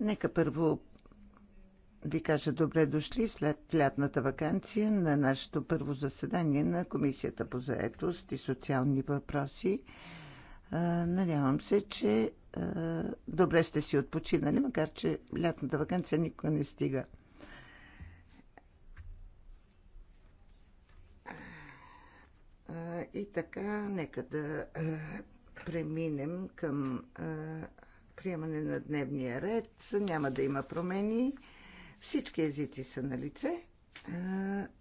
Нека първо ви кажа добре дошли след лятната вакансия на нашето първо заседание на Комисията по заетост и социални въпроси. Надявам се, че добре сте си отпочинали, макар че лятната вакансия никога не стига. И така, нека да преминем към приемане на дневния ред. Няма да има промени. Всички езици са на лице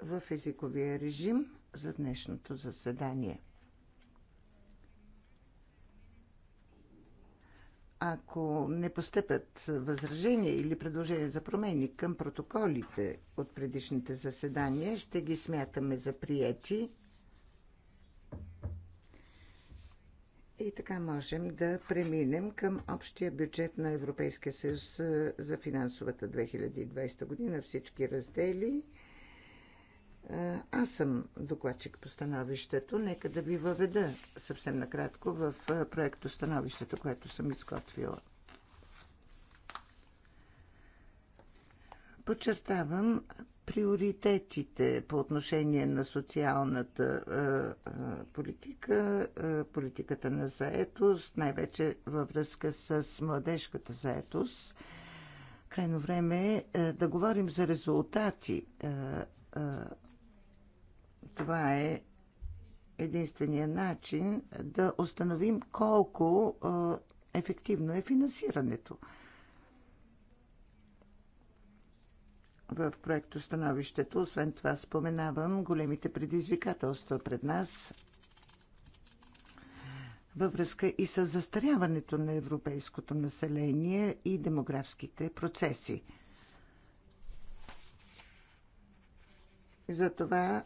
в езиковия режим за днешното заседание. Ако не постъпят възражения или предложения за промени към протоколите от предишните заседания, ще ги смятаме за приети. И така можем да преминем към общия бюджет на Европейския съюз за финансовата 2020 година, всички раздели. Аз съм докладчик по становището. Нека да ви въведа съвсем накратко в проекто становището, което съм изготвила. Подчертавам приоритетите по отношение на социалната политика, политиката на заетост, най-вече във връзка с младежката заетост. Крайно време е да говорим за резултати. Това е единствения начин да установим колко ефективно е финансирането. в проекто становището. Освен това споменавам големите предизвикателства пред нас във връзка и с застаряването на европейското население и демографските процеси. Затова е,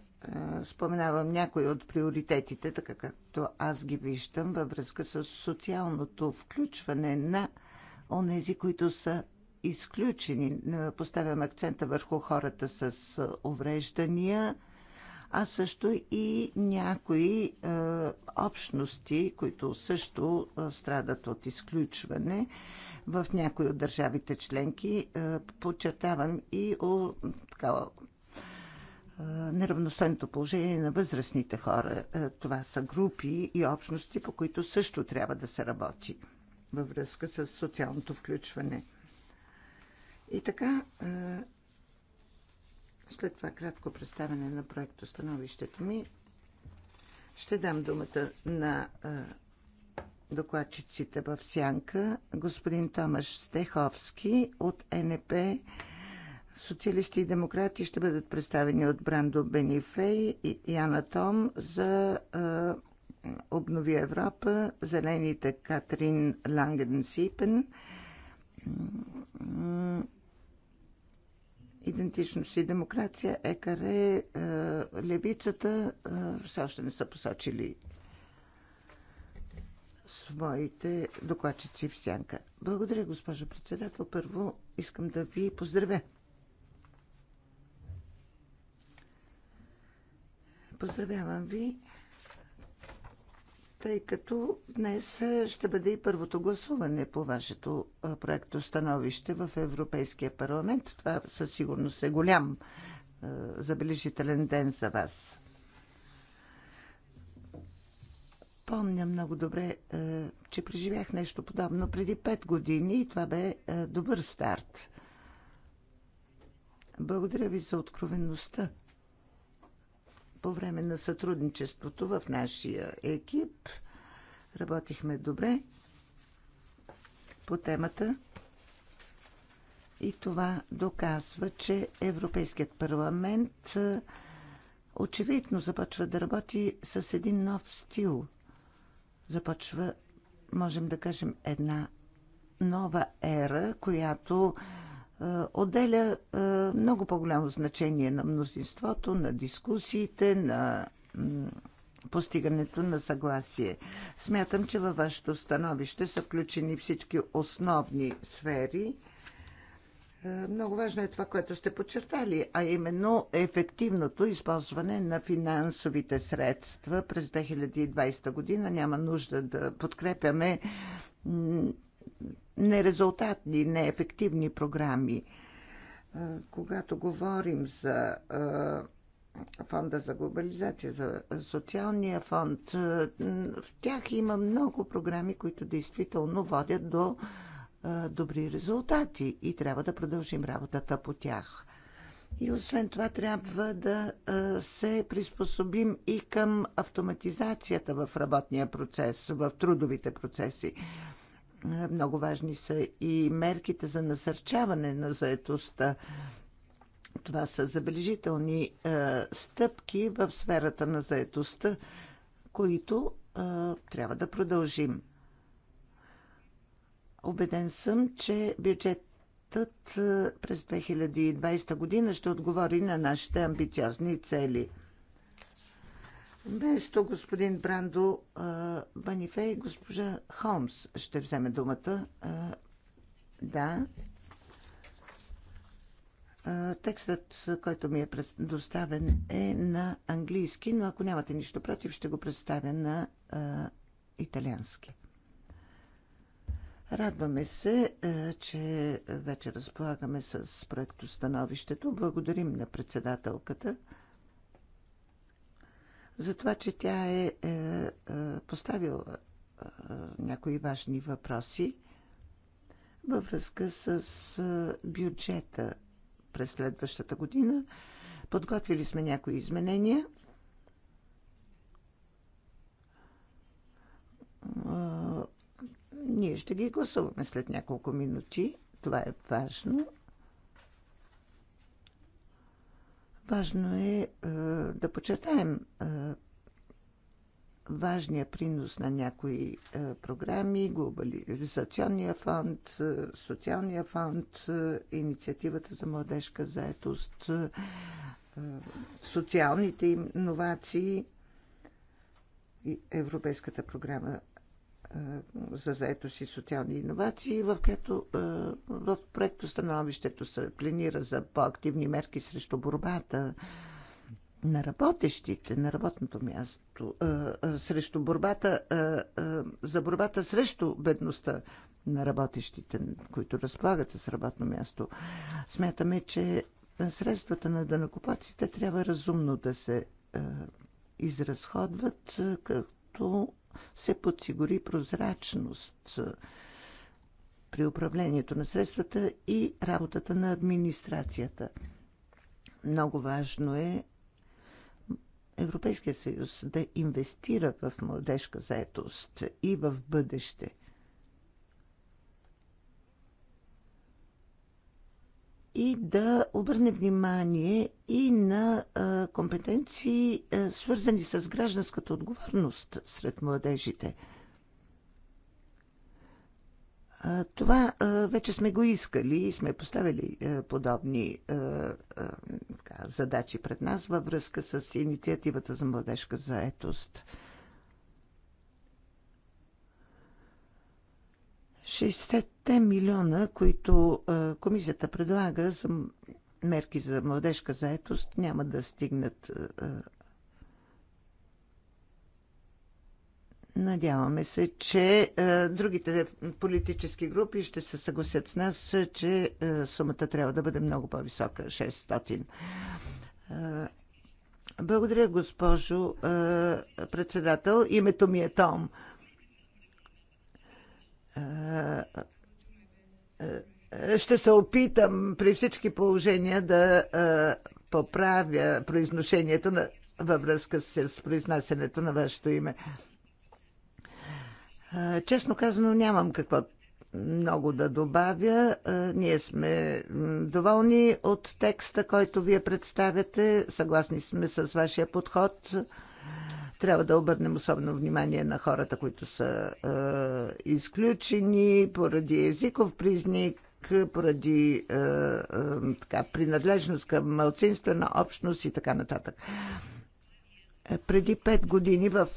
споменавам някои от приоритетите, така както аз ги виждам, във връзка с социалното включване на онези, които са изключени. Поставям акцента върху хората с увреждания, а също и някои е, общности, които също е, страдат от изключване в някои от държавите членки. Е, подчертавам и о, така, неравностойното положение на възрастните хора. Това са групи и общности, по които също трябва да се работи във връзка с социалното включване. И така, след това кратко представяне на проекто становището ми, ще дам думата на докладчиците в Сянка, господин Томаш Стеховски от НП, социалисти и демократи ще бъдат представени от Брандо Бенифей и Яна Том за е, Обнови Европа, зелените Катрин Ланген-сипен, идентичност и демокрация, е, левицата е, все още не са посочили своите докладчици в сянка. Благодаря, госпожо председател. Първо искам да ви поздравя. Поздравявам ви тъй като днес е, ще бъде и първото гласуване по вашето е, проекто становище в Европейския парламент. Това със сигурност е голям е, забележителен ден за вас. Помня много добре, че преживях нещо подобно преди 5 години и това бе добър старт. Благодаря ви за откровенността, по време на сътрудничеството в нашия екип. Работихме добре по темата и това доказва, че Европейският парламент очевидно започва да работи с един нов стил. Започва, можем да кажем, една нова ера, която е, отделя е, много по-голямо значение на мнозинството, на дискусиите, на постигането на съгласие. Смятам, че във вашето становище са включени всички основни сфери. Е, много важно е това, което сте подчертали, а именно ефективното използване на финансовите средства през 2020 година. Няма нужда да подкрепяме нерезултатни, неефективни програми. Когато говорим за фонда за глобализация, за социалния фонд, в тях има много програми, които действително водят до добри резултати и трябва да продължим работата по тях. И освен това трябва да се приспособим и към автоматизацията в работния процес, в трудовите процеси. Много важни са и мерките за насърчаване на заетостта. Това са забележителни е, стъпки в сферата на заетостта, които е, трябва да продължим. Обеден съм, че бюджетът е, през 2020 година ще отговори на нашите амбициозни цели. Вместо господин Брандо Банифей, госпожа Холмс ще вземе думата. Да. Текстът, който ми е предоставен, е на английски, но ако нямате нищо против, ще го представя на италиански. Радваме се, че вече разполагаме с проектостановището. Благодарим на председателката за това, че тя е, е, е поставила е, някои важни въпроси във връзка с е, бюджета през следващата година. Подготвили сме някои изменения. Е, ние ще ги гласуваме след няколко минути. Това е важно. Важно е, е да почетаем е, важния принос на някои е, програми, глобализационния фонд, социалния фонд, инициативата за младежка заетост, социалните иновации и Европейската програма е, за заетост и социални иновации, в, което, е, в проекто становището се планира за по-активни мерки срещу борбата на работещите на работното място, е, срещу борбата, за борбата срещу бедността на работещите, които разполагат с работно място. Смятаме, че средствата на данакопаците трябва разумно да се изразходват, като се подсигури прозрачност при управлението на средствата и работата на администрацията. Много важно е Европейския съюз да инвестира в младежка заетост и в бъдеще – и да обърне внимание и на компетенции, свързани с гражданската отговорност сред младежите. Това вече сме го искали и сме поставили подобни а, задачи пред нас във връзка с инициативата за младежка заетост – 60-те милиона, които комисията предлага за мерки за младежка заетост, няма да стигнат. Надяваме се, че другите политически групи ще се съгласят с нас, че сумата трябва да бъде много по-висока 600. Благодаря, госпожо председател. Името ми е Том ще се опитам при всички положения да поправя произношението на, във връзка с произнасянето на вашето име. Честно казано, нямам какво много да добавя. Ние сме доволни от текста, който вие представяте. Съгласни сме с вашия подход. Трябва да обърнем особено внимание на хората, които са е, изключени поради езиков признак, поради е, е, така, принадлежност към малцинствена общност и така нататък. Е, преди пет години в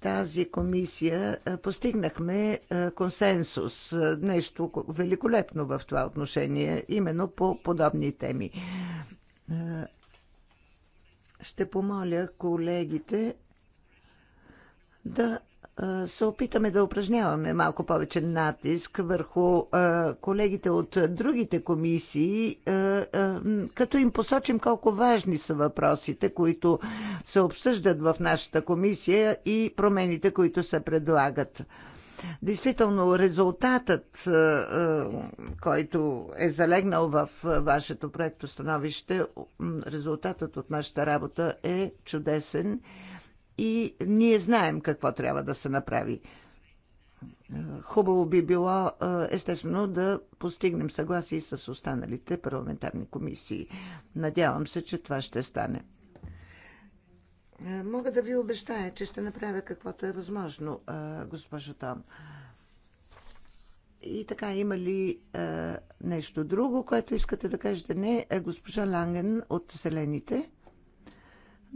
тази комисия постигнахме консенсус, нещо великолепно в това отношение, именно по подобни теми. Ще помоля колегите да се опитаме да упражняваме малко повече натиск върху колегите от другите комисии, като им посочим колко важни са въпросите, които се обсъждат в нашата комисия и промените, които се предлагат. Действително, резултатът, който е залегнал в вашето проекто становище, резултатът от нашата работа е чудесен и ние знаем какво трябва да се направи. Хубаво би било, естествено, да постигнем съгласие с останалите парламентарни комисии. Надявам се, че това ще стане. Мога да ви обещая, че ще направя каквото е възможно, госпожо Том. И така, има ли нещо друго, което искате да кажете? Не, госпожа Ланген от Селените.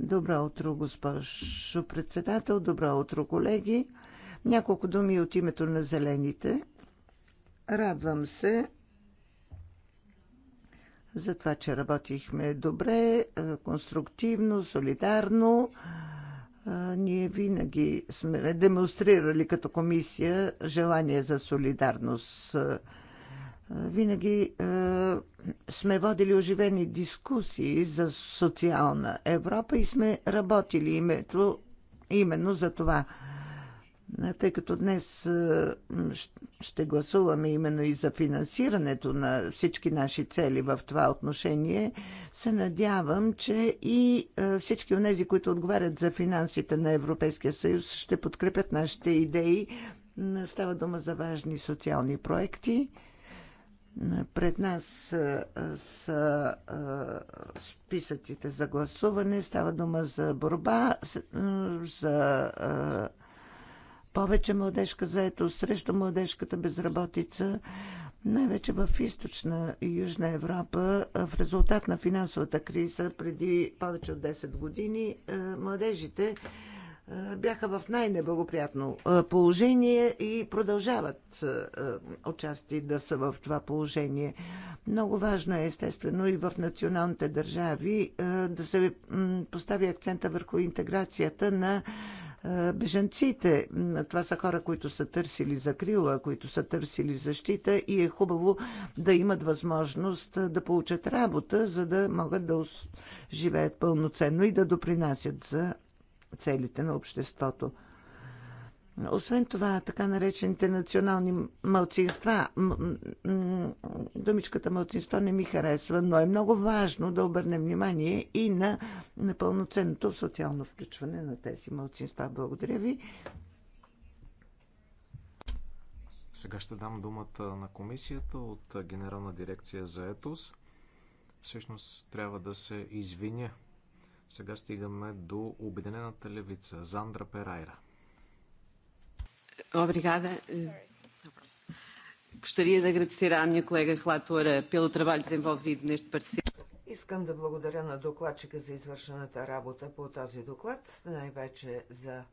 Добро утро, госпожо председател. Добро утро, колеги. Няколко думи от името на зелените. Радвам се за това, че работихме добре, е, конструктивно, солидарно. Е, ние винаги сме демонстрирали като комисия желание за солидарност винаги е, сме водили оживени дискусии за социална Европа и сме работили името, именно за това. Тъй като днес е, ще гласуваме именно и за финансирането на всички наши цели в това отношение, се надявам, че и е, всички от тези, които отговарят за финансите на Европейския съюз, ще подкрепят нашите идеи. Става дума за важни социални проекти пред нас са списъците за гласуване. Става дума за борба, за повече младежка заето срещу младежката безработица. Най-вече в източна и южна Европа, в резултат на финансовата криза преди повече от 10 години, младежите бяха в най-неблагоприятно положение и продължават отчасти да са в това положение. Много важно е, естествено, и в националните държави да се постави акцента върху интеграцията на беженците. Това са хора, които са търсили закрила, които са търсили защита и е хубаво да имат възможност да получат работа, за да могат да живеят пълноценно и да допринасят за целите на обществото. Освен това, така наречените национални мълцинства, думичката мълцинство не ми харесва, но е много важно да обърнем внимание и на непълноценното социално включване на тези мълцинства. Благодаря ви. Сега ще дам думата на комисията от Генерална дирекция за етос. Всъщност трябва да се извиня сега стигаме до Обединената левица. Зандра Перайра. Obrigada. Gostaria de колега à minha colega relatora pelo trabalho desenvolvido neste Искам да благодаря на докладчика за извършената работа по този доклад, най-вече за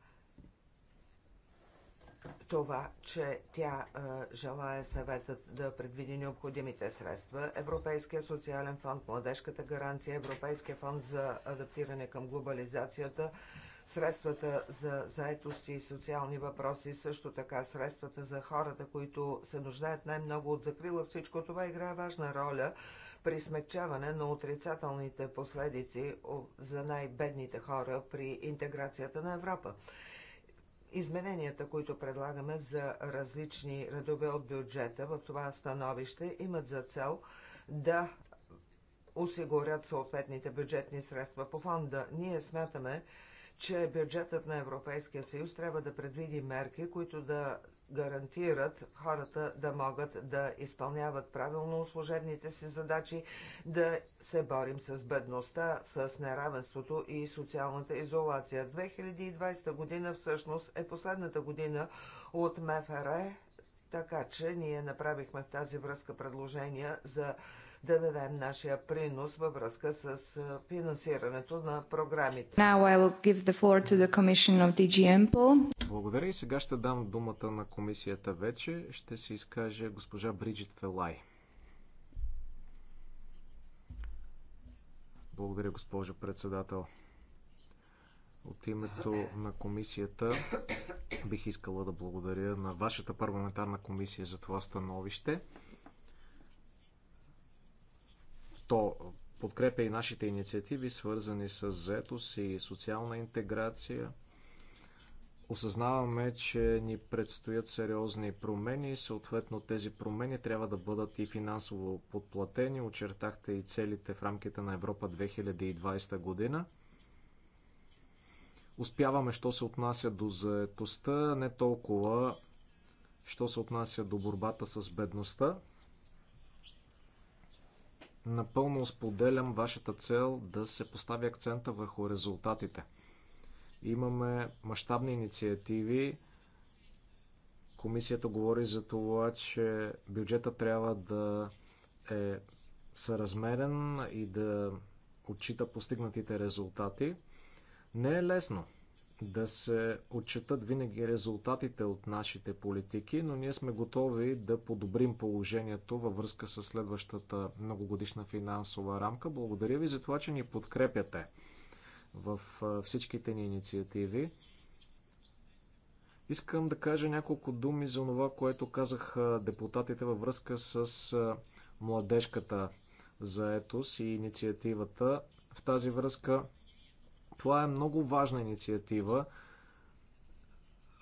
това, че тя е, желая съветът да предвиди необходимите средства, Европейския социален фонд, Младежката гаранция, Европейския фонд за адаптиране към глобализацията, средствата за заетост и социални въпроси, също така средствата за хората, които се нуждаят най-много от закрила. Всичко това играе важна роля при смягчаване на отрицателните последици за най-бедните хора при интеграцията на Европа. Измененията, които предлагаме за различни редове от бюджета в това становище имат за цел да осигурят съответните бюджетни средства по фонда. Ние смятаме, че бюджетът на Европейския съюз трябва да предвиди мерки, които да гарантират хората да могат да изпълняват правилно служебните си задачи, да се борим с бедността, с неравенството и социалната изолация. 2020 година всъщност е последната година от МФР, така че ние направихме в тази връзка предложения за да дадем нашия принос във връзка с финансирането на програмите. Now give the floor to the commission of DG Ample. Благодаря и сега ще дам думата на комисията вече. Ще се изкаже госпожа Бриджит Фелай. Благодаря, госпожо председател. От името на комисията бих искала да благодаря на вашата парламентарна комисия за това становище. То подкрепя и нашите инициативи, свързани с заетост и социална интеграция. Осъзнаваме, че ни предстоят сериозни промени, и съответно тези промени трябва да бъдат и финансово подплатени. Очертахте и целите в рамките на Европа 2020 година. Успяваме, що се отнася до заетостта, не толкова, що се отнася до борбата с бедността. Напълно споделям вашата цел да се постави акцента върху резултатите. Имаме мащабни инициативи. Комисията говори за това, че бюджета трябва да е съразмерен и да отчита постигнатите резултати. Не е лесно да се отчитат винаги резултатите от нашите политики, но ние сме готови да подобрим положението във връзка с следващата многогодишна финансова рамка. Благодаря ви за това, че ни подкрепяте в всичките ни инициативи. Искам да кажа няколко думи за това, което казах депутатите във връзка с младежката заетост и инициативата. В тази връзка това е много важна инициатива.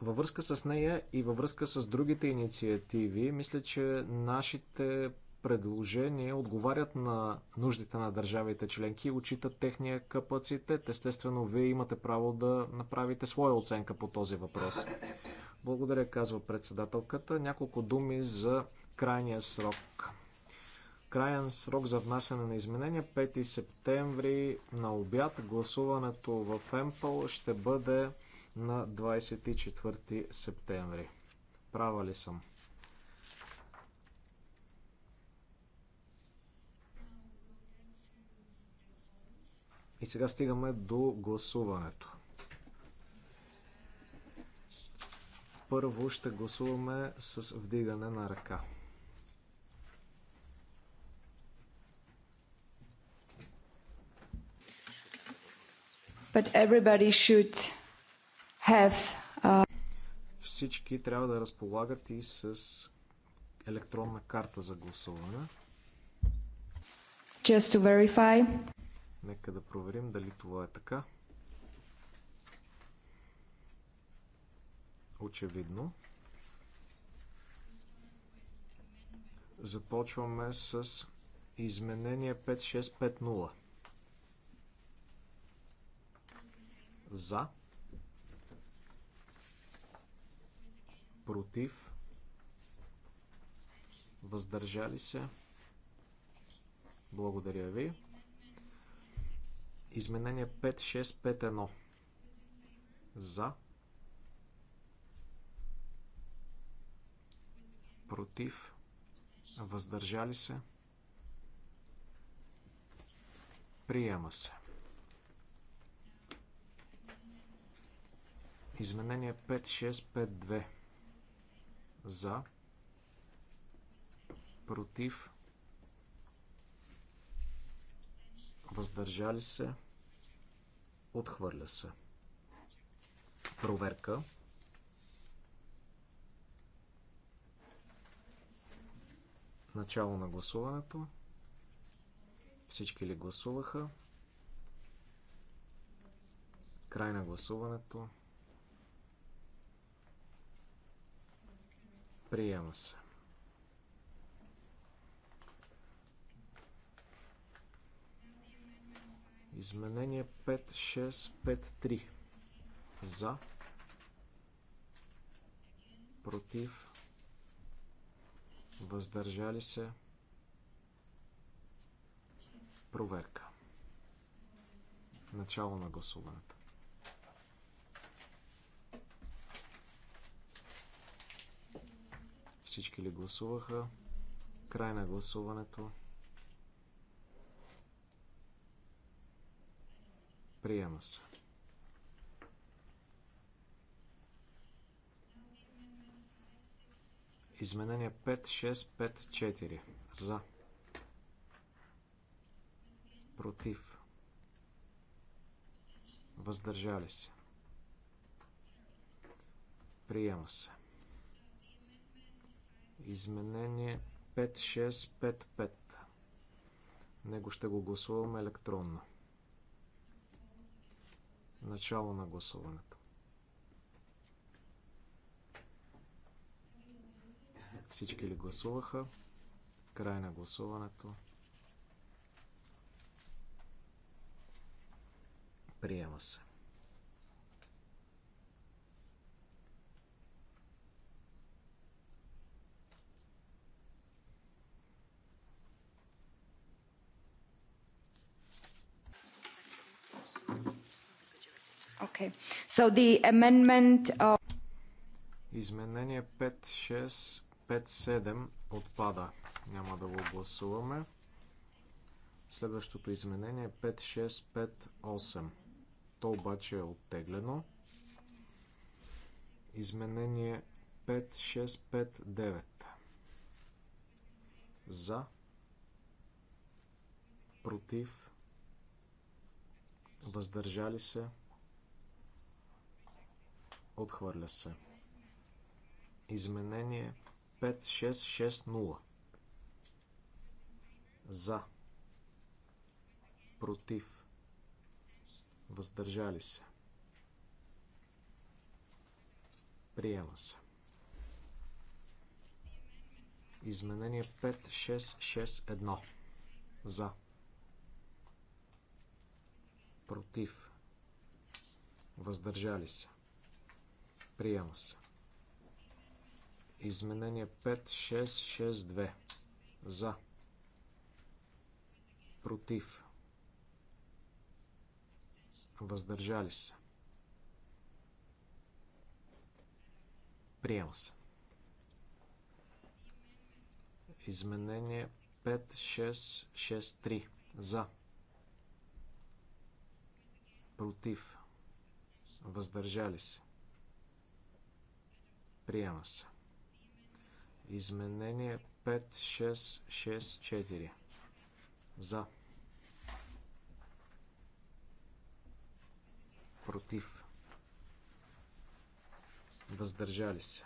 Във връзка с нея и във връзка с другите инициативи, мисля, че нашите предложения отговарят на нуждите на държавите членки и отчитат техния капацитет. Естествено, вие имате право да направите своя оценка по този въпрос. Благодаря, казва председателката. Няколко думи за крайния срок Краен срок за внасяне на изменения 5 септември на обяд. Гласуването в Емпъл ще бъде на 24 септември. Права ли съм? И сега стигаме до гласуването. Първо ще гласуваме с вдигане на ръка. Uh, Всички трябва да разполагат и с електронна карта за гласуване. Just to verify. Нека да проверим дали това е така. Очевидно. Започваме с изменение 5650. За. Против. Въздържали се. Благодаря ви. Изменение 5651. За. Против. Въздържали се. Приема се. Изменение 5652. За. Против. Въздържали се. Отхвърля се. Проверка. Начало на гласуването. Всички ли гласуваха? Край на гласуването. Приема се. Изменение 5653. За. Против. Въздържали се. Проверка. Начало на гласуването. Всички ли гласуваха? Край на гласуването. Приема се. Изменение 5654. За. Против. Въздържали се. Приема се. Изменение 5655. Него ще го гласуваме електронно. Начало на гласуването. Всички ли гласуваха? Край на гласуването. Приема се. Okay. So the amendment of... Изменение 5.6.5.7 отпада. Няма да го гласуваме. Следващото изменение е 5.6.5.8. То обаче е оттеглено. Изменение 5.6.5.9. За. Против. Въздържали се. Отхвърля се. Изменение 5660. За. Против. Въздържали се. Приема се. Изменение 5661. За. Против. Въздържали се. Приема се. Изменение 5662. За. Против. Въздържали се. Приема се. Изменение 5663. За. Против. Въздържали се. Приема се. Изменение 5664. За. Против. Въздържали се.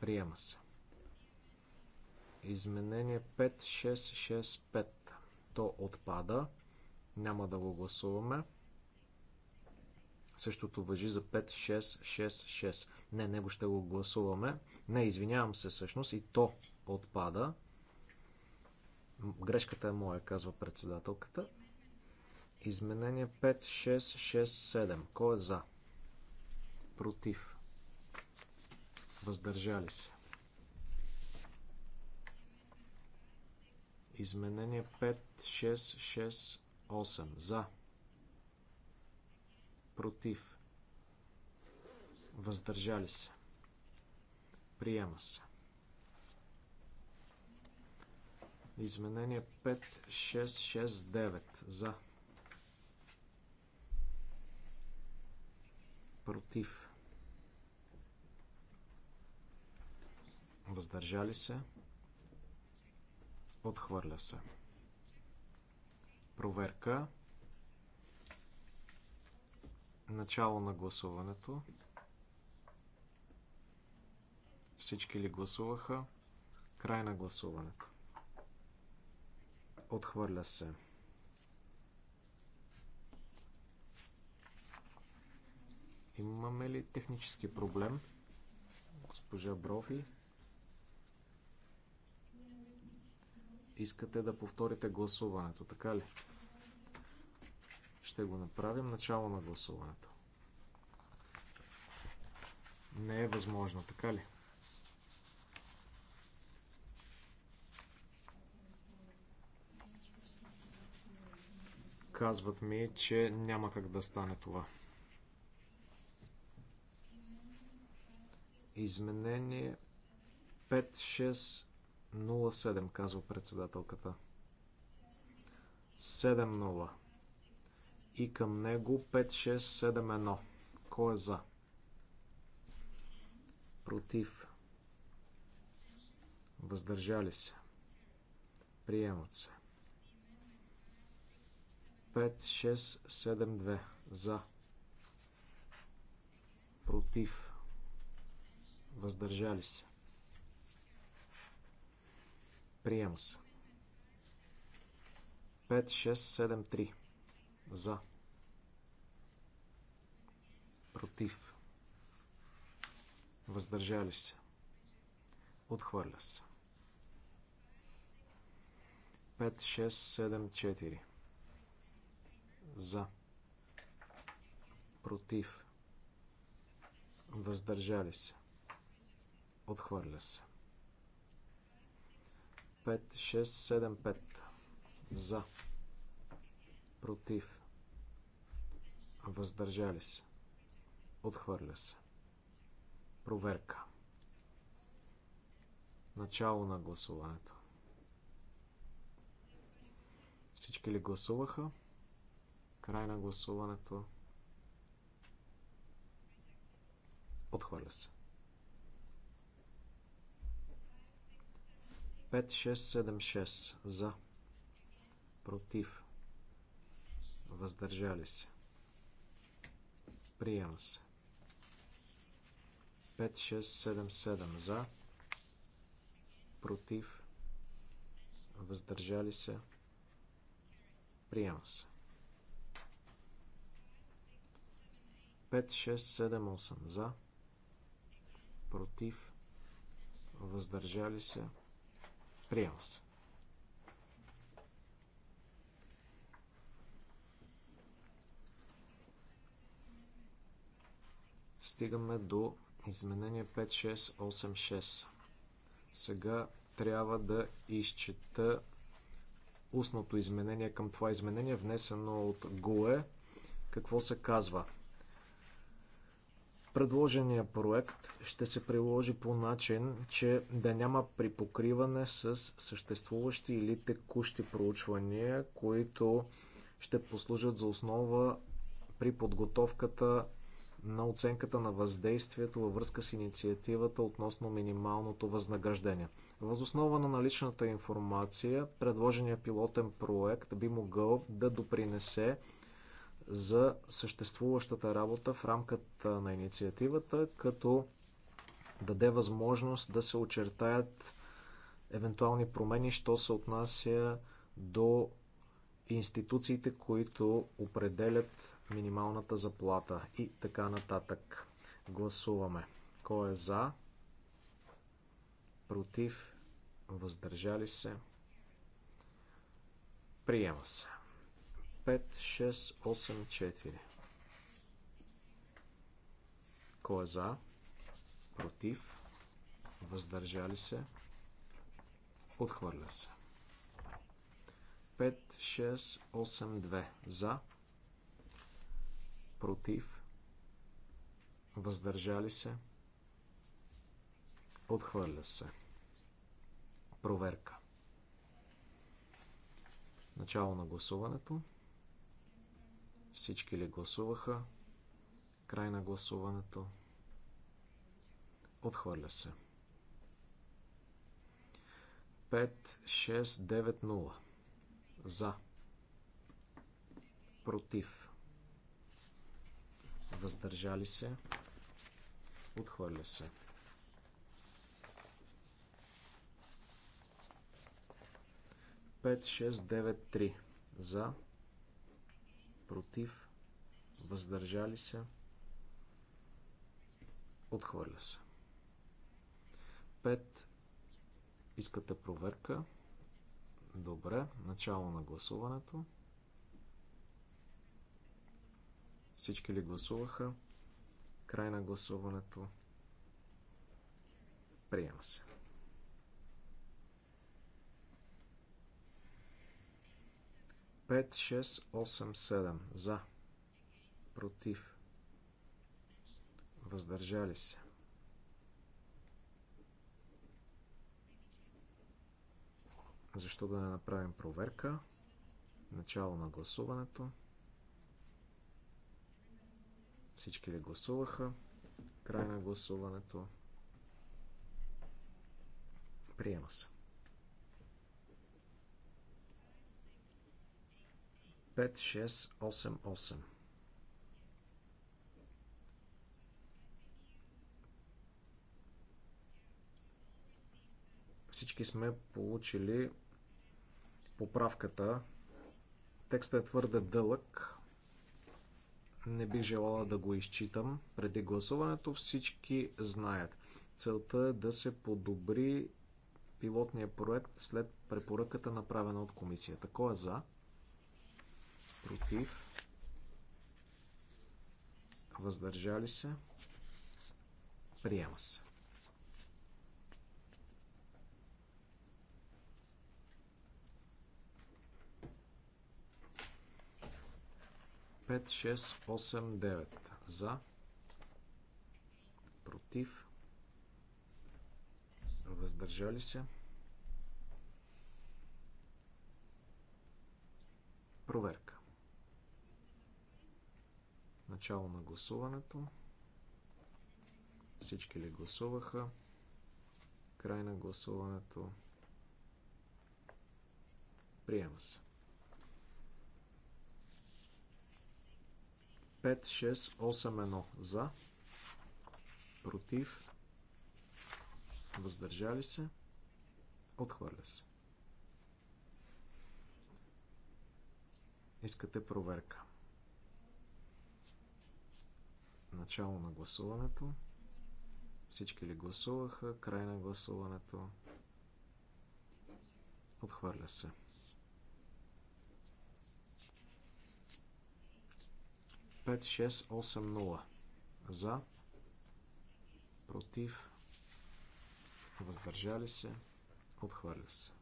Приема се. Изменение 5665. То отпада. Няма да го гласуваме. Същото въжи за 5-6-6-6. Не, него ще го гласуваме. Не, извинявам се всъщност и то отпада. Грешката е моя, казва председателката. Изменение 5667. Кой е за? Против. Въздържали се. Изменение 8. За против, въздържали се, приема се. Изменение 5669 за. Против. Въздържали се. Отхвърля се. Проверка. Начало на гласуването. Всички ли гласуваха? Край на гласуването. Отхвърля се. Имаме ли технически проблем? Госпожа Брофи? Искате да повторите гласуването, така ли? Ще го направим начало на гласуването. Не е възможно, така ли? Казват ми, че няма как да стане това. Изменение 5607, казва председателката. 7-0 и към него 5671. Кой е за? Против. Въздържали се. Приемат се. 5672. За. Против. Въздържали се. Приема се. 5673. За. Против. Въздържали се. Отхвърля се. 5, 6, 7, 4. За. Против. Въздържали се. Отхвърля се. 5, 6, 7, 5. За. Против въздържали се, отхвърля се. Проверка. Начало на гласуването. Всички ли гласуваха? Край на гласуването. Отхвърля се. 5676 за. Против. Въздържали се. Приема се. 5677 за. Против. Въздържали се. Приема се. 5678 за. Против. Въздържали се. Приема се. стигаме до изменение 5686. Сега трябва да изчета устното изменение към това изменение, внесено от ГУЕ. Какво се казва? Предложения проект ще се приложи по начин, че да няма припокриване с съществуващи или текущи проучвания, които ще послужат за основа при подготовката на оценката на въздействието във връзка с инициативата относно минималното възнаграждение. Възоснова на наличната информация, предложения пилотен проект би могъл да допринесе за съществуващата работа в рамката на инициативата, като даде възможност да се очертаят евентуални промени, що се отнася до институциите, които определят минималната заплата и така нататък. Гласуваме. Кой е за? Против? Въздържали се? Приема се. 5, 6, 8, 4. Кой е за? Против? Въздържали се? Отхвърля се. 5, 6, 8, 2. За? против, въздържали се, отхвърля се. Проверка. Начало на гласуването. Всички ли гласуваха? Край на гласуването. Отхвърля се. 5-6-9-0. За. Против въздържали се, отхвърля се. Пет, шест, девет, три. За, против, въздържали се, отхвърля се. 5. Искате проверка. Добре, начало на гласуването. Всички ли гласуваха? Край на гласуването. Приема се. Пет, шест, осем, седем. За. Против. Въздържали се. Защо да не направим проверка? Начало на гласуването. Всички ли гласуваха? Край на гласуването. Приема се. 5688. Всички сме получили поправката. Текстът е твърде дълъг не бих желала да го изчитам. Преди гласуването всички знаят. Целта е да се подобри пилотния проект след препоръката направена от комисията. Кой е за? Против? Въздържали се? Приема се. 5, 6, 8, 9. За. Против. Въздържали се. Проверка. Начало на гласуването. Всички ли гласуваха? Край на гласуването. Приема се. 5, 6, 1 за, против, въздържали се, отхвърля се. Искате проверка. Начало на гласуването. Всички ли гласуваха? Край на гласуването. Отхвърля се. 5680 за, против, въздържали се, отхвърля се.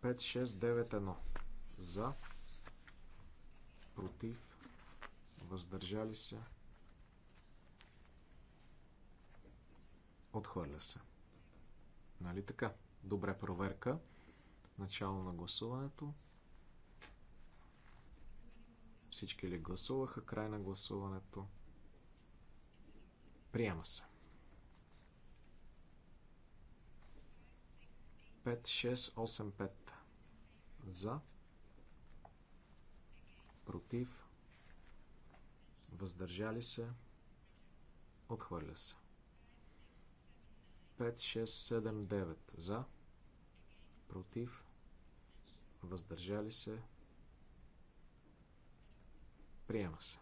Пет, шест, девет, едно. За, против, въздържали се, отхвърля се. Нали така? Добре, проверка начало на гласуването. Всички ли гласуваха? Край на гласуването. Приема се. 5-6-8-5 за против въздържали се отхвърля се 5-6-7-9 за против 5 6 въздържали се, приема се.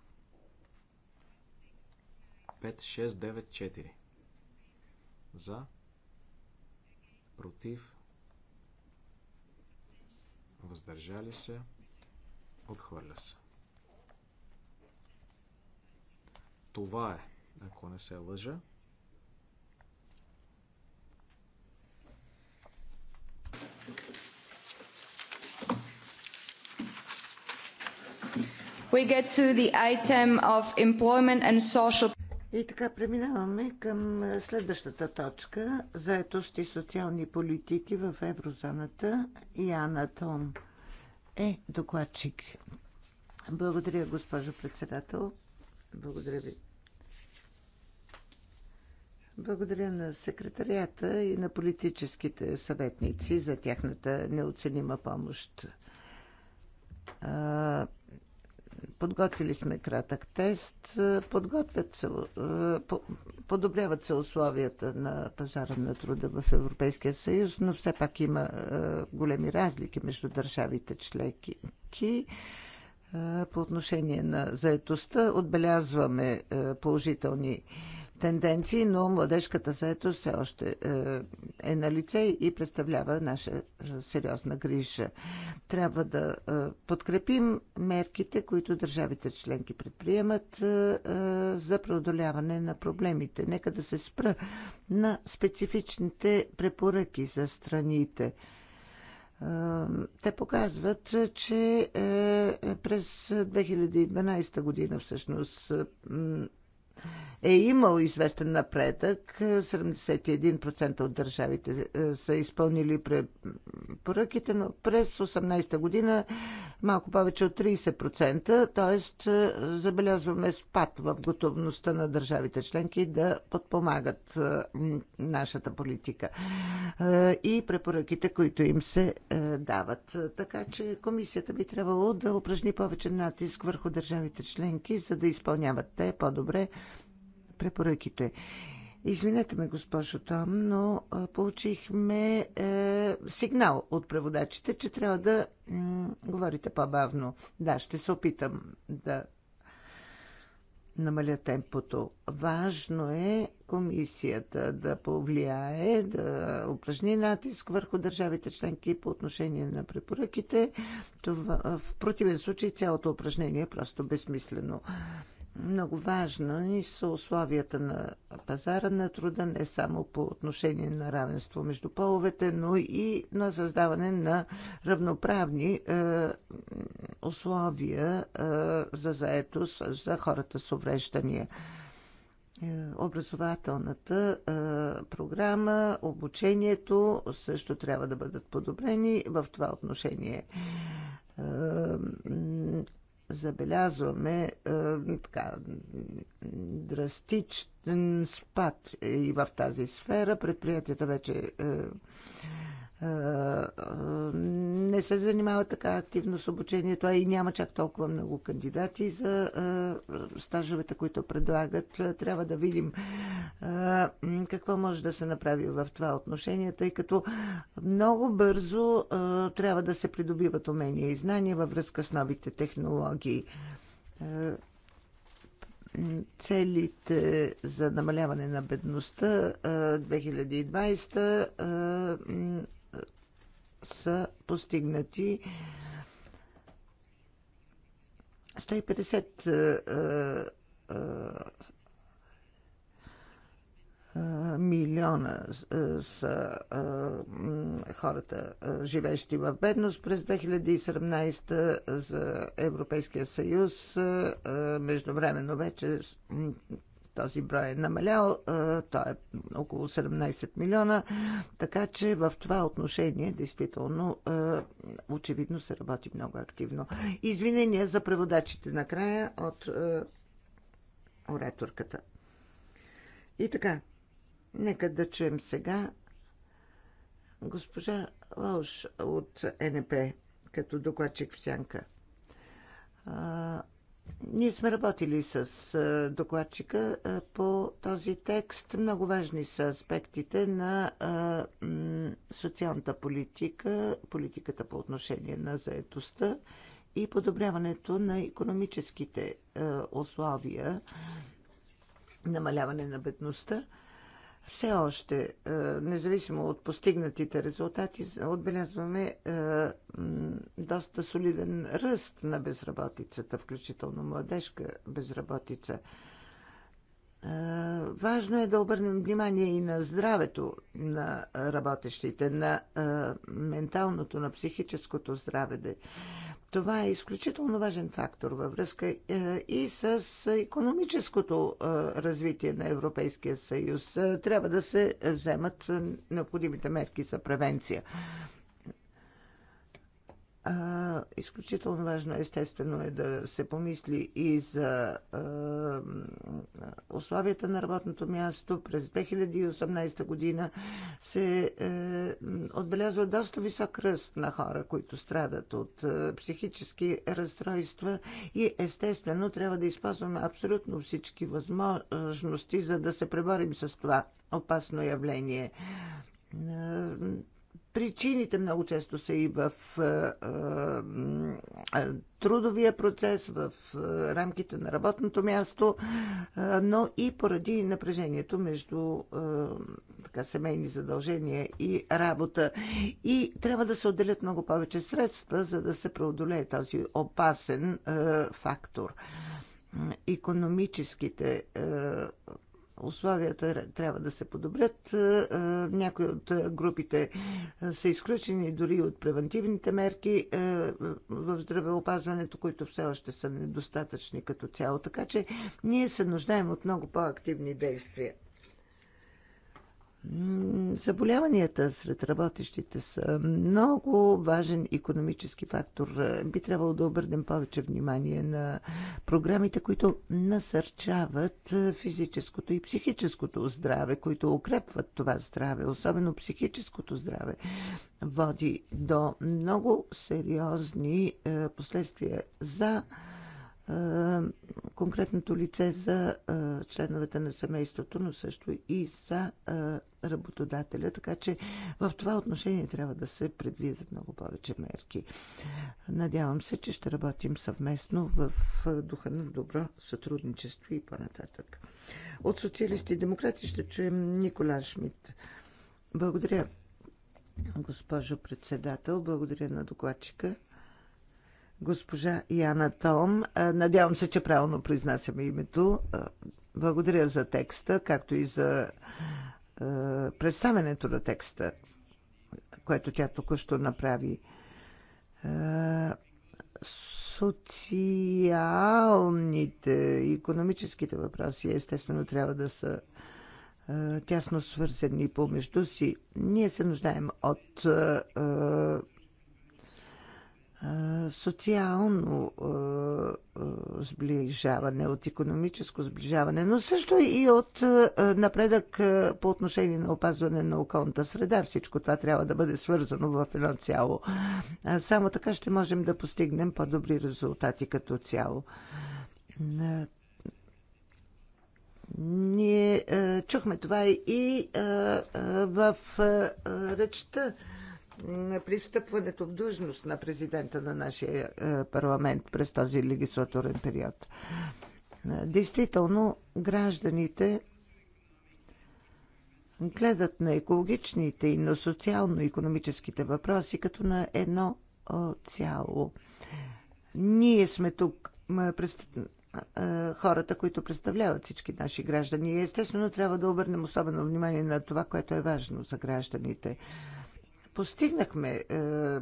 5, 6, 9, 4. За, против, въздържали се, отхвърля се. Това е, ако не се лъжа. We get to the item of employment and social... И така преминаваме към следващата точка – заетост и социални политики в еврозоната. Яна Тон е докладчик. Благодаря, госпожо председател. Благодаря ви. Благодаря на секретарията и на политическите съветници за тяхната неоценима помощ. Подготвили сме кратък тест, подготвят се, е, подобряват се условията на пазара на труда в Европейския съюз, но все пак има е, големи разлики между държавите членки. Е, по отношение на заетостта отбелязваме положителни тенденции, но младежката заетост все още е, е на лице и представлява наша е, сериозна грижа. Трябва да е, подкрепим мерките, които държавите членки предприемат за преодоляване на проблемите. Нека да се спра на специфичните препоръки за страните те показват, че през 2012 година всъщност е имал известен напредък. 71% от държавите е, са изпълнили поръките, но през 18-та година малко повече от 30%, т.е. забелязваме спад в готовността на държавите членки да подпомагат е, нашата политика е, и препоръките, които им се дават. Така че комисията би трябвало да упражни повече натиск върху държавите членки, за да изпълняват те по-добре препоръките. Извинете ме, госпожо Том, но получихме е, сигнал от преводачите, че трябва да говорите по-бавно. Да, ще се опитам да намаля темпото. Важно е комисията да повлияе, да упражни натиск върху държавите членки по отношение на препоръките. Това, в противен случай цялото упражнение е просто безсмислено много важна и са условията на пазара на труда, не само по отношение на равенство между половете, но и на създаване на равноправни е, условия е, за заетост за хората с увреждания. Е, образователната е, програма, обучението също трябва да бъдат подобрени в това отношение е, забелязваме е, така, драстичен спад и в тази сфера. Предприятията вече е, е, е, не се занимава така активно с обучението, а и няма чак толкова много кандидати за е, стажовете, които предлагат. Трябва да видим какво може да се направи в това отношение, тъй като много бързо трябва да се придобиват умения и знания във връзка с новите технологии целите за намаляване на бедността 2020 са постигнати 150 е, е, е, милиона са хората, живещи в бедност. През 2017 за Европейския съюз междувременно вече този брой е намалял, той е около 17 милиона, така че в това отношение действително очевидно се работи много активно. Извинения за преводачите накрая от ораторката. И така, нека да чуем сега госпожа Лауш от НП като докладчик в Сянка. Ние сме работили с докладчика по този текст. Много важни са аспектите на социалната политика, политиката по отношение на заетостта и подобряването на економическите условия, намаляване на бедността все още, е, независимо от постигнатите резултати, отбелязваме е, доста солиден ръст на безработицата, включително младежка безработица. Е, важно е да обърнем внимание и на здравето на работещите, на менталното, на психическото здраве. Това е изключително важен фактор във връзка е, и с економическото е, развитие на Европейския съюз. Е, трябва да се вземат необходимите мерки за превенция. А, изключително важно естествено е да се помисли и за а, условията на работното място. През 2018 година се е, отбелязва доста висок ръст на хора, които страдат от а, е, психически разстройства и естествено трябва да използваме абсолютно всички възможности, за да се преборим с това опасно явление е, Причините много често са и в трудовия процес, в рамките на работното място, но и поради напрежението между така, семейни задължения и работа. И трябва да се отделят много повече средства, за да се преодолее този опасен фактор. Економическите условията трябва да се подобрят. Е, е, някои от е, групите са изключени дори от превентивните мерки в здравеопазването, които все още са недостатъчни като цяло. Така че ние се нуждаем от много по-активни действия. Заболяванията сред работещите са много важен економически фактор. Е, би трябвало да обърнем повече внимание на програмите, които насърчават е, физическото и психическото здраве, които укрепват това здраве, особено психическото здраве, води до много сериозни е, последствия за конкретното лице за членовете на семейството, но също и за работодателя. Така че в това отношение трябва да се предвидят много повече мерки. Надявам се, че ще работим съвместно в духа на добро сътрудничество и по-нататък. От социалисти и демократи ще чуем Никола Шмидт. Благодаря, госпожо председател. Благодаря на докладчика госпожа Яна Том. Надявам се, че правилно произнасяме името. Благодаря за текста, както и за представенето на текста, което тя току-що направи. Социалните, економическите въпроси, естествено, трябва да са тясно свързани помежду си. Ние се нуждаем от социално сближаване, от економическо сближаване, но също и от напредък по отношение на опазване на околната среда. Всичко това трябва да бъде свързано в едно цяло. Само така ще можем да постигнем по-добри резултати като цяло. Ние чухме това и в речта при встъпването в длъжност на президента на нашия е, парламент през този легислатурен период. Е, действително, гражданите гледат на екологичните и на социално-економическите въпроси като на едно е, цяло. Ние сме тук хората, които представляват всички наши граждани. Естествено, трябва да обърнем особено внимание на това, което е важно за гражданите. Постигнахме е,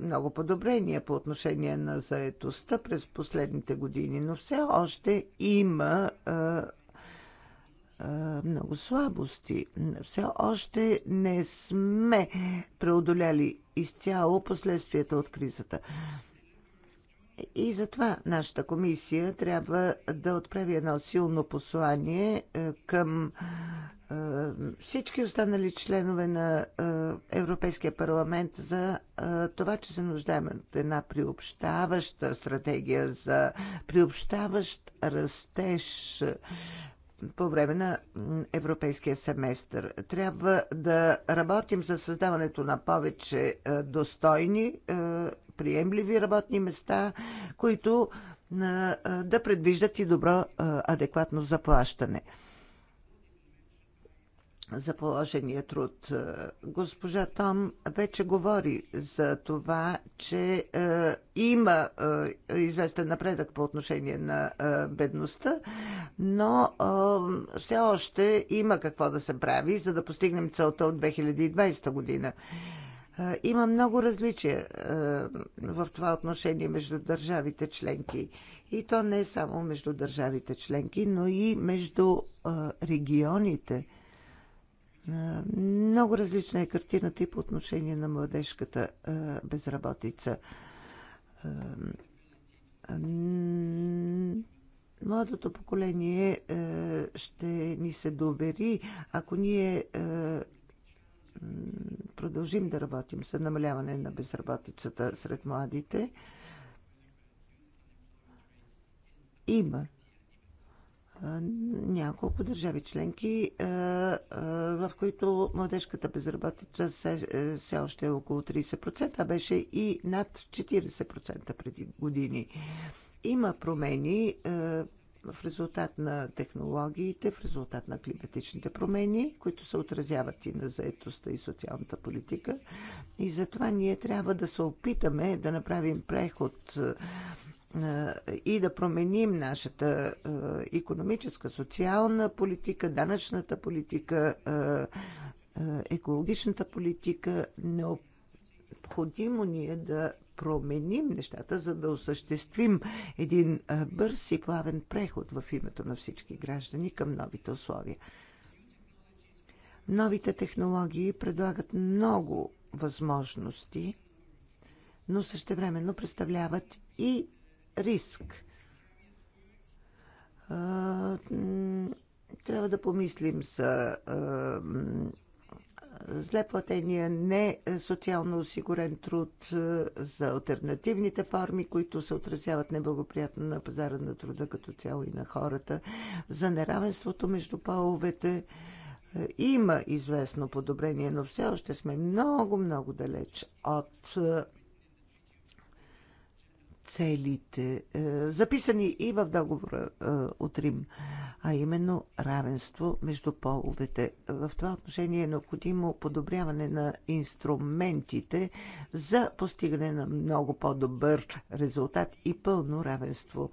много подобрения по отношение на заетостта през последните години, но все още има е, е, много слабости. Все още не сме преодоляли изцяло последствията от кризата. И затова нашата комисия трябва да отправи едно силно послание е, към е, всички останали членове на е, Европейския парламент за това, че се нуждаем от една приобщаваща стратегия за приобщаващ растеж по време на европейския семестър. Трябва да работим за създаването на повече е, достойни, е, приемливи работни места, които е, да предвиждат и добро адекватно заплащане за положения труд. Е, госпожа Том вече говори за това, че е, има е, известен напредък по отношение на е, бедността, но е, все още има какво да се прави, за да постигнем целта от 2020 година. Е, има много различия е, в това отношение между държавите членки. И то не е само между държавите членки, но и между е, регионите – много различна е картината и по отношение на младежката безработица. Младото поколение е, ще ни се добери, ако ние е, продължим да работим за намаляване на безработицата сред младите. Има няколко държави членки, в които младежката безработица е, все още е около 30%, а беше и над 40% преди години. Има промени в резултат на технологиите, в резултат на климатичните промени, които се отразяват и на заетостта и социалната политика. И затова ние трябва да се опитаме да направим преход и да променим нашата економическа, социална политика, данъчната политика, екологичната политика, необходимо ни е да променим нещата, за да осъществим един бърз и плавен преход в името на всички граждани към новите условия. Новите технологии предлагат много възможности, но същевременно представляват и риск. Трябва да помислим за зле платения, не социално осигурен труд, за альтернативните форми, които се отразяват неблагоприятно на пазара на труда като цяло и на хората, за неравенството между половете. Има известно подобрение, но все още сме много-много далеч от целите, е, записани и в договора е, от Рим, а именно равенство между половете. В това отношение е необходимо подобряване на инструментите за постигане на много по-добър резултат и пълно равенство.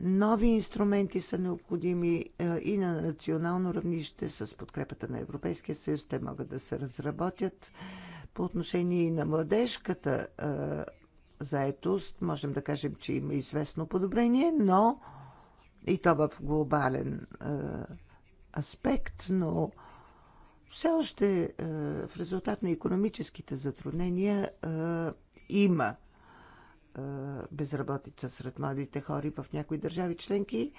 Нови инструменти са необходими е, и на национално равнище с подкрепата на Европейския съюз. Те могат да се разработят по отношение и на младежката заетост, можем да кажем, че има известно подобрение, но и то в глобален е, аспект, но все още е, в резултат на економическите затруднения е, има безработица сред младите хори в някои държави членки.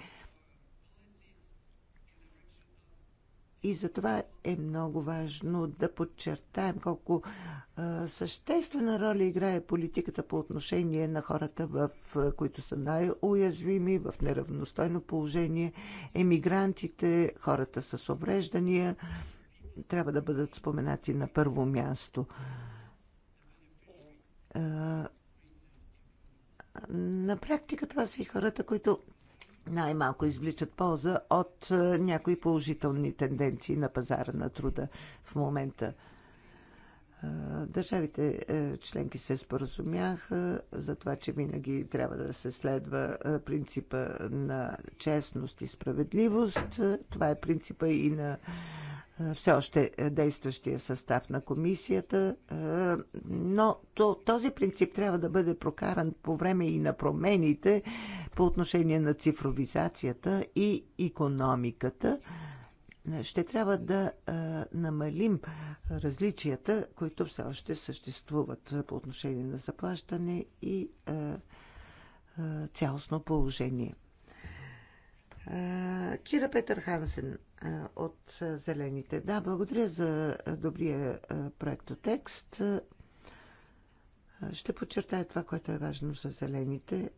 И затова е много важно да подчертаем колко а, съществена роля играе политиката по отношение на хората, в, които са най-уязвими, в неравностойно положение, емигрантите, хората с обреждания трябва да бъдат споменати на първо място. А, на практика това са и хората, които най-малко извличат полза от е, някои положителни тенденции на пазара на труда в момента. Е, държавите е, членки се споразумяха за това, че винаги трябва да се следва принципа на честност и справедливост. Това е принципа и на все още е действащия състав на комисията, но този принцип трябва да бъде прокаран по време и на промените по отношение на цифровизацията и економиката. Ще трябва да намалим различията, които все още съществуват по отношение на заплащане и цялостно положение. Кира Петър Хансен от зелените. Да, благодаря за добрия проектотекст. Ще подчертая това, което е важно за зелените.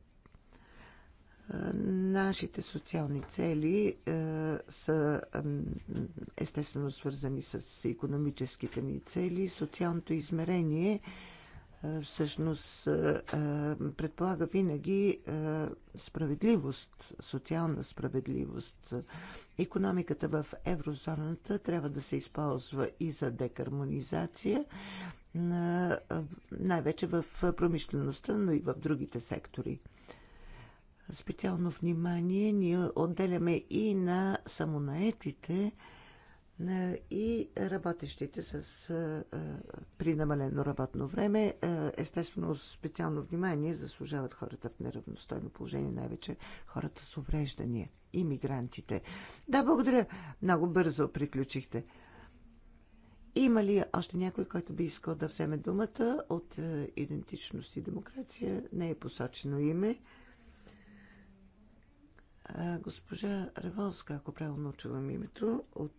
Нашите социални цели са естествено свързани с економическите ни цели. Социалното измерение е е, всъщност е, е, предполага винаги справедливост, социална справедливост. Економиката в еврозоната трябва да се използва и за декармонизация, най-вече в промишлеността, но и в другите сектори. Специално внимание ние отделяме и на самонаетите, е, и работещите с, е, е, при намалено работно време. Естествено, специално внимание заслужават хората в неравностойно положение, най-вече хората с увреждания и мигрантите. Да, благодаря. Много бързо приключихте. Има ли още някой, който би искал да вземе думата от идентичност и демокрация? Не е посочено име. Госпожа Револска, ако правилно чувам името, от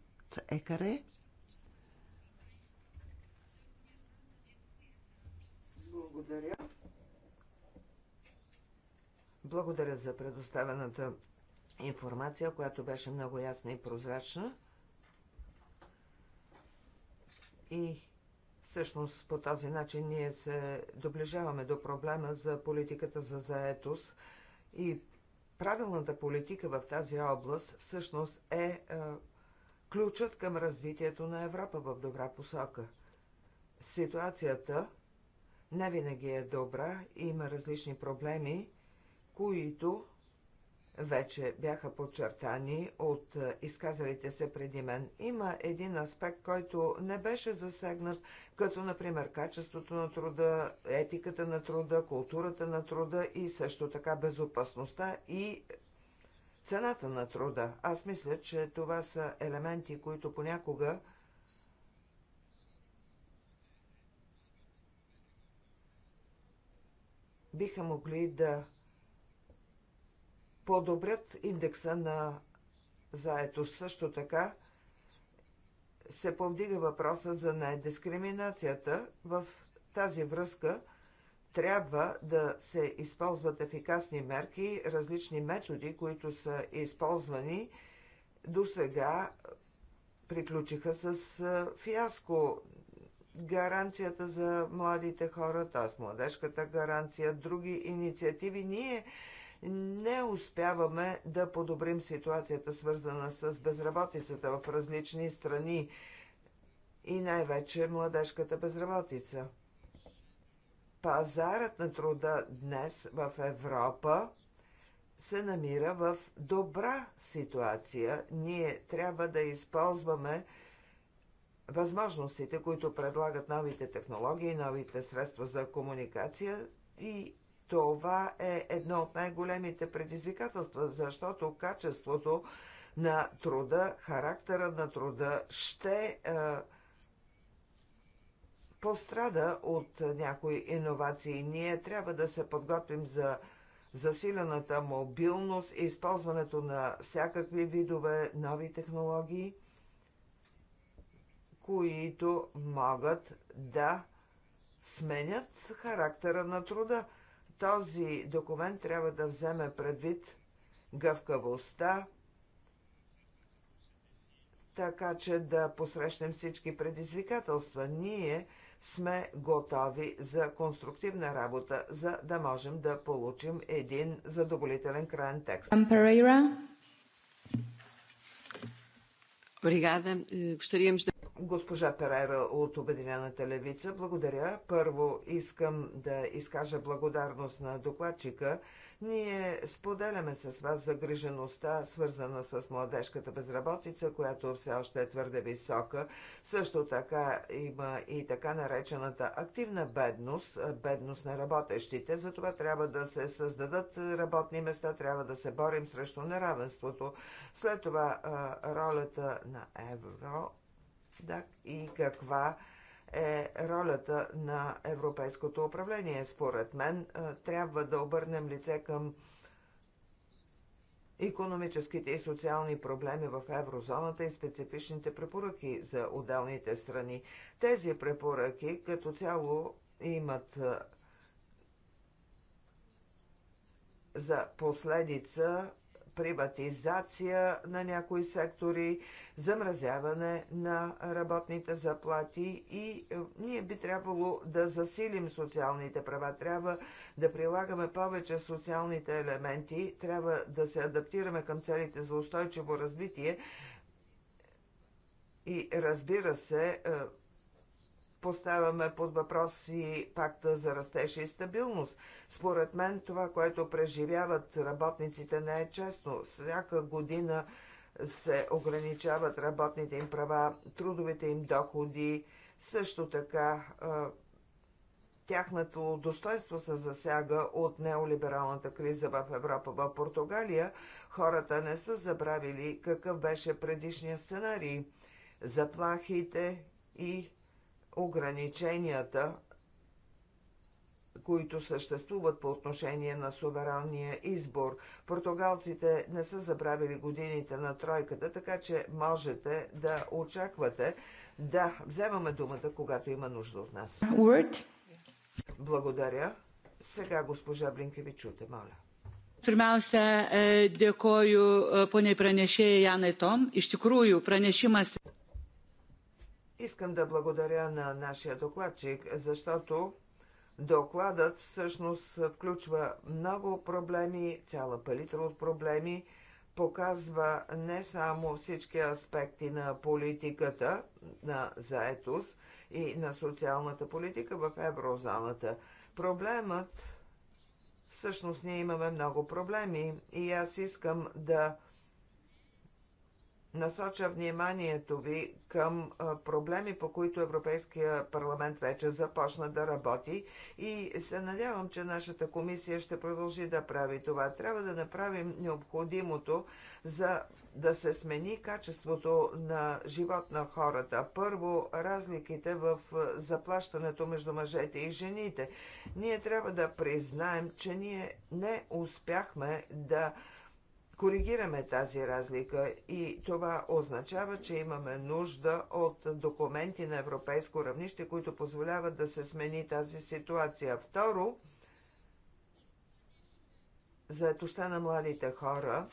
ЕКАРЕ. Благодаря. Благодаря за предоставената информация, която беше много ясна и прозрачна. И всъщност по този начин ние се доближаваме до проблема за политиката за заетост и правилната политика в тази област всъщност е, е ключът към развитието на Европа в добра посока. Ситуацията не винаги е добра, има различни проблеми, които вече бяха подчертани от изказалите се преди мен. Има един аспект, който не беше засегнат, като например качеството на труда, етиката на труда, културата на труда и също така безопасността и Цената на труда. Аз мисля, че това са елементи, които понякога биха могли да подобрят индекса на заето. Също така се повдига въпроса за недискриминацията. В тази връзка – трябва да се използват ефикасни мерки, различни методи, които са използвани до сега приключиха с фиаско. Гаранцията за младите хора, т.е. младежката гаранция, други инициативи. Ние не успяваме да подобрим ситуацията, свързана с безработицата в различни страни и най-вече младежката безработица пазарът на труда днес в Европа се намира в добра ситуация. Ние трябва да използваме възможностите, които предлагат новите технологии, новите средства за комуникация и това е едно от най-големите предизвикателства, защото качеството на труда, характера на труда ще е, пострада от някои иновации. Ние трябва да се подготвим за засилената мобилност и използването на всякакви видове нови технологии, които могат да сменят характера на труда. Този документ трябва да вземе предвид гъвкавостта, така че да посрещнем всички предизвикателства. Ние сме готови за конструктивна работа, за да можем да получим един задоволителен крайен текст. Obrigada. Gostaríamos de... Госпожа Перера от Обединената левица, благодаря. Първо искам да изкажа благодарност на докладчика. Ние споделяме с вас загрижеността, свързана с младежката безработица, която все още е твърде висока. Също така има и така наречената активна бедност, бедност на работещите. Затова трябва да се създадат работни места, трябва да се борим срещу неравенството. След това ролята на евро да, и каква е ролята на европейското управление. Според мен е, трябва да обърнем лице към економическите и социални проблеми в еврозоната и специфичните препоръки за отделните страни. Тези препоръки като цяло имат е, за последица приватизация на някои сектори, замразяване на работните заплати и е, ние би трябвало да засилим социалните права. Трябва да прилагаме повече социалните елементи, трябва да се адаптираме към целите за устойчиво развитие и разбира се, е, поставяме под въпрос и пакта за растеж и стабилност. Според мен това, което преживяват работниците не е честно. Всяка година се ограничават работните им права, трудовите им доходи, също така тяхното достоинство се засяга от неолибералната криза в Европа. В Португалия хората не са забравили какъв беше предишния сценарий. Заплахите и ограниченията, които съществуват по отношение на суверенния избор. Португалците не са забравили годините на тройката, така че можете да очаквате да вземаме думата, когато има нужда от нас. Word. Благодаря. Сега госпожа чуте, моля. Pirmiausia, dėkoju poniai pranešėjai Janai Tom. Iš tikrųjų, pranešimas Искам да благодаря на нашия докладчик, защото докладът всъщност включва много проблеми, цяла палитра от проблеми, показва не само всички аспекти на политиката на заетост и на социалната политика в еврозоната. Проблемът Всъщност ние имаме много проблеми и аз искам да насоча вниманието ви към проблеми, по които Европейския парламент вече започна да работи и се надявам, че нашата комисия ще продължи да прави това. Трябва да направим необходимото, за да се смени качеството на живот на хората. Първо, разликите в заплащането между мъжете и жените. Ние трябва да признаем, че ние не успяхме да коригираме тази разлика и това означава, че имаме нужда от документи на европейско равнище, които позволяват да се смени тази ситуация. Второ, заетостта на младите хора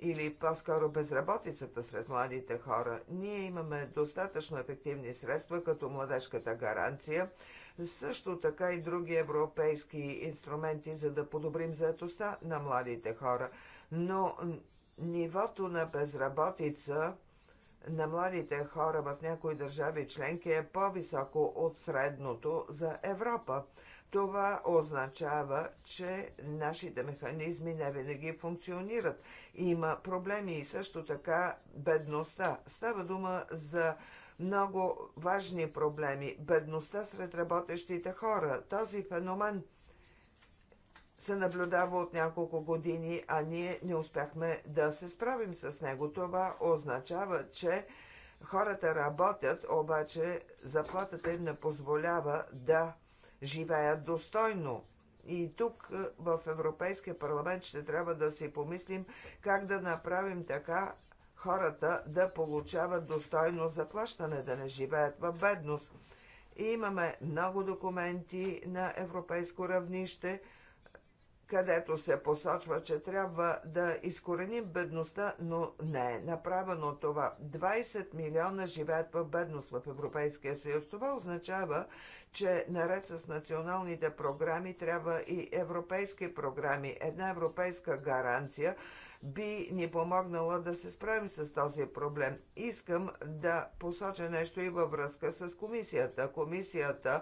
или по-скоро безработицата сред младите хора. Ние имаме достатъчно ефективни средства, като младежката гаранция, също така и други европейски инструменти, за да подобрим заетостта на младите хора но нивото на безработица на младите хора в някои държави членки е по-високо от средното за Европа. Това означава, че нашите механизми не винаги функционират. Има проблеми и също така бедността. Става дума за много важни проблеми. Бедността сред работещите хора. Този феномен се наблюдава от няколко години, а ние не успяхме да се справим с него. Това означава, че хората работят, обаче заплатата им не позволява да живеят достойно. И тук е, в Европейския парламент ще трябва да си помислим как да направим така хората да получават достойно заплащане, да не живеят в бедност. И имаме много документи на европейско равнище – където се посочва, че трябва да изкореним бедността, но не е направено това. 20 милиона живеят в бедност в Европейския съюз. Това означава, че наред с националните програми трябва и европейски програми. Една европейска гаранция би ни помогнала да се справим с този проблем. Искам да посоча нещо и във връзка с комисията. Комисията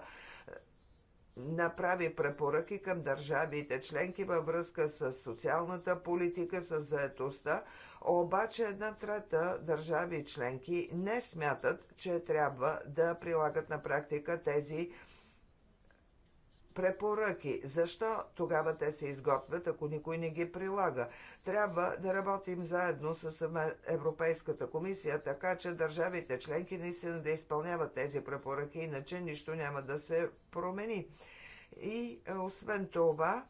направи препоръки към държавите членки във връзка с социалната политика, с заетостта, обаче една трета държави членки не смятат, че трябва да прилагат на практика тези препоръки препоръки. Защо тогава те се изготвят, ако никой не ги прилага? Трябва да работим заедно с Европейската комисия, така че държавите членки наистина да изпълняват тези препоръки, иначе нищо няма да се промени. И е, освен това,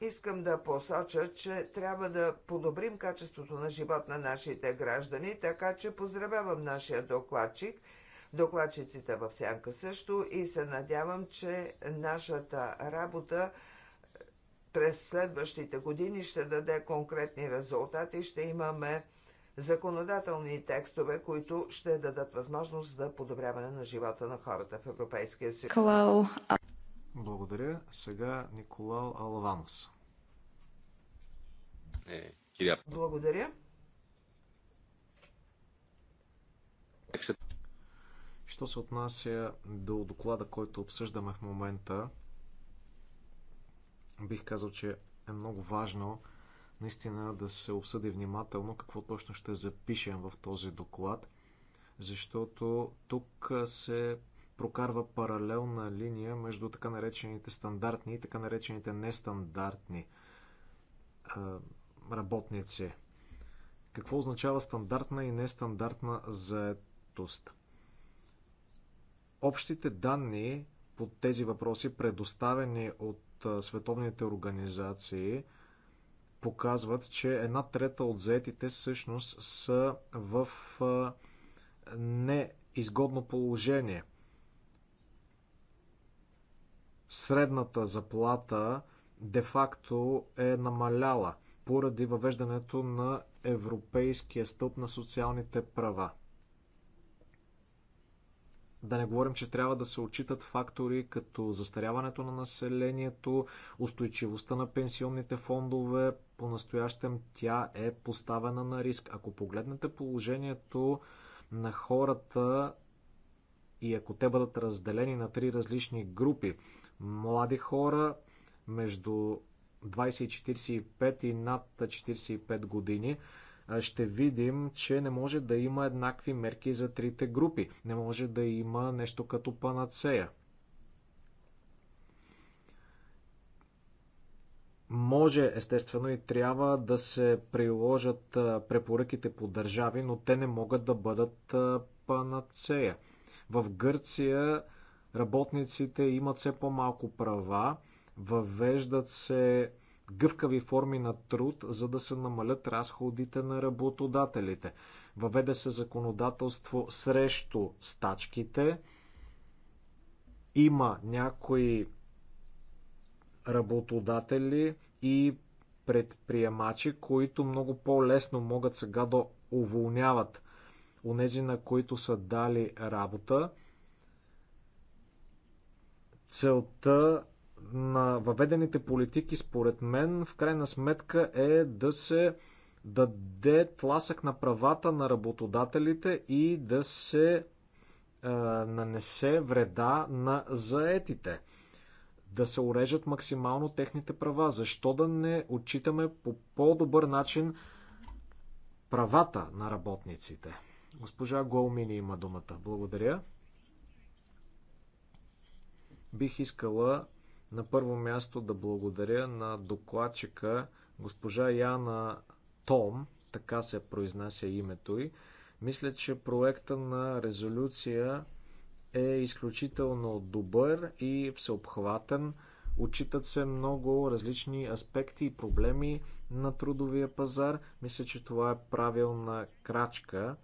Искам да посоча, че трябва да подобрим качеството на живот на нашите граждани, така че поздравявам нашия докладчик – докладчиците в сянка също и се надявам, че нашата работа през следващите години ще даде конкретни резултати, ще имаме законодателни текстове, които ще дадат възможност за подобряване на живота на хората в Европейския съюз. Благодаря. Сега Николао Алаванос. Е, Благодаря. Що се отнася до доклада, който обсъждаме в момента, бих казал, че е много важно наистина да се обсъди внимателно какво точно ще запишем в този доклад, защото тук се прокарва паралелна линия между така наречените стандартни и така наречените нестандартни работници. Какво означава стандартна и нестандартна заетост? Общите данни по тези въпроси, предоставени от световните организации, показват, че една трета от заетите всъщност са в неизгодно положение. Средната заплата де-факто е намаляла поради въвеждането на Европейския стълб на социалните права. Да не говорим, че трябва да се отчитат фактори като застаряването на населението, устойчивостта на пенсионните фондове. По-настоящем тя е поставена на риск. Ако погледнете положението на хората и ако те бъдат разделени на три различни групи, млади хора между 20 и 45 и над 45 години, ще видим, че не може да има еднакви мерки за трите групи. Не може да има нещо като панацея. Може, естествено, и трябва да се приложат препоръките по държави, но те не могат да бъдат панацея. В Гърция работниците имат все по-малко права, въвеждат се гъвкави форми на труд, за да се намалят разходите на работодателите. Въведе се законодателство срещу стачките. Има някои работодатели и предприемачи, които много по-лесно могат сега да уволняват онези, на които са дали работа. Целта на въведените политики, според мен, в крайна сметка е да се даде тласък на правата на работодателите и да се е, нанесе вреда на заетите. Да се урежат максимално техните права. Защо да не отчитаме по по-добър начин правата на работниците? Госпожа Голмини има думата. Благодаря. Бих искала на първо място да благодаря на докладчика госпожа Яна Том, така се произнася името й. Мисля, че проекта на резолюция е изключително добър и всеобхватен. Отчитат се много различни аспекти и проблеми на трудовия пазар. Мисля, че това е правилна крачка.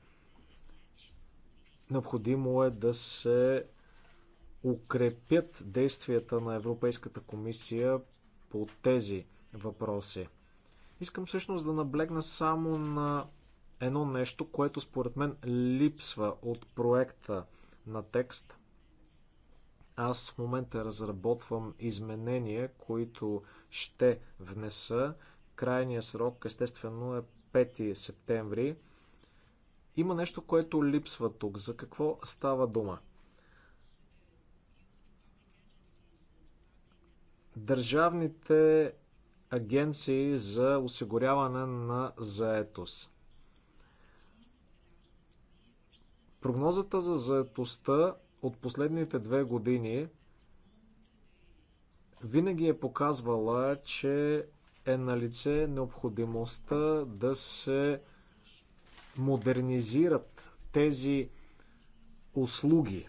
Необходимо е да се укрепят действията на Европейската комисия по тези въпроси. Искам всъщност да наблегна само на едно нещо, което според мен липсва от проекта на текст. Аз в момента разработвам изменения, които ще внеса. Крайният срок, естествено, е 5 септември. Има нещо, което липсва тук. За какво става дума? държавните агенции за осигуряване на заетост. Прогнозата за заетостта от последните две години винаги е показвала, че е на лице необходимостта да се модернизират тези услуги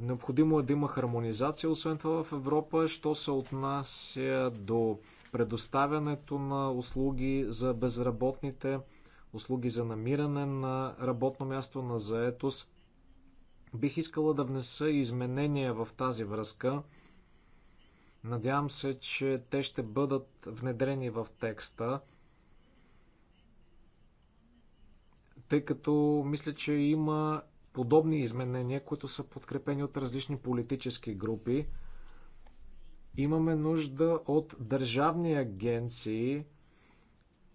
Необходимо е да има хармонизация, освен това в Европа, що се отнася до предоставянето на услуги за безработните, услуги за намиране на работно място на заетост. Бих искала да внеса изменения в тази връзка. Надявам се, че те ще бъдат внедрени в текста, тъй като мисля, че има подобни изменения, които са подкрепени от различни политически групи. Имаме нужда от държавни агенции,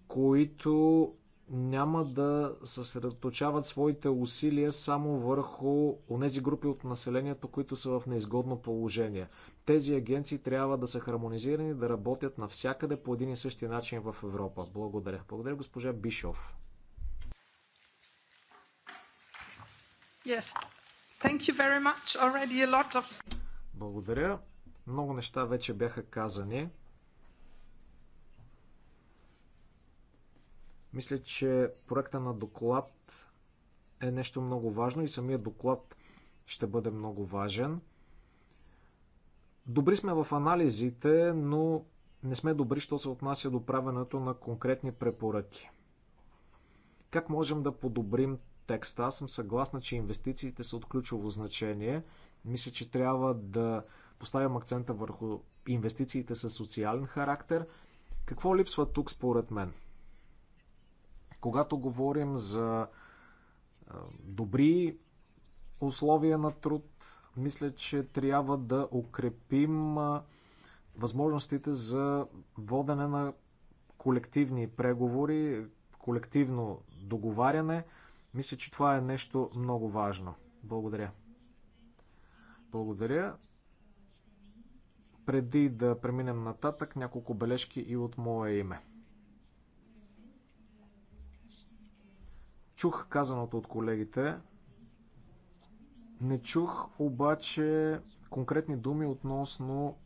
които няма да съсредоточават своите усилия само върху онези групи от населението, които са в неизгодно положение. Тези агенции трябва да са хармонизирани, да работят навсякъде по един и същи начин в Европа. Благодаря. Благодаря, госпожа Бишов. Yes. Thank you very much. Already a lot of... Благодаря. Много неща вече бяха казани. Мисля, че проекта на доклад е нещо много важно и самия доклад ще бъде много важен. Добри сме в анализите, но не сме добри, що се отнася до правенето на конкретни препоръки. Как можем да подобрим текста. Аз съм съгласна, че инвестициите са от ключово значение. Мисля, че трябва да поставям акцента върху инвестициите със социален характер. Какво липсва тук според мен? Когато говорим за добри условия на труд, мисля, че трябва да укрепим възможностите за водене на колективни преговори, колективно договаряне – мисля, че това е нещо много важно. Благодаря. Благодаря. Преди да преминем нататък, няколко бележки и от мое име. Чух казаното от колегите. Не чух обаче конкретни думи относно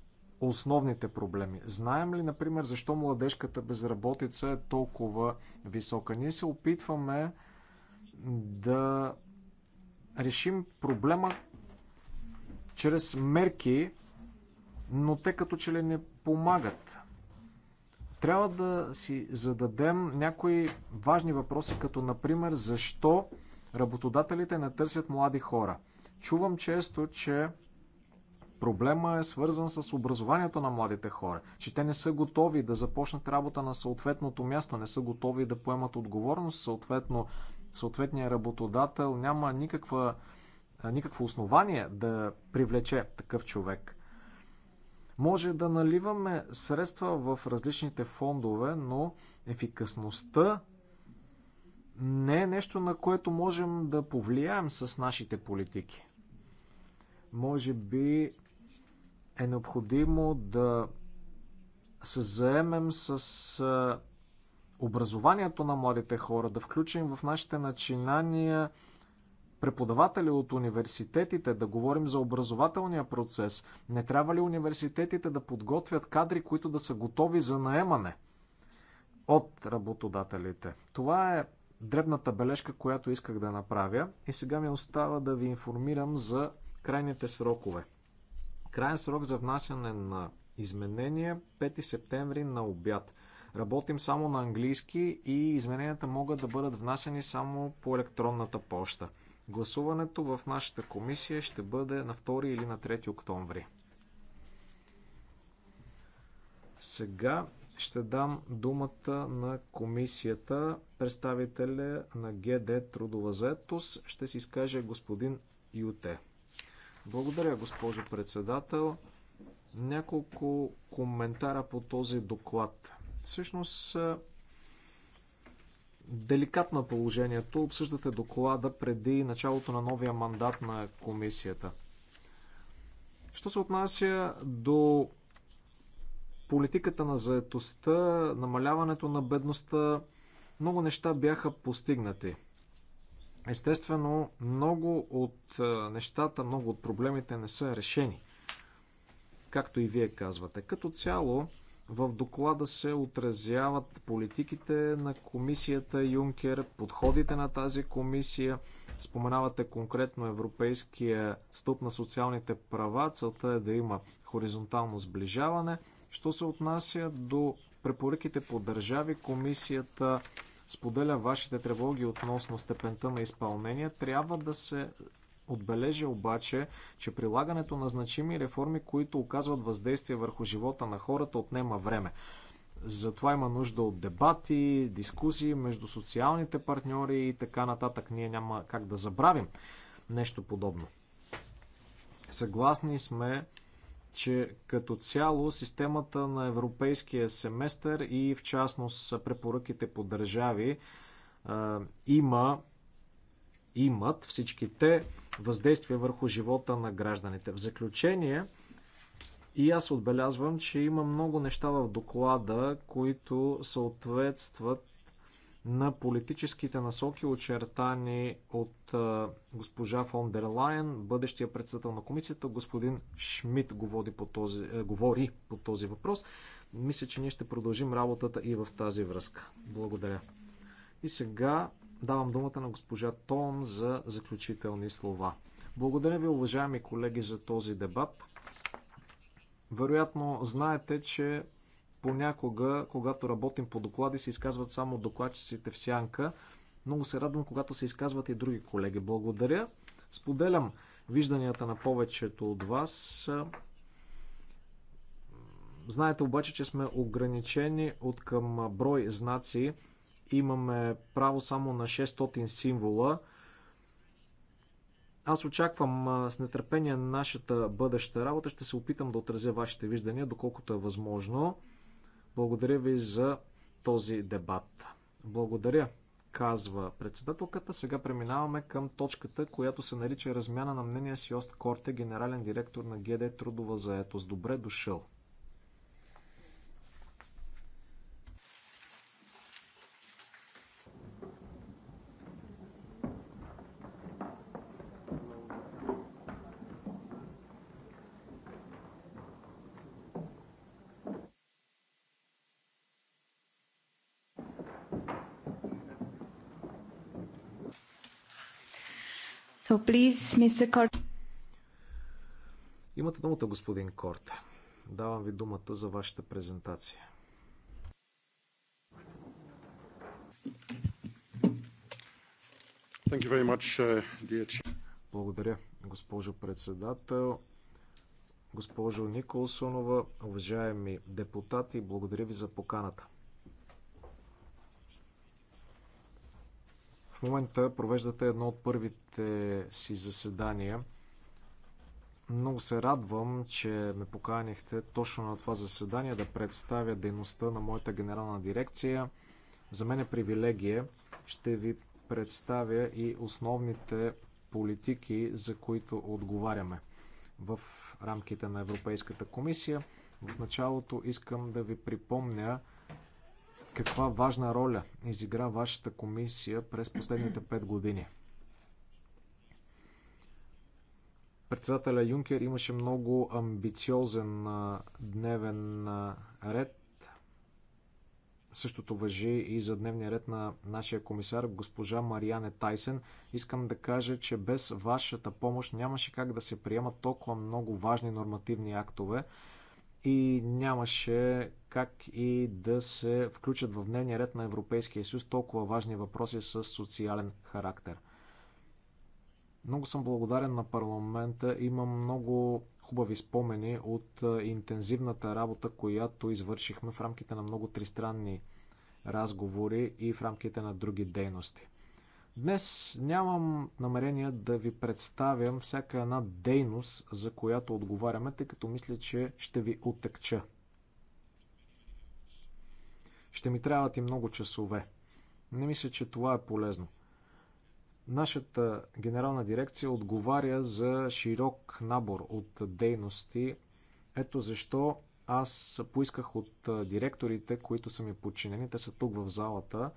основните проблеми. Знаем ли, например, защо младежката безработица е толкова висока? Ние се опитваме да решим проблема чрез мерки, но те като че ли не помагат. Трябва да си зададем някои важни въпроси, като например защо работодателите не търсят млади хора. Чувам често, че проблема е свързан с образованието на младите хора, че те не са готови да започнат работа на съответното място, не са готови да поемат отговорност, съответно съответния работодател няма никаква, никакво основание да привлече такъв човек. Може да наливаме средства в различните фондове, но ефикасността не е нещо, на което можем да повлияем с нашите политики. Може би е необходимо да се заемем с образованието на младите хора, да включим в нашите начинания преподаватели от университетите, да говорим за образователния процес. Не трябва ли университетите да подготвят кадри, които да са готови за наемане от работодателите? Това е дребната бележка, която исках да направя. И сега ми остава да ви информирам за крайните срокове. Крайен срок за внасяне на изменения 5 септември на обяд. Работим само на английски и измененията могат да бъдат внасени само по електронната поща. Гласуването в нашата комисия ще бъде на 2 или на 3 октомври. Сега ще дам думата на комисията, представителя на ГД Трудова заетост. Ще си изкаже господин Юте. Благодаря, госпожо председател. Няколко коментара по този доклад. Всъщност, е, деликатно е положението. Обсъждате доклада преди началото на новия мандат на комисията. Що се отнася до политиката на заетостта, намаляването на бедността, много неща бяха постигнати. Естествено, много от е, нещата, много от проблемите не са решени, както и вие казвате. Като цяло, в доклада се отразяват политиките на комисията Юнкер, подходите на тази комисия. Споменавате конкретно Европейския стълб на социалните права. Целта е да има хоризонтално сближаване. Що се отнася до препоръките по държави, комисията споделя вашите тревоги относно степента на изпълнение. Трябва да се отбележа обаче, че прилагането на значими реформи, които оказват въздействие върху живота на хората, отнема време. Затова има нужда от дебати, дискусии между социалните партньори и така нататък. Ние няма как да забравим нещо подобно. Съгласни сме, че като цяло системата на европейския семестър и в частност препоръките по държави има имат всичките въздействия върху живота на гражданите. В заключение, и аз отбелязвам, че има много неща в доклада, които съответстват на политическите насоки, очертани от госпожа фон дер Лайен, бъдещия председател на комисията. Господин Шмидт говори по този, говори по този въпрос. Мисля, че ние ще продължим работата и в тази връзка. Благодаря. И сега Давам думата на госпожа Том за заключителни слова. Благодаря ви, уважаеми колеги, за този дебат. Вероятно знаете, че понякога, когато работим по доклади, се изказват само докладчиците в сянка. Много се радвам, когато се изказват и други колеги. Благодаря. Споделям вижданията на повечето от вас. Знаете обаче, че сме ограничени от към брой знаци имаме право само на 600 символа. Аз очаквам с нетърпение нашата бъдеща работа. Ще се опитам да отразя вашите виждания, доколкото е възможно. Благодаря ви за този дебат. Благодаря, казва председателката. Сега преминаваме към точката, която се нарича размяна на мнения с Йост Корте, генерален директор на ГД Трудова заетост. Добре дошъл! Please, Mr. Имате думата, господин Корте. Давам ви думата за вашата презентация. Thank you very much, uh, dear. Благодаря, госпожо председател. Госпожо Николсонова, уважаеми депутати, благодаря ви за поканата. В момента провеждате едно от първите си заседания. Много се радвам, че ме поканихте точно на това заседание да представя дейността на моята генерална дирекция. За мен е привилегия. Ще ви представя и основните политики, за които отговаряме в рамките на Европейската комисия. В началото искам да ви припомня каква важна роля изигра вашата комисия през последните 5 години. Председателя Юнкер имаше много амбициозен дневен ред. Същото въжи и за дневния ред на нашия комисар, госпожа Мариане Тайсен. Искам да кажа, че без вашата помощ нямаше как да се приемат толкова много важни нормативни актове и нямаше как и да се включат в дневния ред на Европейския съюз толкова важни въпроси с социален характер. Много съм благодарен на парламента. Имам много хубави спомени от интензивната работа, която извършихме в рамките на много тристранни разговори и в рамките на други дейности. Днес нямам намерение да ви представям всяка една дейност, за която отговаряме, тъй като мисля, че ще ви отекча. Ще ми трябват и много часове. Не мисля, че това е полезно. Нашата генерална дирекция отговаря за широк набор от дейности. Ето защо аз поисках от директорите, които са ми подчинени, те са тук в залата,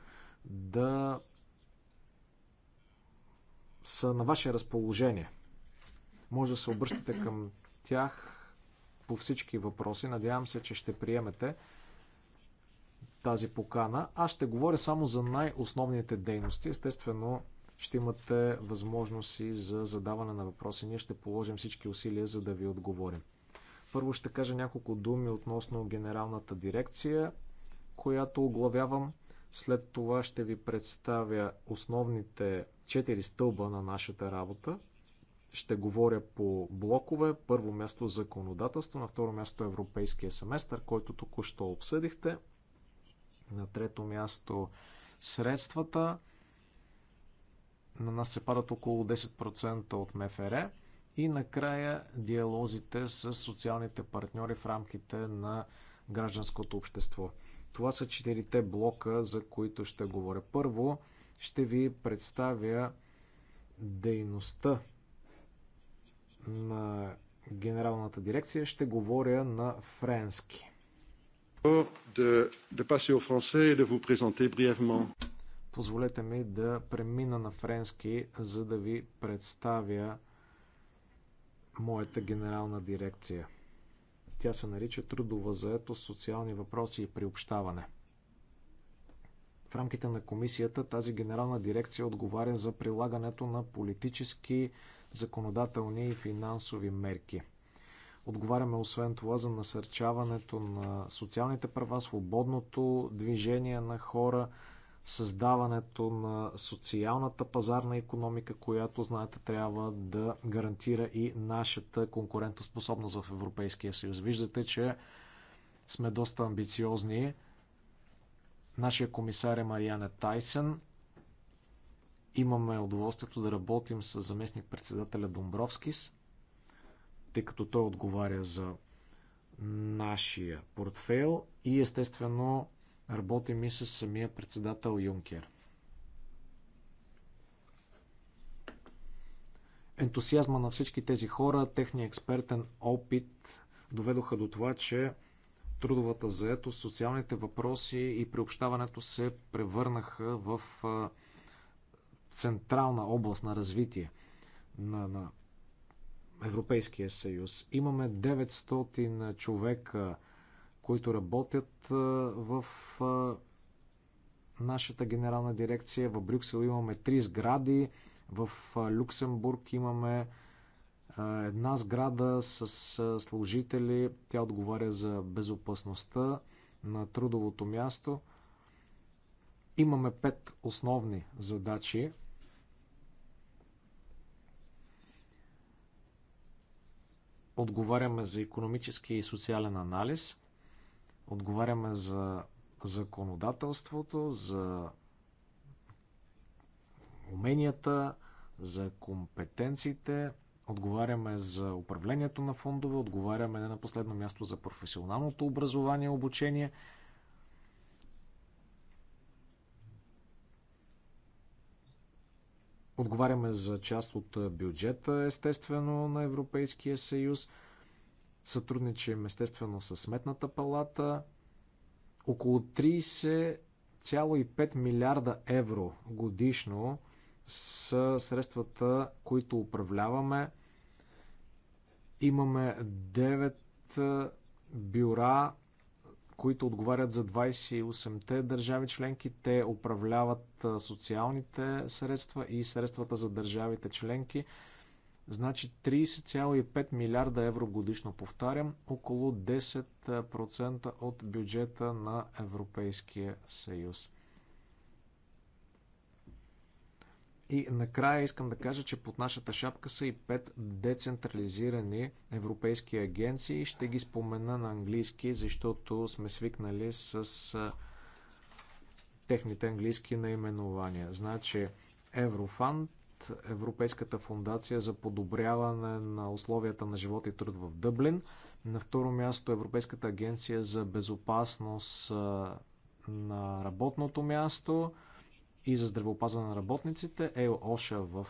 да са на ваше разположение. Може да се обръщате към тях по всички въпроси. Надявам се, че ще приемете тази покана. Аз ще говоря само за най-основните дейности. Естествено, ще имате възможности за задаване на въпроси. Ние ще положим всички усилия, за да ви отговорим. Първо ще кажа няколко думи относно генералната дирекция, която оглавявам. След това ще ви представя основните четири стълба на нашата работа. Ще говоря по блокове. Първо място законодателство, на второ място европейския семестър, който току-що обсъдихте. На трето място средствата. На нас се падат около 10% от МФР. И накрая диалозите с социалните партньори в рамките на гражданското общество. Това са четирите блока, за които ще говоря. Първо, ще ви представя дейността на генералната дирекция. Ще говоря на френски. Позволете ми да премина на френски, за да ви представя моята генерална дирекция. Тя се нарича Трудова заето, социални въпроси и приобщаване. В рамките на комисията тази генерална дирекция отговаря за прилагането на политически, законодателни и финансови мерки. Отговаряме освен това за насърчаването на социалните права, свободното движение на хора, създаването на социалната пазарна економика, която, знаете, трябва да гарантира и нашата конкурентоспособност в Европейския съюз. Виждате, че сме доста амбициозни. Нашия комисар е Марияна Тайсън. Имаме удоволствието да работим с заместник председателя Домбровскис, тъй като той отговаря за нашия портфейл и естествено работим и с самия председател Юнкер. Ентусиазма на всички тези хора, техния експертен опит доведоха до това, че трудовата заетост, социалните въпроси и приобщаването се превърнаха в централна област на развитие на, на Европейския съюз. Имаме 900 човека, които работят в нашата генерална дирекция. В Брюксел имаме три сгради, в Люксембург имаме една сграда с служители, тя отговаря за безопасността на трудовото място. Имаме пет основни задачи. Отговаряме за економически и социален анализ. Отговаряме за законодателството, за уменията, за компетенциите, Отговаряме за управлението на фондове, отговаряме не на последно място за професионалното образование, обучение. Отговаряме за част от бюджета, естествено, на Европейския съюз. Сътрудничим, естествено, с Сметната палата. Около 30,5 милиарда евро годишно – са средствата, които управляваме. Имаме 9 бюра, които отговарят за 28-те държави членки. Те управляват социалните средства и средствата за държавите членки. Значи 30,5 милиарда евро годишно, повтарям, около 10% от бюджета на Европейския съюз. И накрая искам да кажа, че под нашата шапка са и пет децентрализирани европейски агенции. Ще ги спомена на английски, защото сме свикнали с техните английски наименования. Значи Еврофанд, Европейската фундация за подобряване на условията на живот и труд в Дъблин. На второ място Европейската агенция за безопасност на работното място – и за здравеопазване на работниците, ЕО ОША в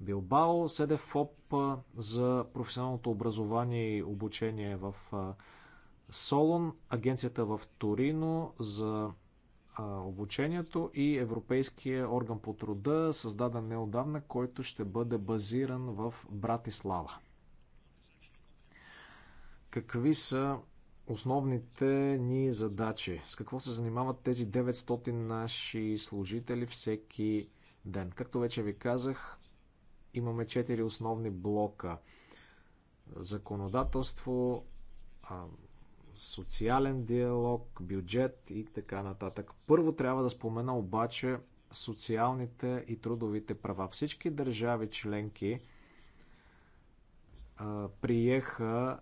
Билбао, СДФОП за професионалното образование и обучение в Солон, агенцията в Торино за обучението и Европейския орган по труда, създаден неодавна, който ще бъде базиран в Братислава. Какви са основните ни задачи? С какво се занимават тези 900 наши служители всеки ден? Както вече ви казах, имаме 4 основни блока. Законодателство, социален диалог, бюджет и така нататък. Първо трябва да спомена обаче социалните и трудовите права. Всички държави членки приеха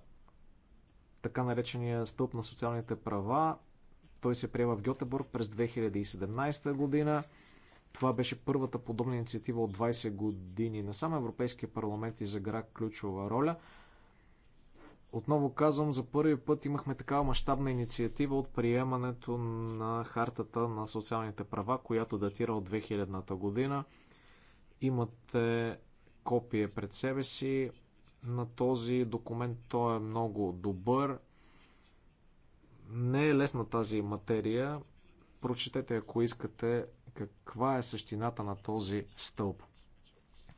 така наречения стълб на социалните права. Той се приема в Гьотеборг през 2017 година. Това беше първата подобна инициатива от 20 години на сам Европейския парламент загра ключова роля. Отново казвам, за първи път имахме такава мащабна инициатива от приемането на хартата на социалните права, която датира от 2000-та година. Имате копие пред себе си на този документ. Той е много добър. Не е лесна тази материя. Прочетете, ако искате, каква е същината на този стълб.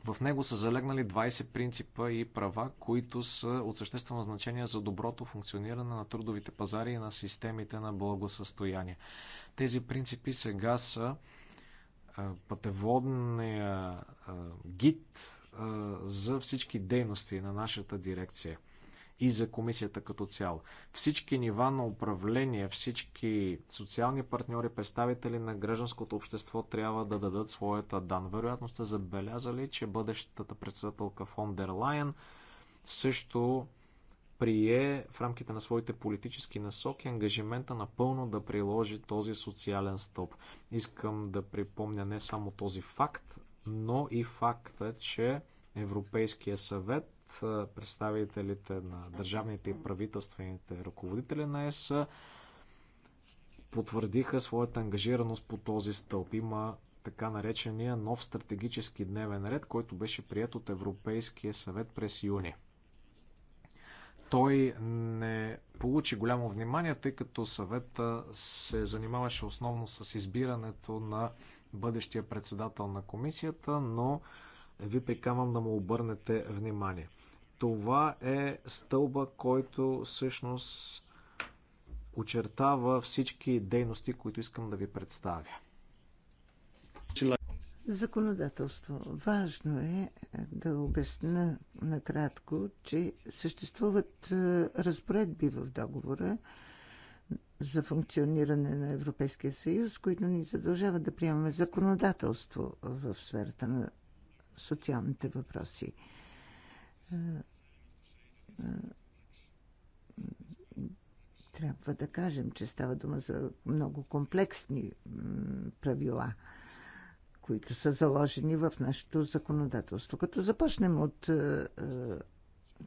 В него са залегнали 20 принципа и права, които са от съществено значение за доброто функциониране на трудовите пазари и на системите на благосъстояние. Тези принципи сега са пътеводния гид за всички дейности на нашата дирекция и за комисията като цяло. Всички нива на управление, всички социални партньори, представители на гражданското общество трябва да дадат своята дан. Вероятно сте забелязали, че бъдещата председателка фон дер Лайен също прие в рамките на своите политически насоки ангажимента напълно да приложи този социален стълб. Искам да припомня не само този факт, но и факта, че Европейския съвет, представителите на държавните и правителствените ръководители на ЕС потвърдиха своята ангажираност по този стълб. Има така наречения нов стратегически дневен ред, който беше прият от Европейския съвет през юни. Той не получи голямо внимание, тъй като съвета се занимаваше основно с избирането на бъдещия председател на комисията, но ви прикамвам да му обърнете внимание. Това е стълба, който всъщност очертава всички дейности, които искам да ви представя. Законодателство. Важно е, е да обясна накратко, че съществуват е, разпоредби в договора, за функциониране на Европейския съюз, които ни задължават да приемаме законодателство в сферата на социалните въпроси. Трябва да кажем, че става дума за много комплексни правила, които са заложени в нашето законодателство. Като започнем от е, е,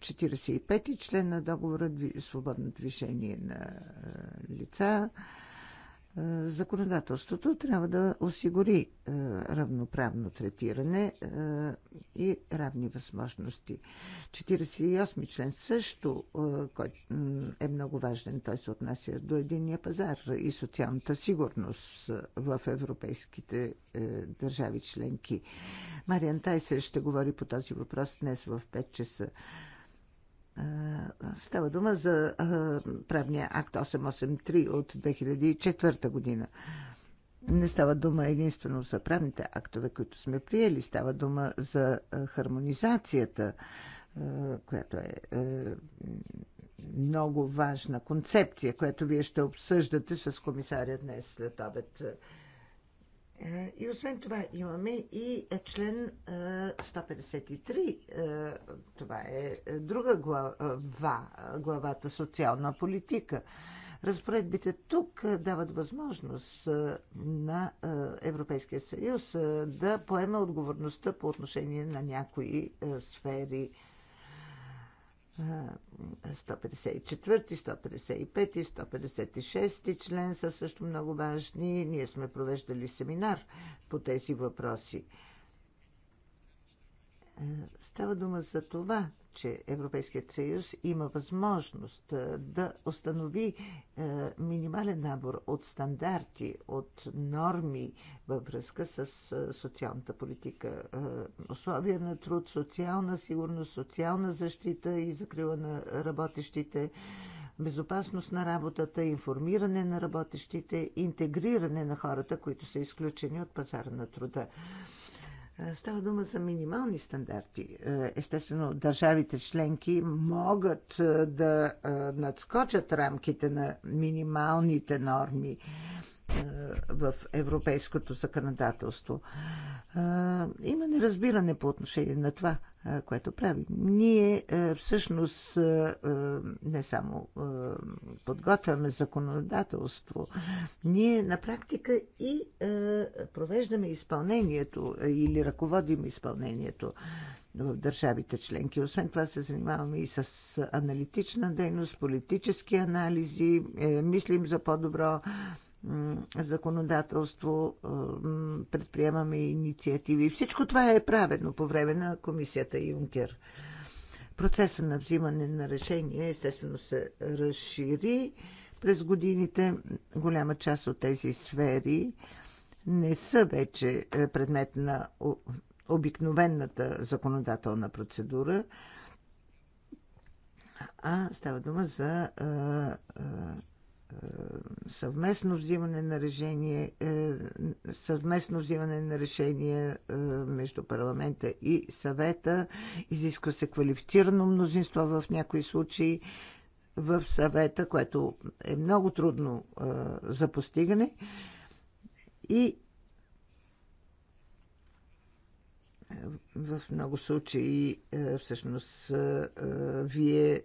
45 член на договора свободно движение на е, лица. Е, законодателството трябва да осигури е, равноправно третиране и равни възможности. 48 член също, който е много важен, той се отнася до единия пазар и социалната сигурност в европейските държави членки. Мариан Тайсер ще говори по този въпрос днес в 5 часа. Става дума за правния акт 883 от 2004 година. Не става дума единствено за правните актове, които сме приели. Става дума за хармонизацията, която е, е много важна концепция, която вие ще обсъждате с комисаря днес след обед. Е, и освен това имаме и е, член 153. Е, това е друга глава, главата социална политика. Разпоредбите тук дават възможност на Европейския съюз да поема отговорността по отношение на някои сфери 154, 155, 156 член са също много важни. Ние сме провеждали семинар по тези въпроси. Е, става дума за това, че Европейският съюз има възможност е, да установи е, минимален набор от стандарти, от норми във връзка с социалната политика, условия на труд, социална сигурност, социална защита и закрила на работещите, безопасност на работата, информиране на работещите, интегриране на хората, които са изключени от пазара на труда. Е, става дума за минимални стандарти. Е, естествено, държавите членки могат е, да надскочат рамките на минималните норми е, в европейското законодателство. Е, има неразбиране по отношение на това, е, което правим. Ние всъщност не само подготвяме законодателство, ние на практика и провеждаме изпълнението или ръководим изпълнението в държавите членки. Освен това се занимаваме и с аналитична дейност, политически анализи, мислим за по-добро законодателство, предприемаме инициативи. Всичко това е правено по време на комисията Юнкер. Процесът на взимане на решение естествено се разшири. През годините голяма част от тези сфери не са вече е, предмет на обикновената законодателна процедура, а става дума за е, е, е, съвместно взимане на решение, е, съвместно взимане на решение е, между парламента и съвета. Изисква се квалифицирано мнозинство в някои случаи в съвета, което е много трудно за постигане. И в много случаи е, всъщност е, е, вие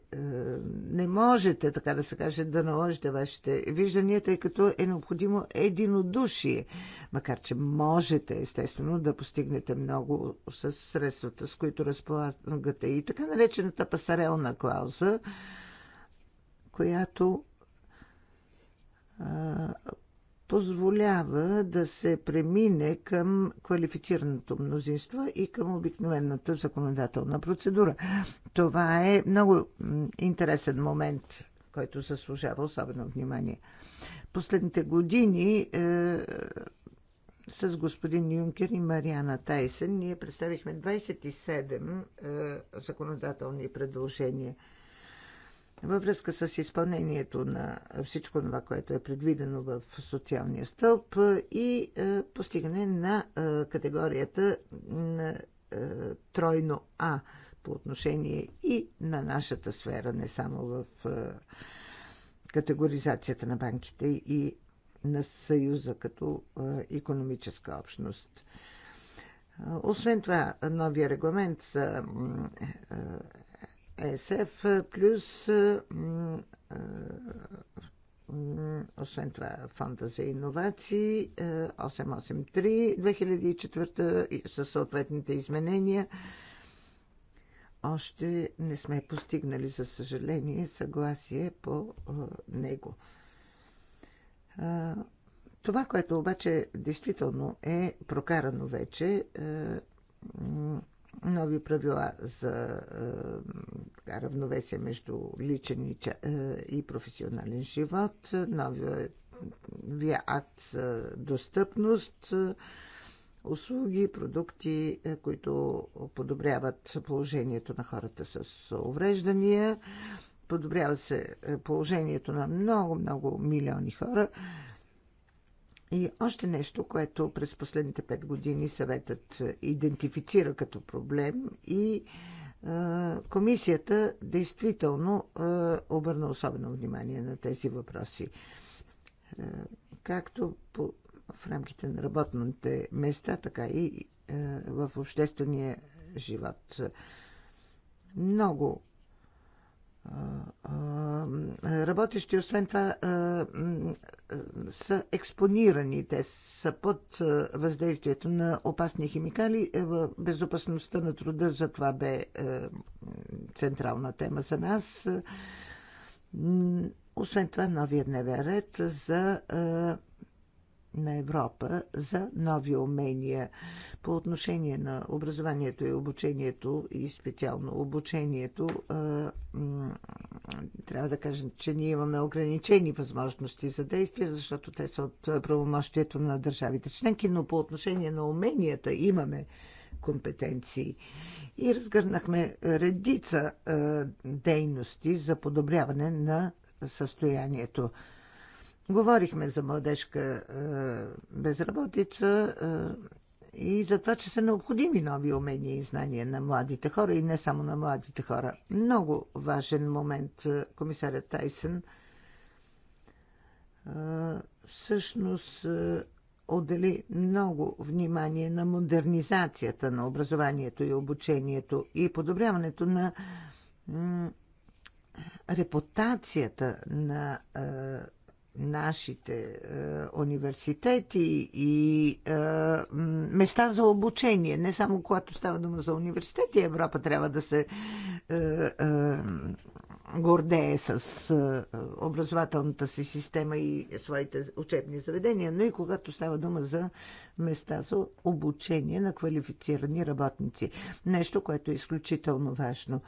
не можете, така да се каже, да наложите вашите виждания, тъй като е необходимо единодушие, макар че можете, естествено, да постигнете много с средствата, с които разполагате. И така наречената пасарелна клауза, която позволява да се премине към квалифицираното мнозинство и към обикновената законодателна процедура. Това е много интересен момент, който заслужава особено внимание. Последните години е, с господин Юнкер и Мариана Тайсен ние представихме 27 е, законодателни предложения – във връзка с изпълнението на всичко това, което е предвидено в социалния стълб и е, постигане на е, категорията на е, тройно А по отношение и на нашата сфера, не само в категоризацията на банките и на Съюза като економическа общност. Освен това, новия регламент за СФ плюс освен това фонда за иновации 883 2004 със съответните изменения. Още не сме постигнали, за съжаление, съгласие по него. Това, което обаче действително е прокарано вече, нови правила за е, така, равновесие между личен и, е, и професионален живот, новия акт за достъпност, е, услуги, продукти, които подобряват положението на хората с увреждания. Подобрява се положението на много-много милиони хора и още нещо, което през последните пет години съветът идентифицира като проблем и комисията действително обърна особено внимание на тези въпроси. Както по, в рамките на работните места, така и в обществения живот. Много работещи, освен това, са експонирани. Те са под въздействието на опасни химикали. Е, безопасността на труда за това бе е, централна тема за нас. Освен това, новия дневен ред за е, на Европа за нови умения по отношение на образованието и обучението и специално обучението. Трябва да кажем, че ние имаме ограничени възможности за действие, защото те са от правомощието на държавите членки, но по отношение на уменията имаме компетенции. И разгърнахме редица дейности за подобряване на състоянието Говорихме за младежка е, безработица е, и за това, че са необходими нови умения и знания на младите хора и не само на младите хора. Много важен момент, е, комисарят Тайсън всъщност отдели много внимание на модернизацията на образованието и обучението и подобряването на репутацията на нашите е, университети и е, места за обучение. Не само когато става дума за университети, Европа трябва да се е, е, гордее с е, образователната си система и своите учебни заведения, но и когато става дума за места за обучение на квалифицирани работници. Нещо, което е изключително важно.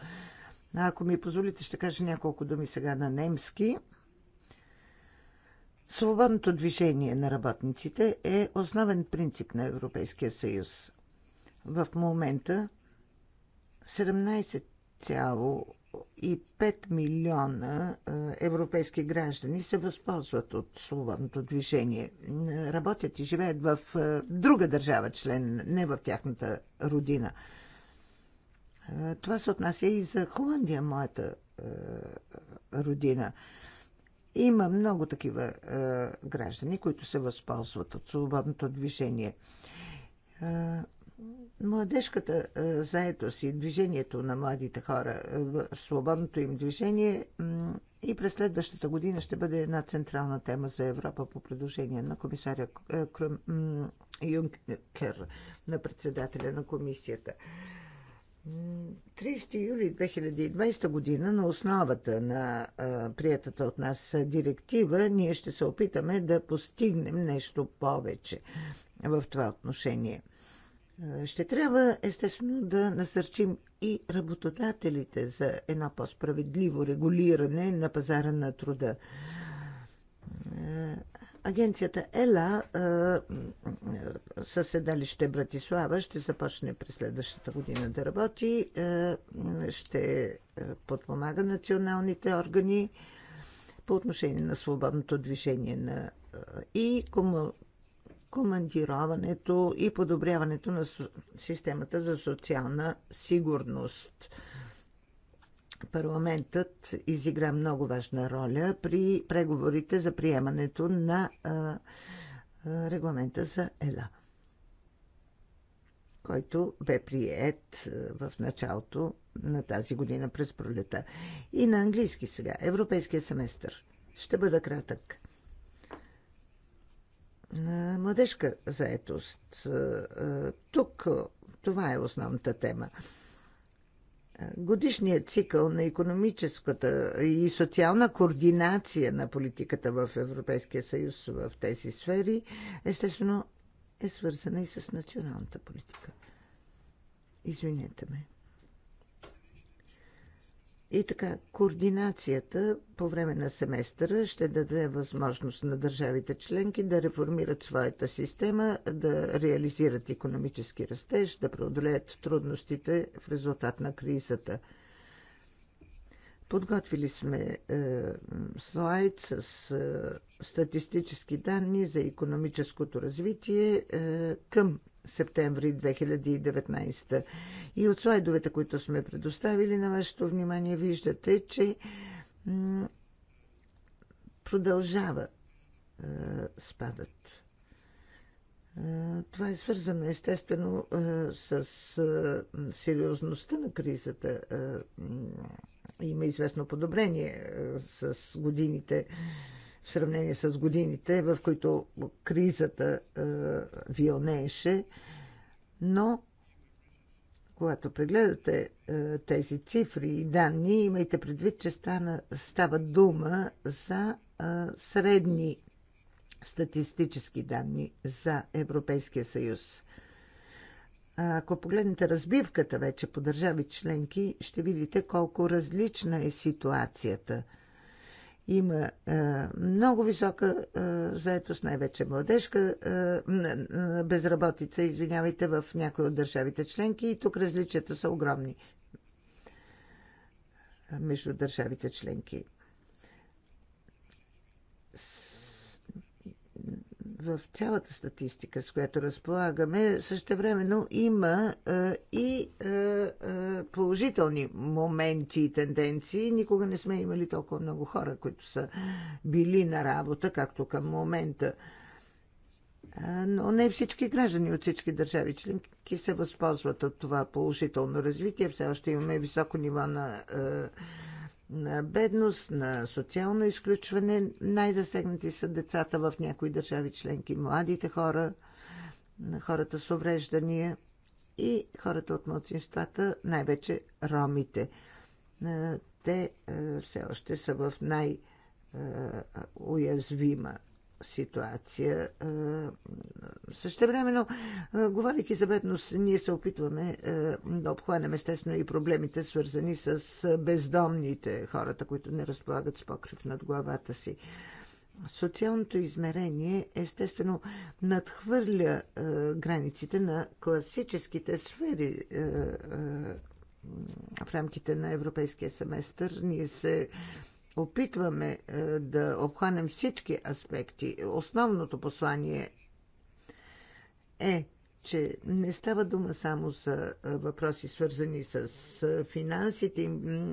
Ако ми позволите, ще кажа няколко думи сега на немски. Свободното движение на работниците е основен принцип на Европейския съюз. В момента 17,5 милиона европейски граждани се възползват от свободното движение. Работят и живеят в друга държава член, не в тяхната родина. Това се отнася и за Холандия, моята родина. Има много такива е, граждани, които се възползват от свободното движение. Е, младежката е, заетост и движението на младите хора, е, свободното им движение е, и през следващата година ще бъде една централна тема за Европа по предложение на комисаря е, Кръм, е, Юнкер, на председателя на комисията. Е, 30 юли 2020 година на основата на а, приятата от нас директива ние ще се опитаме да постигнем нещо повече в това отношение. Ще трябва естествено да насърчим и работодателите за едно по-справедливо регулиране на пазара на труда. Агенцията ЕЛА със седалище Братислава ще започне през следващата година да работи, ще подпомага националните органи по отношение на свободното движение на и командироването и подобряването на системата за социална сигурност парламентът изигра много важна роля при преговорите за приемането на регламента за ЕЛА, който бе прият в началото на тази година през пролета. И на английски сега. Европейския семестър. Ще бъда кратък. Младежка заетост. Тук това е основната тема годишният цикъл на економическата и социална координация на политиката в Европейския съюз в тези сфери, естествено е свързана и с националната политика. Извинете ме. И така, координацията по време на семестъра ще даде възможност на държавите членки да реформират своята система, да реализират економически растеж, да преодолеят трудностите в резултат на кризата. Подготвили сме е, слайд с е, статистически данни за економическото развитие е, към септември 2019. И от слайдовете, които сме предоставили на вашето внимание, виждате, че продължава е, спадът. Е, това е свързано естествено е, с е, сериозността на кризата. Е, има известно подобрение е, с годините. Е, в сравнение с годините, в които кризата вилнееше. Но когато прегледате тези цифри и данни, имайте предвид, че стана, става дума за средни статистически данни за Европейския съюз. Ако погледнете разбивката вече по държави членки, ще видите колко различна е ситуацията – има много висока заетост, най-вече младежка безработица, извинявайте, в някои от държавите членки и тук различията са огромни между държавите членки. в цялата статистика, с която разполагаме, същевременно има а, и а, а, положителни моменти и тенденции. Никога не сме имали толкова много хора, които са били на работа, както към момента. А, но не всички граждани от всички държави членки се възползват от това положително развитие. Все още имаме високо ниво на. А, на бедност, на социално изключване. Най-засегнати са децата в някои държави членки, младите хора, хората с увреждания и хората от младсинствата, най-вече ромите. Те все още са в най- уязвима ситуация. Същевременно, говоряки за бедност, ние се опитваме да обхванем естествено и проблемите, свързани с бездомните, хората, които не разполагат с покрив над главата си. Социалното измерение естествено надхвърля границите на класическите сфери в рамките на европейския семестър. Ние се опитваме е, да обхванем всички аспекти. Основното послание е, че не става дума само за е, въпроси свързани с е, финансите и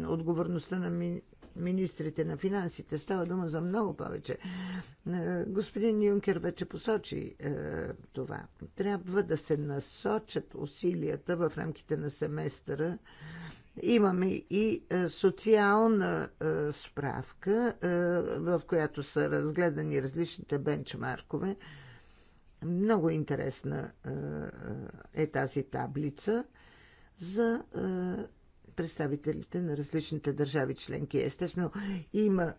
отговорността на ми министрите на финансите. Става дума за много повече. Господин Юнкер вече посочи е, това. Трябва да се насочат усилията в рамките на семестъра Имаме и е, социална е, справка, е, в която са разгледани различните бенчмаркове. Много интересна е тази таблица за представителите на различните държави членки. Естествено, има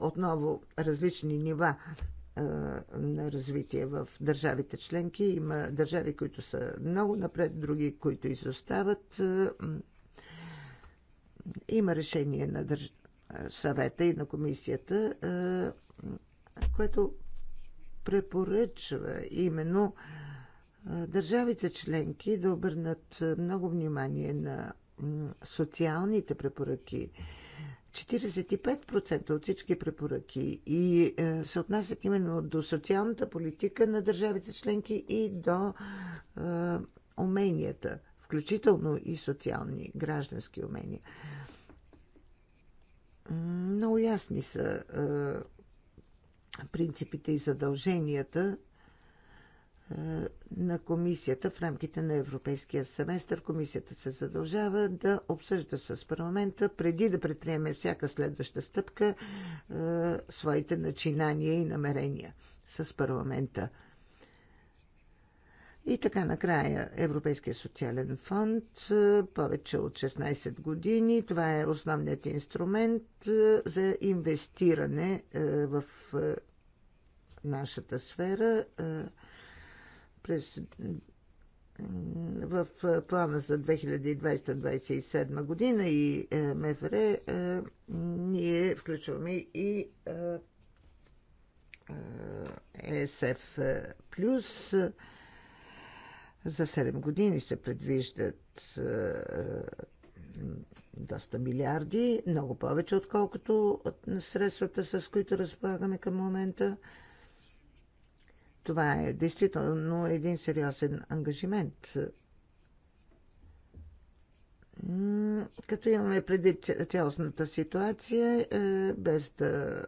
отново различни нива на развитие в държавите членки. Има държави, които са много напред, други, които изостават. Има решение на държ... съвета и на комисията, което препоръчва именно държавите членки да обърнат много внимание на социалните препоръки. 45% от всички препоръки и е, се отнасят именно до социалната политика на държавите членки и до е, уменията включително и социални, граждански умения. Много ясни са принципите и задълженията на комисията в рамките на Европейския семестър. Комисията се задължава да обсъжда с парламента, преди да предприеме всяка следваща стъпка, своите начинания и намерения с парламента. И така накрая Европейския социален фонд, е, повече от 16 години. Това е основният инструмент е, за инвестиране е, в нашата сфера. През, в плана за 2020-2027 година и МФР ние включваме и ЕСФ плюс за 7 години се предвиждат е, е, доста милиарди, много повече, отколкото от средствата, с които разполагаме към момента. Това е действително един сериозен ангажимент. Като имаме преди цялостната ситуация, е, без да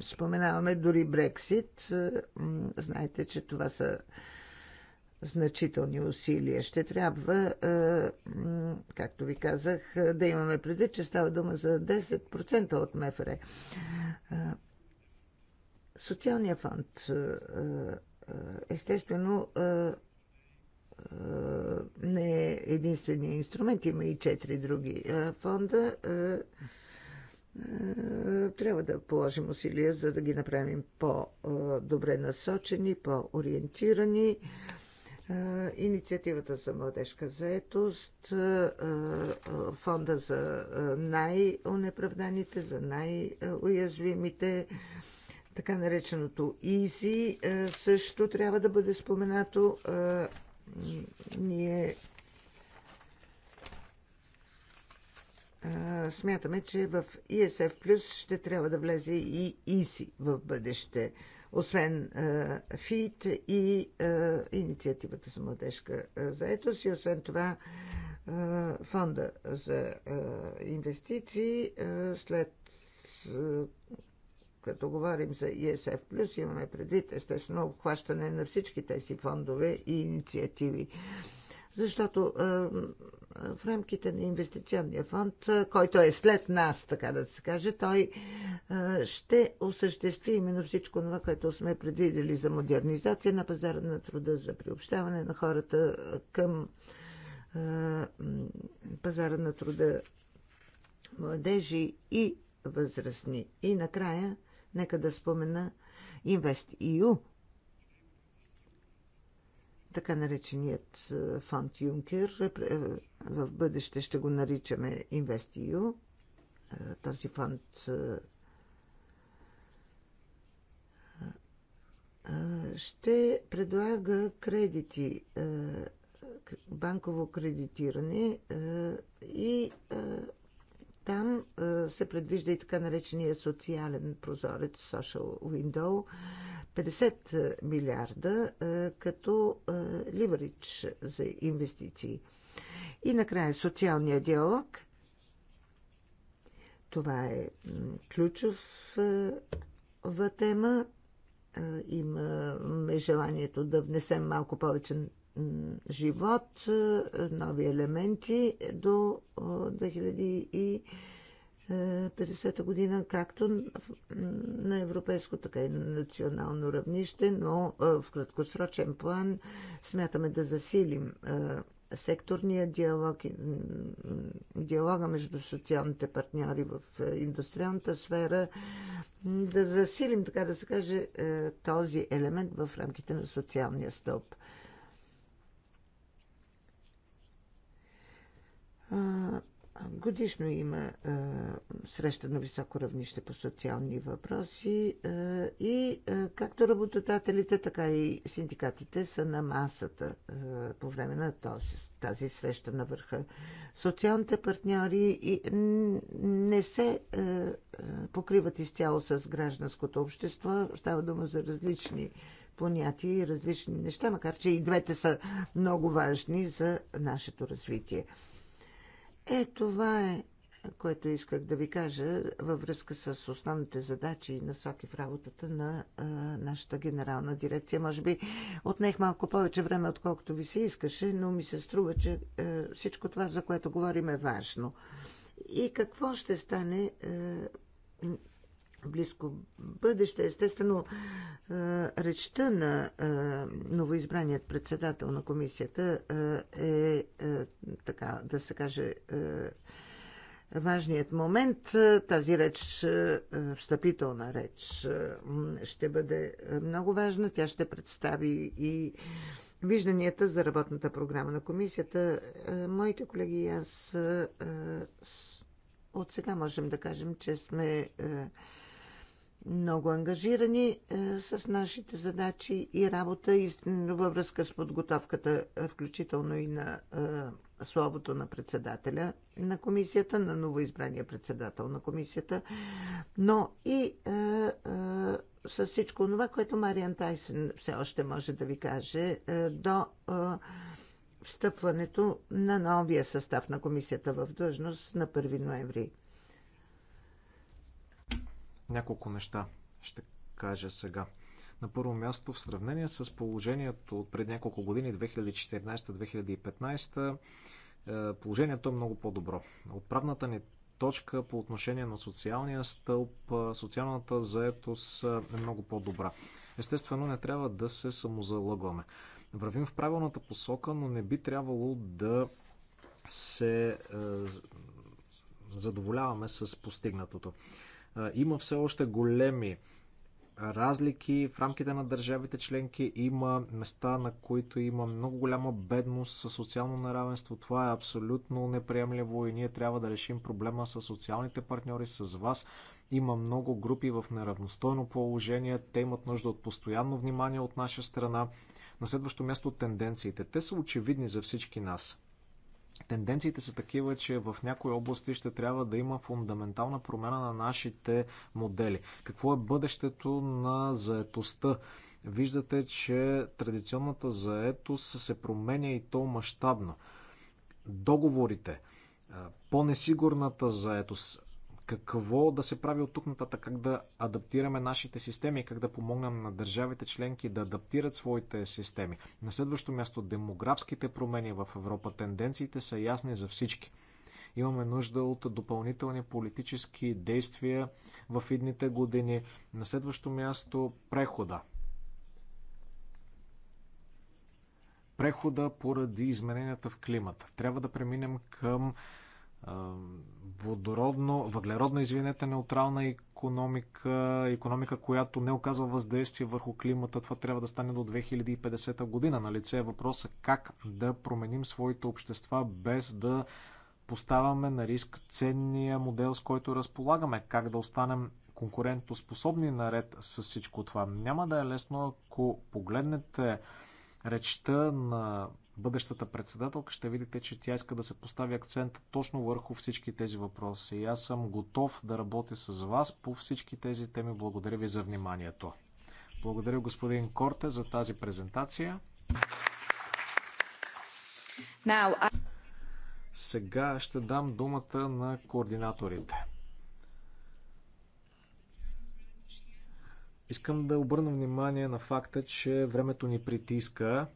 споменаваме дори Брексит, знаете, че това са значителни усилия. Ще трябва, е, както ви казах, е, да имаме предвид, че става дума за 10% от МФР. Е, Социалния фонд естествено не е единствения инструмент, има и четири други фонда. Трябва да положим усилия, за да ги направим по-добре насочени, по-ориентирани инициативата за младежка заетост, фонда за най-онеправданите, за най-уязвимите, така нареченото ИЗИ, също трябва да бъде споменато. Ние смятаме, че в ИСФ плюс ще трябва да влезе и ИСИ в бъдеще освен ФИТ и инициативата за младежка заетост и освен това фонда за инвестиции след като говорим за ESF+, имаме предвид естествено обхващане на всички тези фондове и инициативи защото е, в рамките на инвестиционния фонд, е, който е след нас, така да се каже, той е, ще осъществи именно всичко това, което сме предвидели за модернизация на пазара на труда, за приобщаване на хората към пазара на труда младежи и възрастни. И накрая, нека да спомена InvestEU, така нареченият е, фонд Юнкер. Е, е, в бъдеще ще го наричаме InvestEU. Този фонд ще предлага кредити, банково кредитиране и там се предвижда и така наречения социален прозорец, social window, 50 е, милиарда е, като е, ливарич за инвестиции. И накрая социалния диалог. Това е ключова тема. Имаме желанието да внесем малко повече живот, нови елементи до 2000 50-та година, както на европейско, така и на национално равнище, но в краткосрочен план смятаме да засилим секторния диалог, диалога между социалните партньори в индустриалната сфера, да засилим, така да се каже, този елемент в рамките на социалния стълб. Годишно има а, среща на високо равнище по социални въпроси а, и а, както работодателите, така и синдикатите са на масата а, по време на този, тази среща на върха. Социалните партньори и, не се а, покриват изцяло с гражданското общество. Става дума за различни понятия и различни неща, макар че и двете са много важни за нашето развитие. Е, това е, което исках да ви кажа във връзка с основните задачи и насоки в работата на а, нашата генерална дирекция. Може би отнех малко повече време, отколкото ви се искаше, но ми се струва, че а, всичко това, за което говорим, е важно. И какво ще стане а, близко бъдеще. Естествено, е, речта на е, новоизбраният председател на комисията е, е така да се каже, важният момент. Тази реч, встъпителна реч, ще бъде много важна. Тя ще представи и вижданията за работната програма на комисията. Моите колеги и аз от сега можем да кажем, че сме много ангажирани е, с нашите задачи и работа и във връзка с подготовката, е, включително и на е, словото на председателя на комисията, на новоизбрания председател на комисията, но и е, е, с всичко това, което Мариан Тайсен все още може да ви каже е, до е, встъпването на новия състав на комисията в длъжност на 1 ноември. Няколко неща ще кажа сега. На първо място, в сравнение с положението от пред няколко години, 2014-2015, е, положението е много по-добро. Отправната ни точка по отношение на социалния стълб, е, социалната заетост е, е много по-добра. Естествено, не трябва да се самозалъгваме. Вървим в правилната посока, но не би трябвало да се задоволяваме с постигнатото. Има все още големи разлики в рамките на държавите членки. Има места, на които има много голяма бедност, със социално неравенство. Това е абсолютно неприемливо и ние трябва да решим проблема с социалните партньори, с вас. Има много групи в неравностойно положение. Те имат нужда от постоянно внимание от наша страна. На следващо място тенденциите. Те са очевидни за всички нас. Тенденциите са такива, че в някои области ще трябва да има фундаментална промяна на нашите модели. Какво е бъдещето на заетостта? Виждате, че традиционната заетост се променя и то мащабно. Договорите, по-несигурната заетост, какво да се прави от тук нататък, как да адаптираме нашите системи, как да помогнем на държавите членки да адаптират своите системи. На следващо място, демографските промени в Европа. Тенденциите са ясни за всички. Имаме нужда от допълнителни политически действия в идните години. На следващо място, прехода. Прехода поради измененията в климата. Трябва да преминем към водородно, въглеродно, извинете, неутрална економика, економика, която не оказва въздействие върху климата. Това трябва да стане до 2050 година. На лице е въпроса как да променим своите общества без да поставяме на риск ценния модел, с който разполагаме. Как да останем конкурентоспособни наред с всичко това. Няма да е лесно, ако погледнете речта на бъдещата председателка, ще видите, че тя иска да се постави акцент точно върху всички тези въпроси. И аз съм готов да работя с вас по всички тези теми. Благодаря ви за вниманието. Благодаря господин Корте за тази презентация. Now, I... Сега ще дам думата на координаторите. Искам да обърна внимание на факта, че времето ни притиска.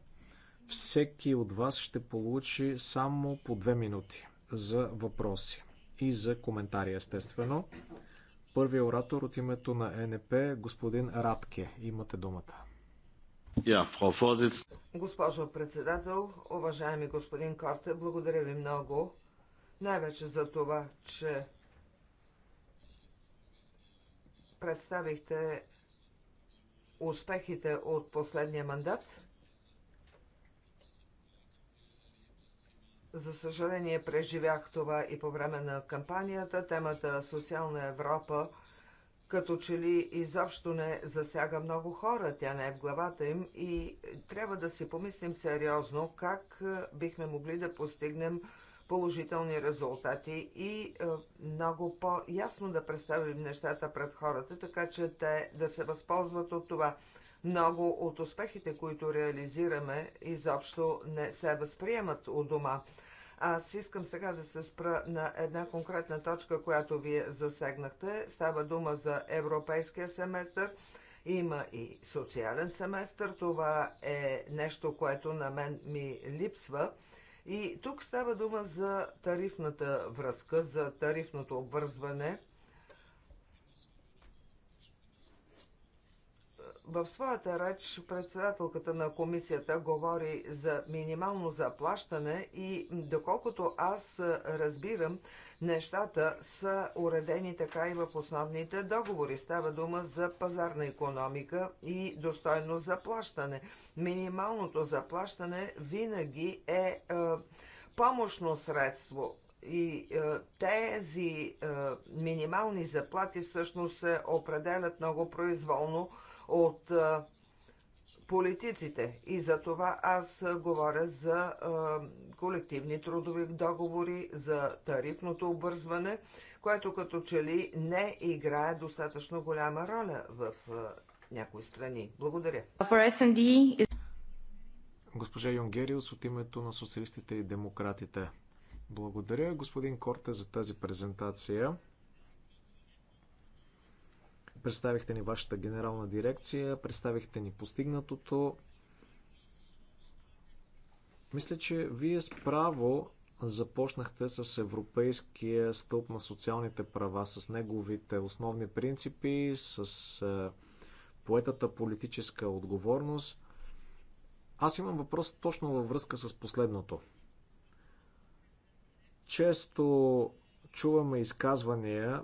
Всеки от вас ще получи само по две минути за въпроси и за коментари, естествено. Първият оратор от името на НП, господин Радке. Имате думата. Госпожо председател, уважаеми господин Корте, благодаря ви много. Най-вече за това, че представихте успехите от последния мандат. За съжаление преживях това и по време на кампанията. Темата Социална Европа като че ли изобщо не засяга много хора, тя не е в главата им и трябва да си помислим сериозно как бихме могли да постигнем положителни резултати и много по-ясно да представим нещата пред хората, така че те да се възползват от това. Много от успехите, които реализираме, изобщо не се възприемат у дома. Аз искам сега да се спра на една конкретна точка, която вие засегнахте. Става дума за европейския семестър. Има и социален семестър. Това е нещо, което на мен ми липсва. И тук става дума за тарифната връзка, за тарифното обвързване. В своята реч председателката на комисията говори за минимално заплащане и доколкото аз разбирам, нещата са уредени така и в основните договори. Става дума за пазарна економика и достойно заплащане. Минималното заплащане винаги е, е помощно средство и е, тези е, минимални заплати всъщност се определят много произволно от политиците. И за това аз говоря за колективни трудови договори, за тарифното обързване, което като че ли не играе достатъчно голяма роля в някои страни. Благодаря. Госпожа Юнгериус от името на социалистите и демократите. Благодаря, господин Корте, за тази презентация. Представихте ни вашата генерална дирекция, представихте ни постигнатото. Мисля, че вие справо започнахте с Европейския стълб на социалните права, с неговите основни принципи, с е, поетата политическа отговорност. Аз имам въпрос точно във връзка с последното. Често чуваме изказвания,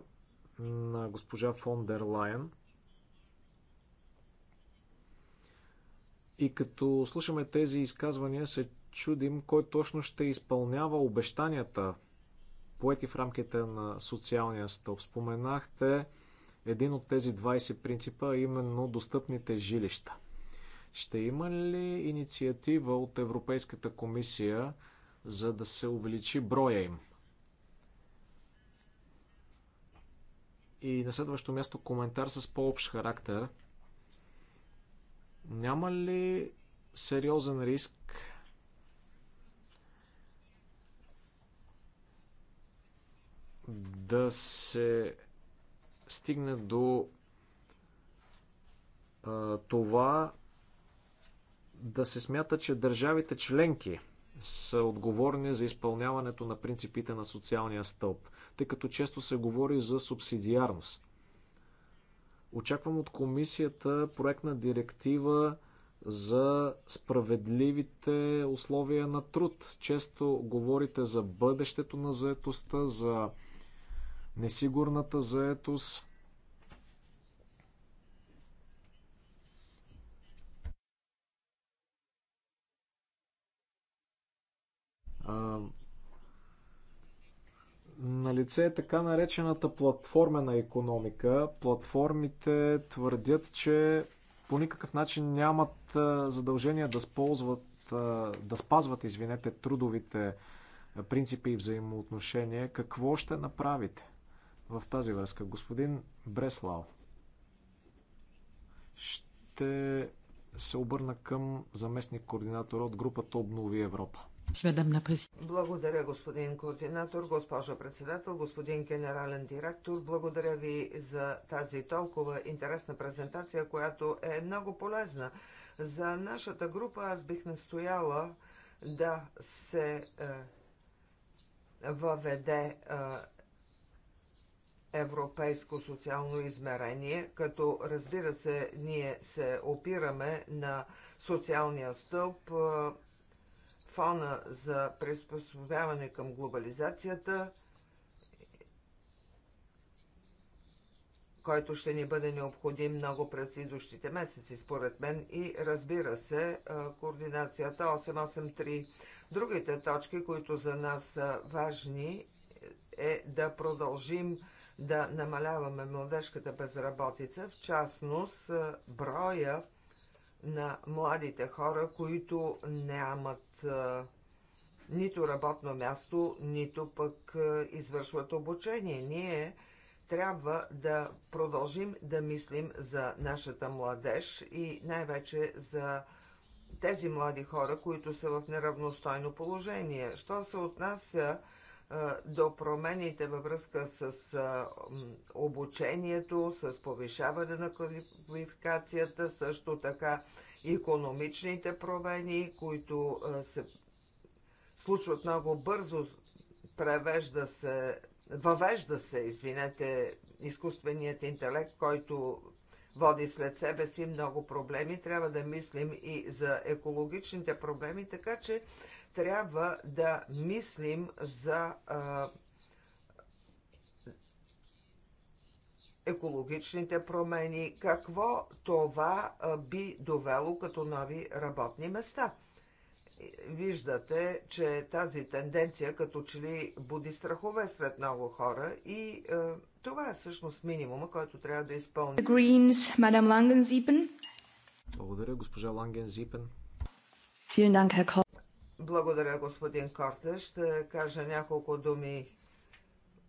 на госпожа фон дер Лайен. И като слушаме тези изказвания, се чудим кой точно ще изпълнява обещанията, поети в рамките на социалния стълб. Споменахте един от тези 20 принципа, именно достъпните жилища. Ще има ли инициатива от Европейската комисия, за да се увеличи броя им И на следващо място коментар с по-общ характер. Няма ли сериозен риск да се стигне до това да се смята, че държавите членки са отговорни за изпълняването на принципите на социалния стълб тъй като често се говори за субсидиарност. Очаквам от комисията проектна директива за справедливите условия на труд. Често говорите за бъдещето на заетостта, за несигурната заетост на лице е така наречената платформена економика. Платформите твърдят, че по никакъв начин нямат задължение да, сползват, да спазват извинете, трудовите принципи и взаимоотношения. Какво ще направите в тази връзка? Господин Бреслав, ще се обърна към заместник координатора от групата Обнови Европа. Благодаря, господин координатор, госпожа председател, господин генерален директор. Благодаря ви за тази толкова интересна презентация, която е много полезна. За нашата група аз бих настояла да се е, въведе е, европейско социално измерение, като разбира се, ние се опираме на социалния стълб. Е, фона за приспособяване към глобализацията, който ще ни бъде необходим много през идущите месеци, според мен, и разбира се, координацията 883. Другите точки, които за нас са важни, е да продължим да намаляваме младежката безработица, в частност броя на младите хора, които нямат нито работно място, нито пък извършват обучение. Ние трябва да продължим да мислим за нашата младеж и най-вече за тези млади хора, които са в неравностойно положение. Що се отнася до промените във връзка с обучението, с повишаване на квалификацията, също така економичните промени, които се случват много бързо, превежда се, въвежда се, извинете, изкуственият интелект, който води след себе си много проблеми. Трябва да мислим и за екологичните проблеми, така че трябва да мислим за а, екологичните промени, какво това би довело като нови работни места. Виждате, че тази тенденция като че ли буди страхове сред много хора и е, това е всъщност минимума, който трябва да изпълни. Greens, мадам Ланген Зипен. Благодаря, госпожа Ланген Зипен. Благодаря, господин Корте. Ще кажа няколко думи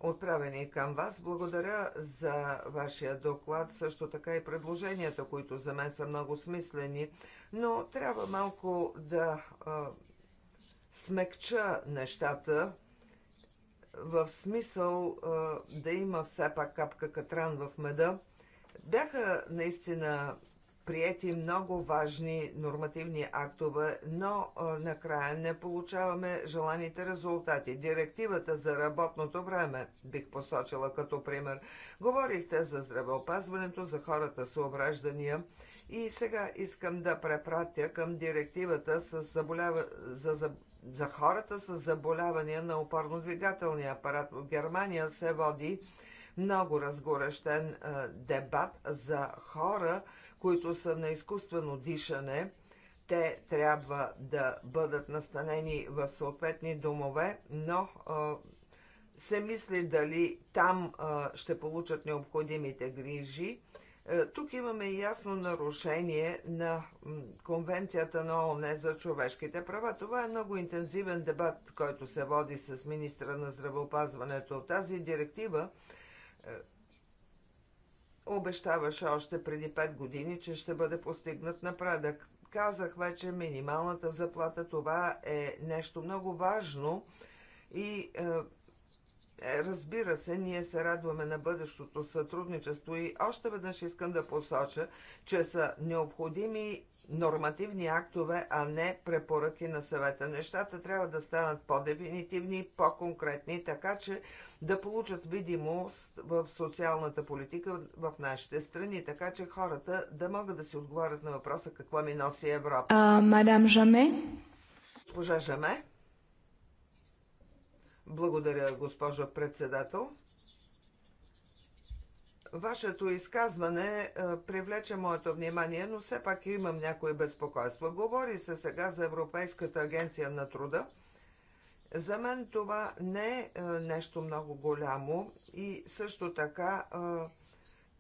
отправени към вас. Благодаря за вашия доклад, също така и предложенията, които за мен са много смислени, но трябва малко да а, смекча нещата в смисъл а, да има все пак капка катран в меда. Бяха наистина приети много важни нормативни актове, но накрая не получаваме желаните резултати. Директивата за работното време бих посочила като пример. Говорихте за здравеопазването, за хората с увреждания. И сега искам да препратя към директивата с заболява... за, за... за хората с заболявания на опорно-двигателния апарат. В Германия се води много разгорещен дебат за хора, които са на изкуствено дишане, те трябва да бъдат настанени в съответни домове, но се мисли дали там ще получат необходимите грижи. Е, тук имаме ясно нарушение на Конвенцията на ООН за човешките права. Това е много интензивен дебат, който се води с министра на здравеопазването. Тази директива е, обещаваше още преди 5 години, че ще бъде постигнат напредък. Казах вече, минималната заплата това е нещо много важно и е, е, Разбира се, ние се радваме на бъдещото сътрудничество и още веднъж искам да посоча, че са необходими нормативни актове, а не препоръки на съвета. Нещата трябва да станат по-дефинитивни, по-конкретни, така че да получат видимост в социалната политика в нашите страни, така че хората да могат да си отговарят на въпроса какво ми носи Европа. А, мадам Жаме? Госпожа Жаме? Благодаря, госпожо председател. Вашето изказване е, привлече моето внимание, но все пак имам някои безпокойства. Говори се сега за Европейската агенция на труда. За мен това не е, е нещо много голямо и също така е,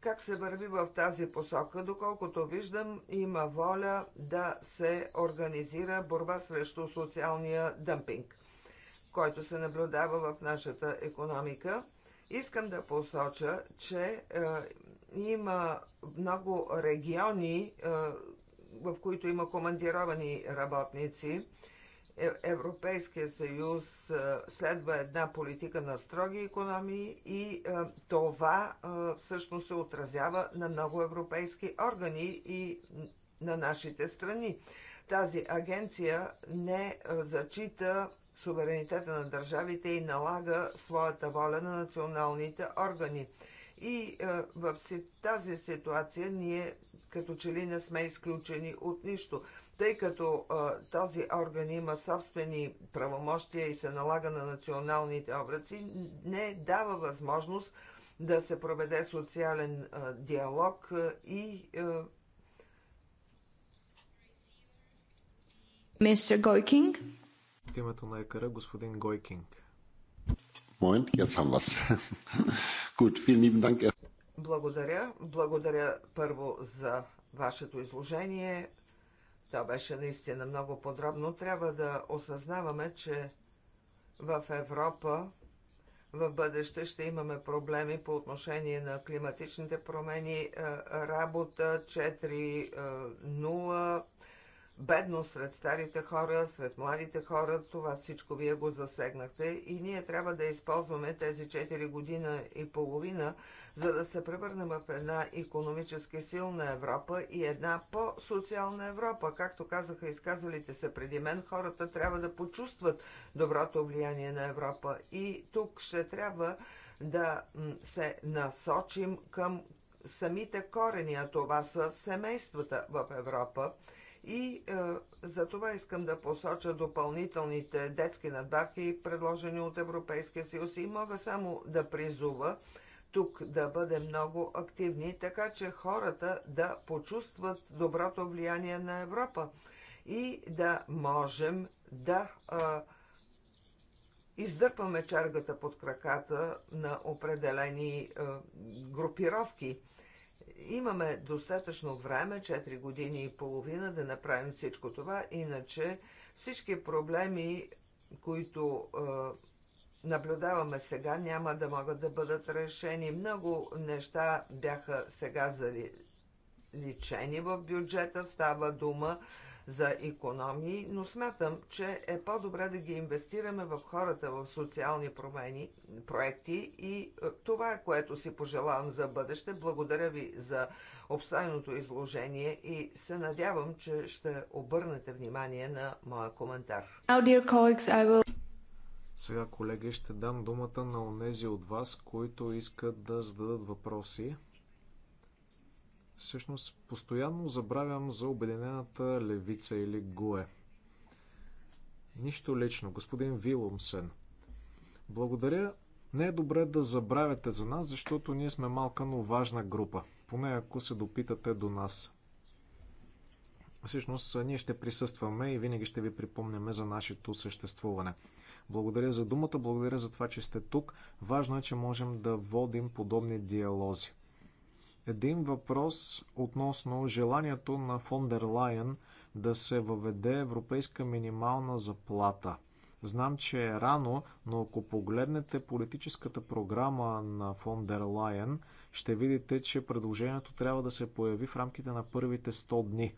как се върви в тази посока, доколкото виждам, има воля да се организира борба срещу социалния дъмпинг, който се наблюдава в нашата економика. Искам да посоча, че е, има много региони, е, в които има командировани работници. Е, Европейския съюз е, следва една политика на строги економии и е, това всъщност се отразява на много европейски органи и на нашите страни. Тази агенция не зачита суверенитета на държавите и налага своята воля на националните органи. И е, в тази ситуация ние като че ли не сме изключени от нищо, тъй като е, този орган има собствени правомощия и се налага на националните обръци, не дава възможност да се проведе социален е, диалог и Мистер Гойкинг, от името на екара господин Гойкинг. Моин, jetzt haben wir's. Gut, vielen Благодаря. Благодаря първо за вашето изложение. То беше наистина много подробно. Трябва да осъзнаваме, че в Европа в бъдеще ще имаме проблеми по отношение на климатичните промени. Е, работа 4.0 бедност сред старите хора, сред младите хора. Това всичко вие го засегнахте и ние трябва да използваме тези 4 година и половина, за да се превърнем в една економически силна Европа и една по-социална Европа. Както казаха изказалите се преди мен, хората трябва да почувстват доброто влияние на Европа. И тук ще трябва да се насочим към самите корени, а това са семействата в Европа. И е, за това искам да посоча допълнителните детски надбавки, предложени от Европейския съюз. И мога само да призува тук да бъдем много активни, така че хората да почувстват доброто влияние на Европа и да можем да е, издърпаме чергата под краката на определени е, групировки имаме достатъчно време, 4 години и половина, да направим всичко това, иначе всички проблеми, които наблюдаваме сега, няма да могат да бъдат решени. Много неща бяха сега заличени в бюджета. Става дума за економии, но смятам, че е по-добре да ги инвестираме в хората в социални промени, проекти и е, това е което си пожелавам за бъдеще. Благодаря ви за обстойното изложение и се надявам, че ще обърнете внимание на моя коментар. Сега, колеги, ще дам думата на онези от вас, които искат да зададат въпроси. Всъщност, постоянно забравям за Обединената левица или ГУЕ. Нищо лично, господин Вилумсен. Благодаря. Не е добре да забравяте за нас, защото ние сме малка, но важна група. Поне ако се допитате до нас. Всъщност, ние ще присъстваме и винаги ще ви припомняме за нашето съществуване. Благодаря за думата, благодаря за това, че сте тук. Важно е, че можем да водим подобни диалози. Един въпрос относно желанието на Фондер Лайен да се въведе европейска минимална заплата. Знам, че е рано, но ако погледнете политическата програма на Фон дер Лайен, ще видите, че предложението трябва да се появи в рамките на първите 100 дни.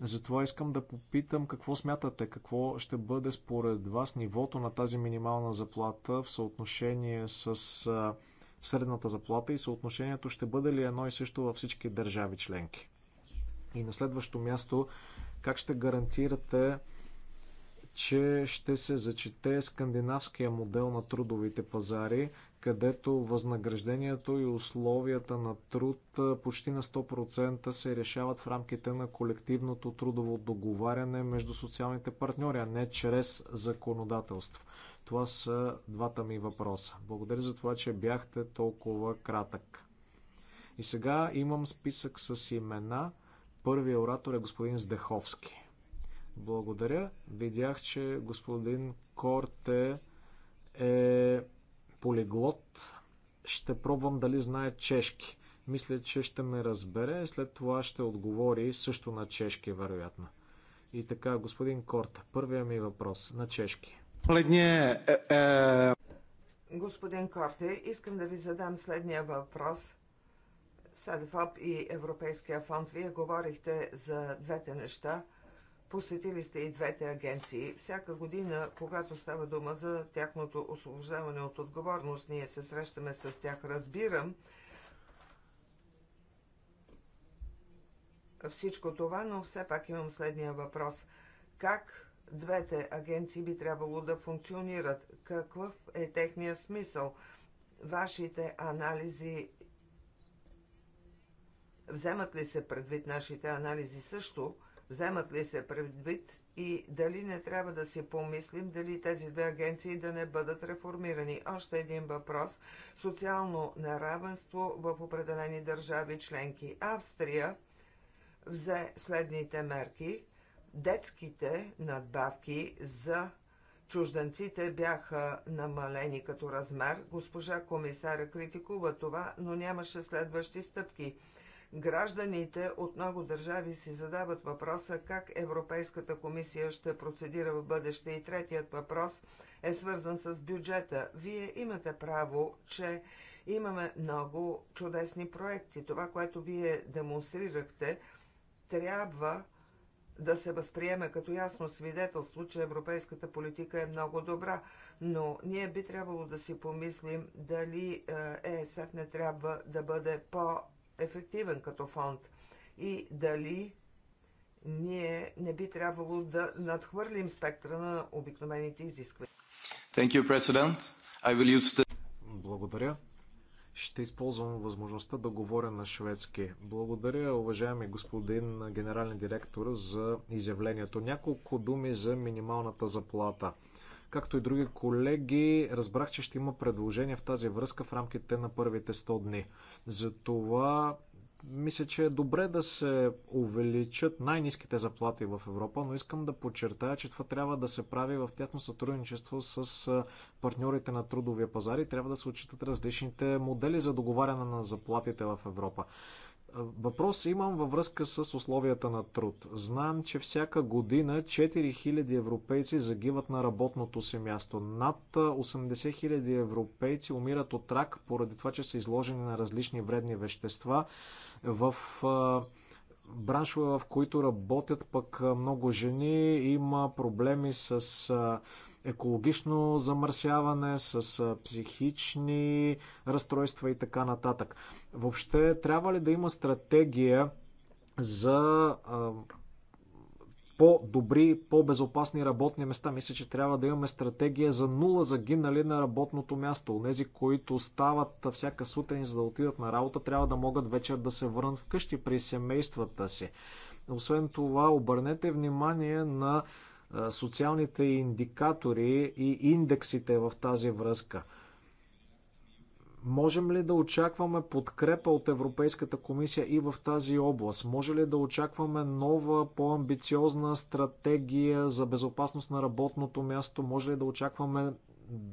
Затова искам да попитам какво смятате, какво ще бъде според вас нивото на тази минимална заплата в съотношение с средната заплата и съотношението ще бъде ли едно и също във всички държави членки? И на следващо място, как ще гарантирате, че ще се зачете скандинавския модел на трудовите пазари, където възнаграждението и условията на труд почти на 100% се решават в рамките на колективното трудово договаряне между социалните партньори, а не чрез законодателство. Това са двата ми въпроса. Благодаря за това, че бяхте толкова кратък. И сега имам списък с имена. Първият оратор е господин Здеховски. Благодаря. Видях, че господин Корте е полиглот. Ще пробвам дали знае чешки. Мисля, че ще ме разбере. След това ще отговори също на чешки, вероятно. И така, господин Корте, първият ми въпрос на чешки. Ледне, е, е... Господин Корте, искам да ви задам следния въпрос. САДФОП и Европейския фонд, вие говорихте за двете неща. Посетили сте и двете агенции. Всяка година, когато става дума за тяхното освобождаване от отговорност, ние се срещаме с тях, разбирам. Всичко това, но все пак имам следния въпрос. Как двете агенции би трябвало да функционират. Какъв е техния смисъл? Вашите анализи вземат ли се предвид нашите анализи също? Вземат ли се предвид и дали не трябва да си помислим дали тези две агенции да не бъдат реформирани. Още един въпрос. Социално неравенство в определени държави членки. Австрия взе следните мерки – детските надбавки за чужденците бяха намалени като размер. Госпожа комисаря критикува това, но нямаше следващи стъпки. Гражданите от много държави си задават въпроса как Европейската комисия ще процедира в бъдеще и третият въпрос е свързан с бюджета. Вие имате право, че имаме много чудесни проекти. Това, което вие демонстрирахте, трябва да се възприеме като ясно свидетелство, че европейската политика е много добра, но ние би трябвало да си помислим дали е, ЕСФ не трябва да бъде по-ефективен като фонд и дали ние не би трябвало да надхвърлим спектра на обикновените изисквания. Thank you, President. I will use the... Благодаря ще използвам възможността да говоря на шведски. Благодаря, уважаеми господин генерален директор, за изявлението. Няколко думи за минималната заплата. Както и други колеги, разбрах, че ще има предложение в тази връзка в рамките на първите 100 дни. Затова мисля, че е добре да се увеличат най-низките заплати в Европа, но искам да подчертая, че това трябва да се прави в тясно сътрудничество с партньорите на трудовия пазар и трябва да се отчитат различните модели за договаряне на заплатите в Европа. Въпрос имам във връзка с условията на труд. Знам, че всяка година 4000 европейци загиват на работното си място. Над 80 000 европейци умират от рак поради това, че са изложени на различни вредни вещества. В браншове, в които работят пък много жени, има проблеми с екологично замърсяване, с психични разстройства и така нататък. Въобще трябва ли да има стратегия за по-добри, по-безопасни работни места. Мисля, че трябва да имаме стратегия за нула загинали на работното място. Онези, които стават всяка сутрин за да отидат на работа, трябва да могат вечер да се върнат вкъщи при семействата си. Освен това, обърнете внимание на социалните индикатори и индексите в тази връзка – Можем ли да очакваме подкрепа от Европейската комисия и в тази област? Може ли да очакваме нова, по-амбициозна стратегия за безопасност на работното място? Може ли да очакваме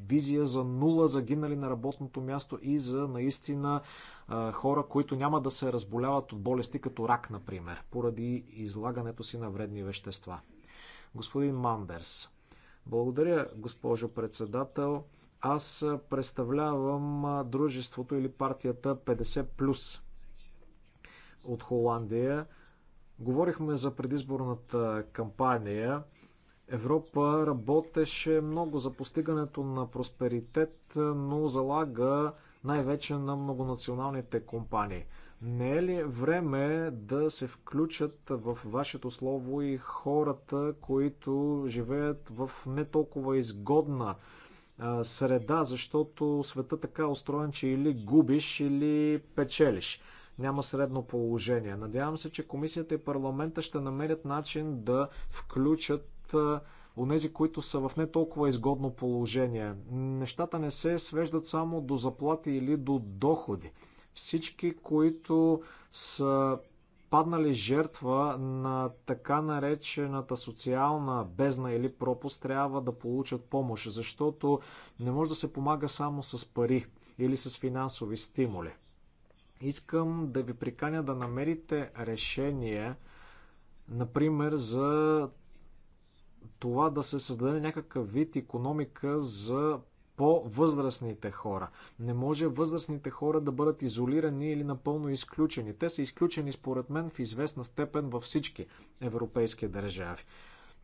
визия за нула загинали на работното място и за наистина хора, които няма да се разболяват от болести като рак, например, поради излагането си на вредни вещества? Господин Мандерс. Благодаря, госпожо председател. Аз представлявам дружеството или партията 50+. От Холандия. Говорихме за предизборната кампания. Европа работеше много за постигането на просперитет, но залага най-вече на многонационалните компании. Не е ли време да се включат в вашето слово и хората, които живеят в не толкова изгодна среда, защото света така е устроен, че или губиш, или печелиш. Няма средно положение. Надявам се, че комисията и парламента ще намерят начин да включат онези, които са в не толкова изгодно положение. Нещата не се свеждат само до заплати или до доходи. Всички, които са паднали жертва на така наречената социална бездна или пропуст, трябва да получат помощ, защото не може да се помага само с пари или с финансови стимули. Искам да ви приканя да намерите решение, например, за това да се създаде някакъв вид економика за по-възрастните хора. Не може възрастните хора да бъдат изолирани или напълно изключени. Те са изключени, според мен, в известна степен във всички европейски държави.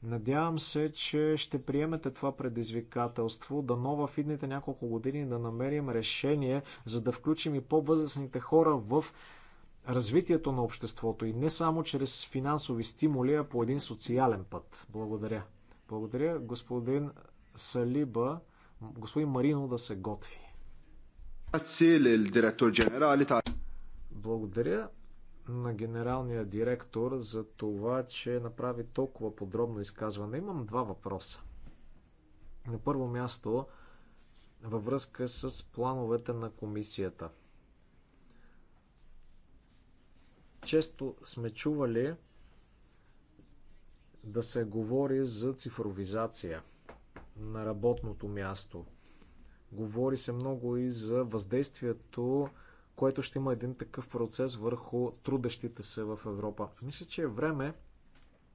Надявам се, че ще приемете това предизвикателство, да нова в идните няколко години да намерим решение, за да включим и по-възрастните хора в развитието на обществото и не само чрез финансови стимули, а по един социален път. Благодаря. Благодаря, господин Салиба господин Марино да се готви. Благодаря на генералния директор за това, че направи толкова подробно изказване. Имам два въпроса. На първо място, във връзка с плановете на комисията. Често сме чували да се говори за цифровизация – на работното място. Говори се много и за въздействието, което ще има един такъв процес върху трудещите се в Европа. Мисля, че е време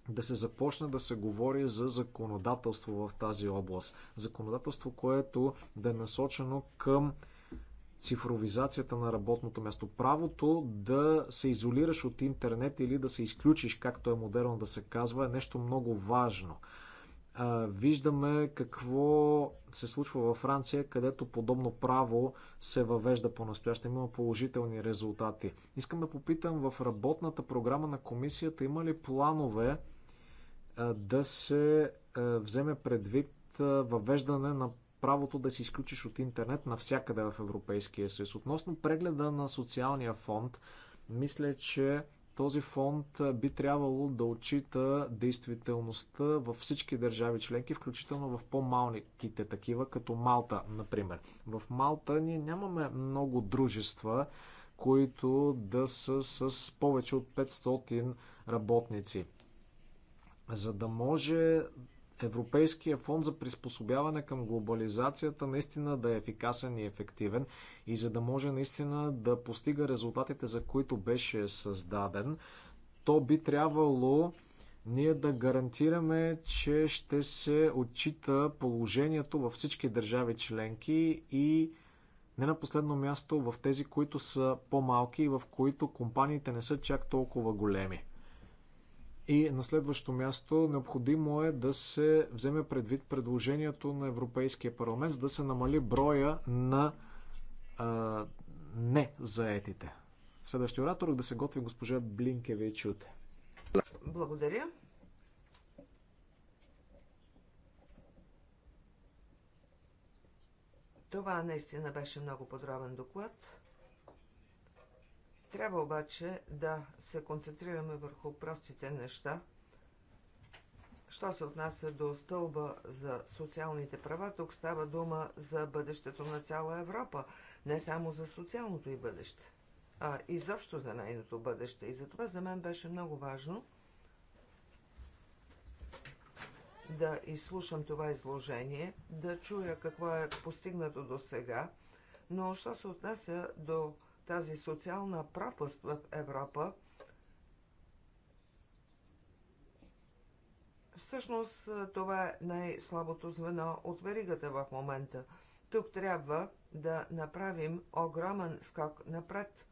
да се започне да се говори за законодателство в тази област. Законодателство, което да е насочено към цифровизацията на работното място. Правото да се изолираш от интернет или да се изключиш, както е модерно да се казва, е нещо много важно виждаме какво се случва във Франция, където подобно право се въвежда по настояще Има положителни резултати. Искам да попитам в работната програма на комисията има ли планове да се вземе предвид въвеждане на правото да се изключиш от интернет навсякъде в Европейския съюз. Относно прегледа на социалния фонд, мисля, че този фонд би трябвало да отчита действителността във всички държави членки, включително в по-малките такива, като Малта, например. В Малта ние нямаме много дружества, които да са с повече от 500 работници. За да може Европейския фонд за приспособяване към глобализацията наистина да е ефикасен и ефективен и за да може наистина да постига резултатите, за които беше създаден, то би трябвало ние да гарантираме, че ще се отчита положението във всички държави членки и не на последно място в тези, които са по-малки и в които компаниите не са чак толкова големи. И на следващо място, необходимо е да се вземе предвид предложението на Европейския парламент, за да се намали броя на а, не заетите. Следващия оратор е да се готви госпожа Блинкевичуте. Благодаря. Това наистина беше много подробен доклад. Трябва обаче да се концентрираме върху простите неща. Що се отнася до стълба за социалните права, тук става дума за бъдещето на цяла Европа, не само за социалното и бъдеще, а и защо за нейното бъдеще. И затова за мен беше много важно да изслушам това изложение, да чуя какво е постигнато до сега, но що се отнася до тази социална пропаст в Европа, всъщност това е най-слабото звено от веригата в момента. Тук трябва да направим огромен скок напред.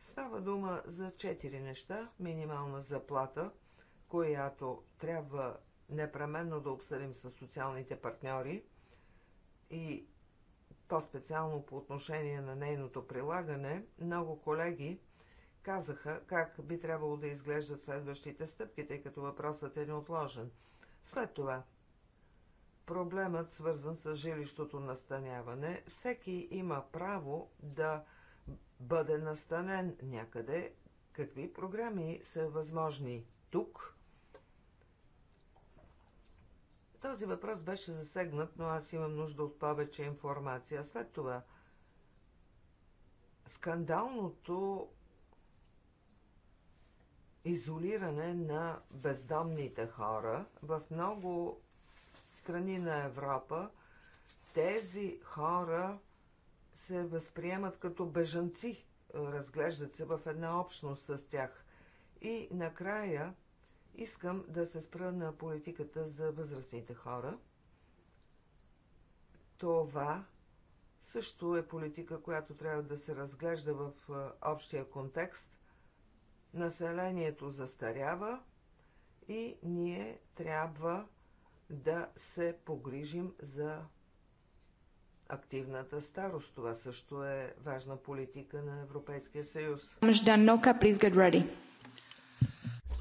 Става дума за четири неща. Минимална заплата, която трябва непременно да обсъдим с социалните партньори и по-специално по отношение на нейното прилагане, много колеги казаха как би трябвало да изглеждат следващите стъпки, тъй като въпросът е неотложен. След това, проблемът свързан с жилищото настаняване, всеки има право да бъде настанен някъде, какви програми са възможни тук този въпрос беше засегнат, но аз имам нужда от повече информация. След това, скандалното изолиране на бездомните хора в много страни на Европа, тези хора се възприемат като бежанци, разглеждат се в една общност с тях. И накрая Искам да се спра на политиката за възрастните хора. Това също е политика, която трябва да се разглежда в общия контекст. Населението застарява и ние трябва да се погрижим за активната старост. Това също е важна политика на Европейския съюз. please get ready.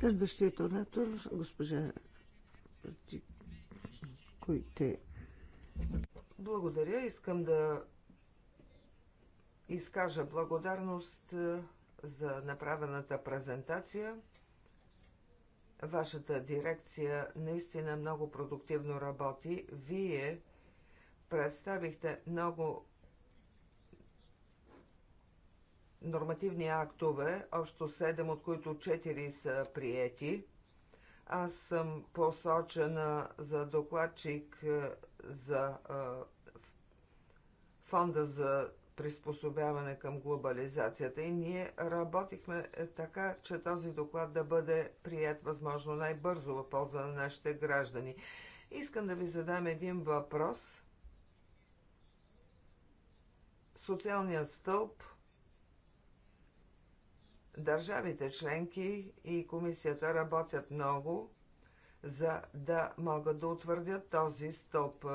Следващият оратор, госпожа Куйте. Благодаря. Искам да изкажа благодарност е, за направената презентация. Вашата дирекция наистина много продуктивно работи. Вие представихте много нормативни актове, общо 7, от които 4 са приети. Аз съм посочена за докладчик е, за е, фонда за приспособяване към глобализацията и ние работихме е, така, че този доклад да бъде прият възможно най-бързо в полза на нашите граждани. Искам да ви задам един въпрос. Социалният стълб Държавите членки и комисията работят много, за да могат да утвърдят този стълб.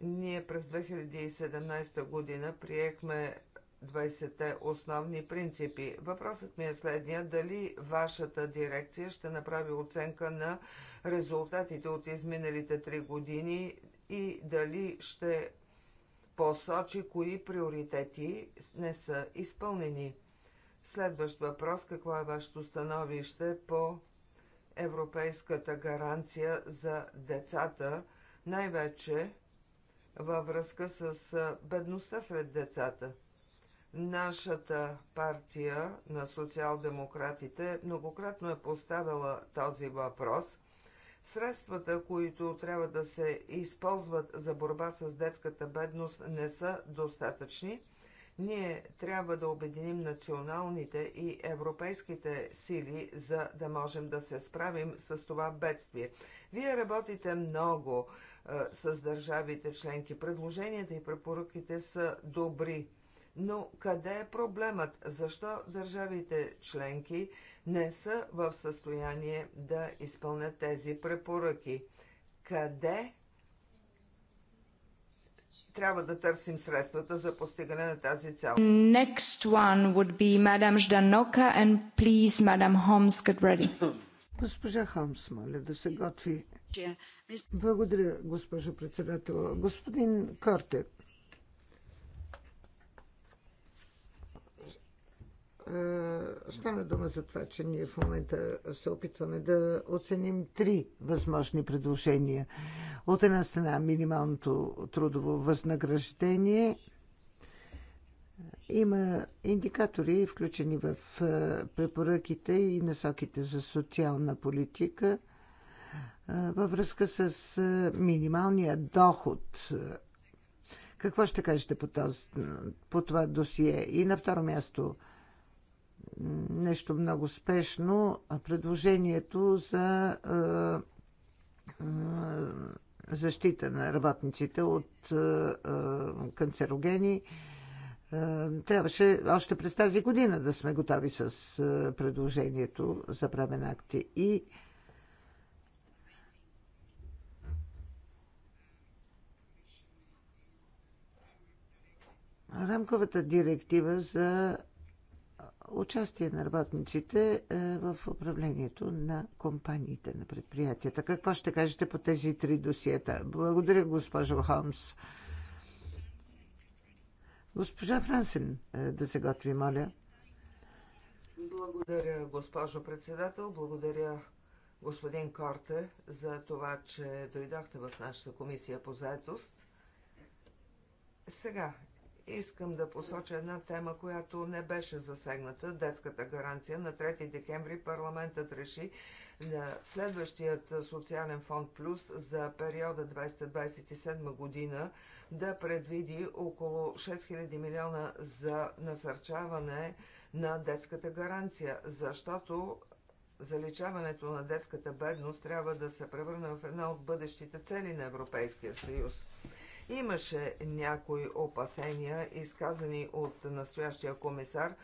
Ние през 2017 година приехме 20-те основни принципи. Въпросът ми е следния. Дали вашата дирекция ще направи оценка на резултатите от изминалите 3 години и дали ще посочи кои приоритети не са изпълнени? Следващ въпрос. Какво е вашето становище по европейската гаранция за децата, най-вече във връзка с бедността сред децата? Нашата партия на социал-демократите многократно е поставила този въпрос. Средствата, които трябва да се използват за борба с детската бедност, не са достатъчни – ние трябва да обединим националните и европейските сили, за да можем да се справим с това бедствие. Вие работите много е, с държавите членки. Предложенията и препоръките са добри. Но къде е проблемът? Защо държавите членки не са в състояние да изпълнят тези препоръки? Къде трябва да търсим средствата за постигане на тази цел. Next one would be Madame Жданока and please Madame Holmes get ready. Госпожа Холмс, моля да се готви. Благодаря, госпожо председател. Господин Корте, Е, стана дума за това, че ние в момента се опитваме да оценим три възможни предложения. От една страна минималното трудово възнаграждение. Има индикатори, включени в е, препоръките и насоките за социална политика е, във връзка с минималния доход какво ще кажете по, този, по това досие? И на второ място, нещо много спешно. Предложението за защита на работниците от канцерогени. Трябваше още през тази година да сме готови с предложението за правен акти. И рамковата директива за участие на работниците е, в управлението на компаниите, на предприятията. Какво ще кажете по тези три досиета? Благодаря, госпожо Холмс. Госпожа Франсен, е, да се готви, моля. Благодаря, госпожо председател. Благодаря, господин Корте, за това, че дойдохте в нашата комисия по заедост. Сега Искам да посоча една тема, която не беше засегната – детската гаранция. На 3 декември парламентът реши на следващият социален фонд Плюс за периода 2027 година да предвиди около 6000 милиона за насърчаване на детската гаранция, защото заличаването на детската бедност трябва да се превърне в една от бъдещите цели на Европейския съюз. Имаше някои опасения, изказани от настоящия комисар,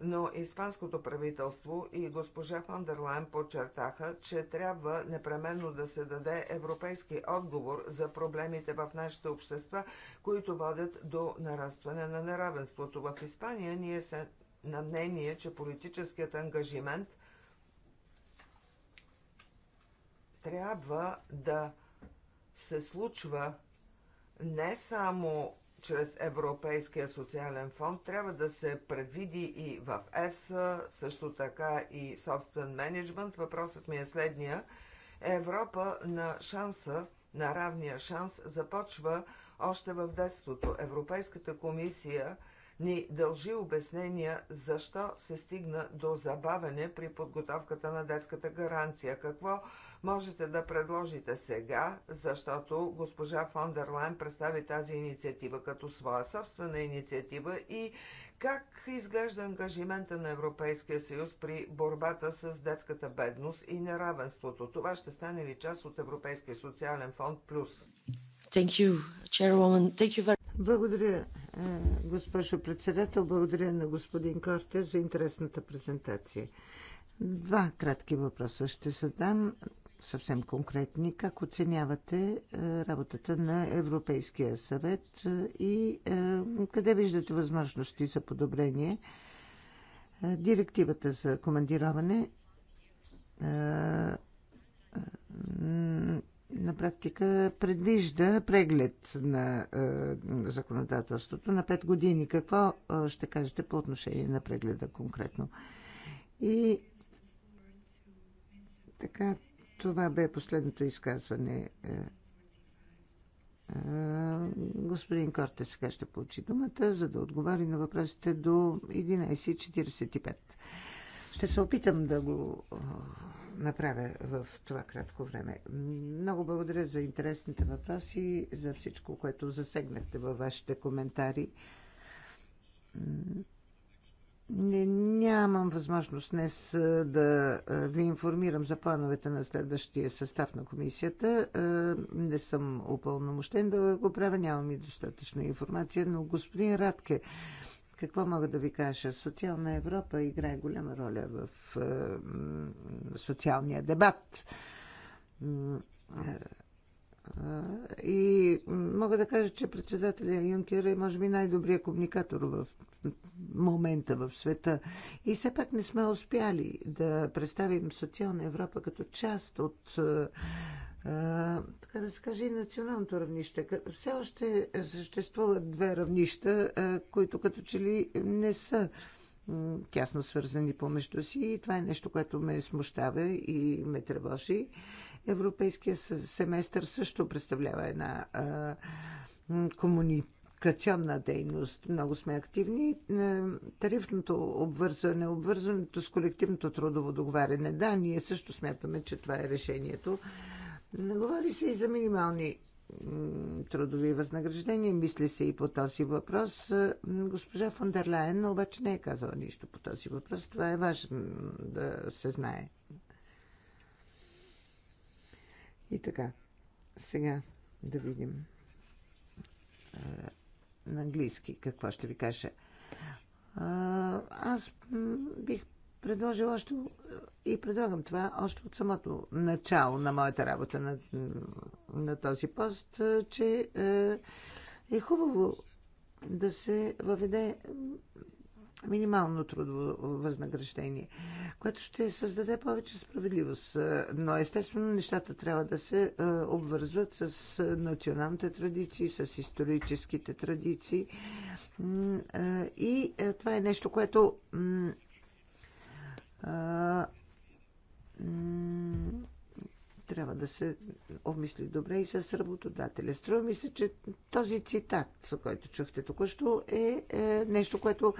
но испанското правителство и госпожа Фандерлайн подчертаха, че трябва непременно да се даде европейски отговор за проблемите в нашите общества, които водят до нарастване на неравенството. В Испания ние се на мнение, че политическият ангажимент трябва да се случва не само чрез Европейския социален фонд трябва да се предвиди и в ЕФСА, също така и собствен менеджмент. Въпросът ми е следния. Европа на шанса, на равния шанс, започва още в детството. Европейската комисия – ни дължи обяснения защо се стигна до забавене при подготовката на детската гаранция. Какво можете да предложите сега, защото госпожа фон дер Лайн представи тази инициатива като своя собствена инициатива и как изглежда ангажимента на Европейския съюз при борбата с детската бедност и неравенството? Това ще стане ли част от Европейския социален фонд плюс? Благодаря, е, госпожо председател. Благодаря на господин Корте за интересната презентация. Два кратки въпроса ще задам, съвсем конкретни. Как оценявате е, работата на Европейския съвет е, и къде виждате възможности за подобрение? Директивата за командироване на практика предвижда преглед на е, законодателството на 5 години. Какво е, ще кажете по отношение на прегледа конкретно? И така, това бе последното изказване. Е, господин Корте сега ще получи думата, за да отговори на въпросите до 11.45. Ще се опитам да го направя в това кратко време. Много благодаря за интересните въпроси, за всичко, което засегнахте във вашите коментари. Не, нямам възможност днес да ви информирам за плановете на следващия състав на комисията. Не съм упълномощен да го правя, нямам и достатъчно информация, но господин Радке, какво мога да ви кажа? Социална Европа играе голяма роля в е, социалния дебат. Е, е, и мога да кажа, че председателя Юнкер е, може би, най-добрият комуникатор в момента в света. И все пак не сме успяли да представим социална Европа като част от така да се каже, и националното равнище. Все още съществуват две равнища, които като че ли не са тясно свързани помежду си и това е нещо, което ме смущава и ме тревожи. Европейския семестър също представлява една а, комуникационна дейност. Много сме активни. Е, тарифното обвързване, обвързването с колективното трудово договаряне. Да, ние също смятаме, че това е решението. Говори се и за минимални трудови възнаграждения. Мисли се и по този въпрос. Е, госпожа фон обаче не е казала нищо по този въпрос. Това е важно да се знае. И така, сега да видим е, на английски какво ще ви кажа. Е, аз бих предложил още и предлагам това още от самото начало на моята работа на, на този пост, е, че е, е хубаво да се въведе минимално трудово възнаграждение, което ще създаде повече справедливост. Е, но естествено нещата трябва да се обвързват с националните традиции, с историческите традиции. И това е нещо, което трябва да се обмисли добре и с работодателя. Струва ми се, че този цитат, за който чухте току-що, е, е нещо, което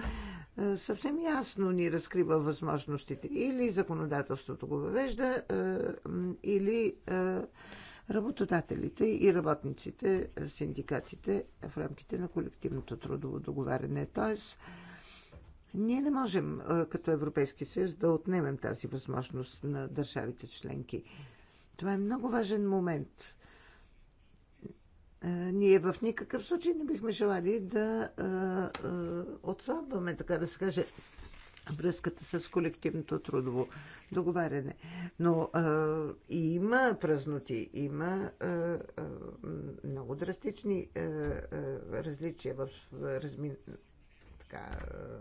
е, съвсем ясно ни разкрива възможностите. Или законодателството го въвежда, е, или е, работодателите и работниците, синдикатите в рамките на колективното трудово договаряне. Тоест, е, ние не можем като Европейски съюз да отнемем тази възможност на държавите членки. Това е много важен момент. Ние в никакъв случай не бихме желали да отслабваме, така да се каже, връзката с колективното трудово договаряне. Но а, и има празноти, има а, а, много драстични а, а, различия в размин. така, а,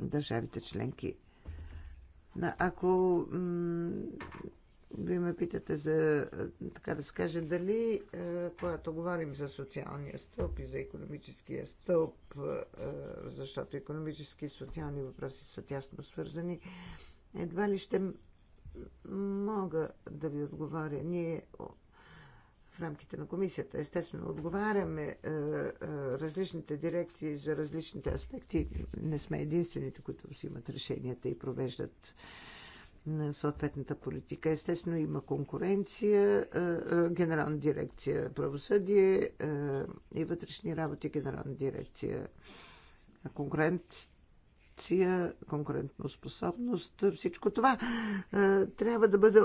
държавите членки. Ако вие ме питате за, така да се каже, дали, когато говорим за социалния стълб и за економическия стълб, защото економически и социални въпроси са тясно свързани, едва ли ще мога да ви отговоря. Ние в рамките на комисията. Естествено, отговаряме е, е, различните дирекции за различните аспекти. Не сме единствените, които взимат решенията и провеждат на е, съответната политика. Естествено, има конкуренция. Генерална дирекция правосъдие и вътрешни работи, генерална дирекция конкуренция, конкурентоспособност, всичко това трябва да бъде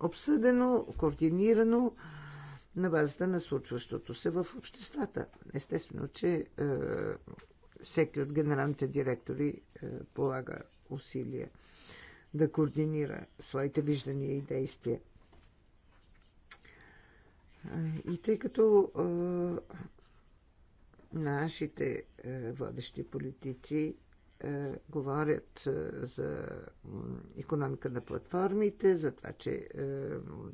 обсъдено, координирано на базата на случващото се в обществата. Естествено, че е, всеки от генералните директори е, полага усилия да координира своите виждания и действия. Е, и тъй като е, нашите е, водещи политици е, говорят е, за економика на платформите, за това, че е,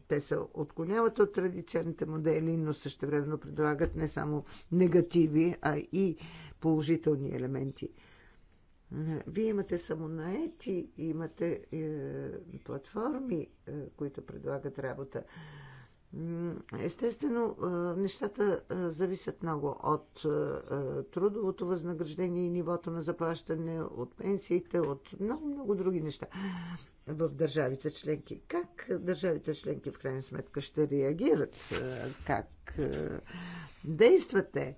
те се отклоняват от традиционните модели, но същевременно предлагат не само негативи, а и положителни елементи. Е, вие имате самонаети, имате е, платформи, е, които предлагат работа. Е, Естествено, нещата зависят много от трудовото възнаграждение и нивото на заплащане, от пенсиите, от много-много други неща в държавите членки. Как държавите членки в крайна сметка ще реагират? Как действате?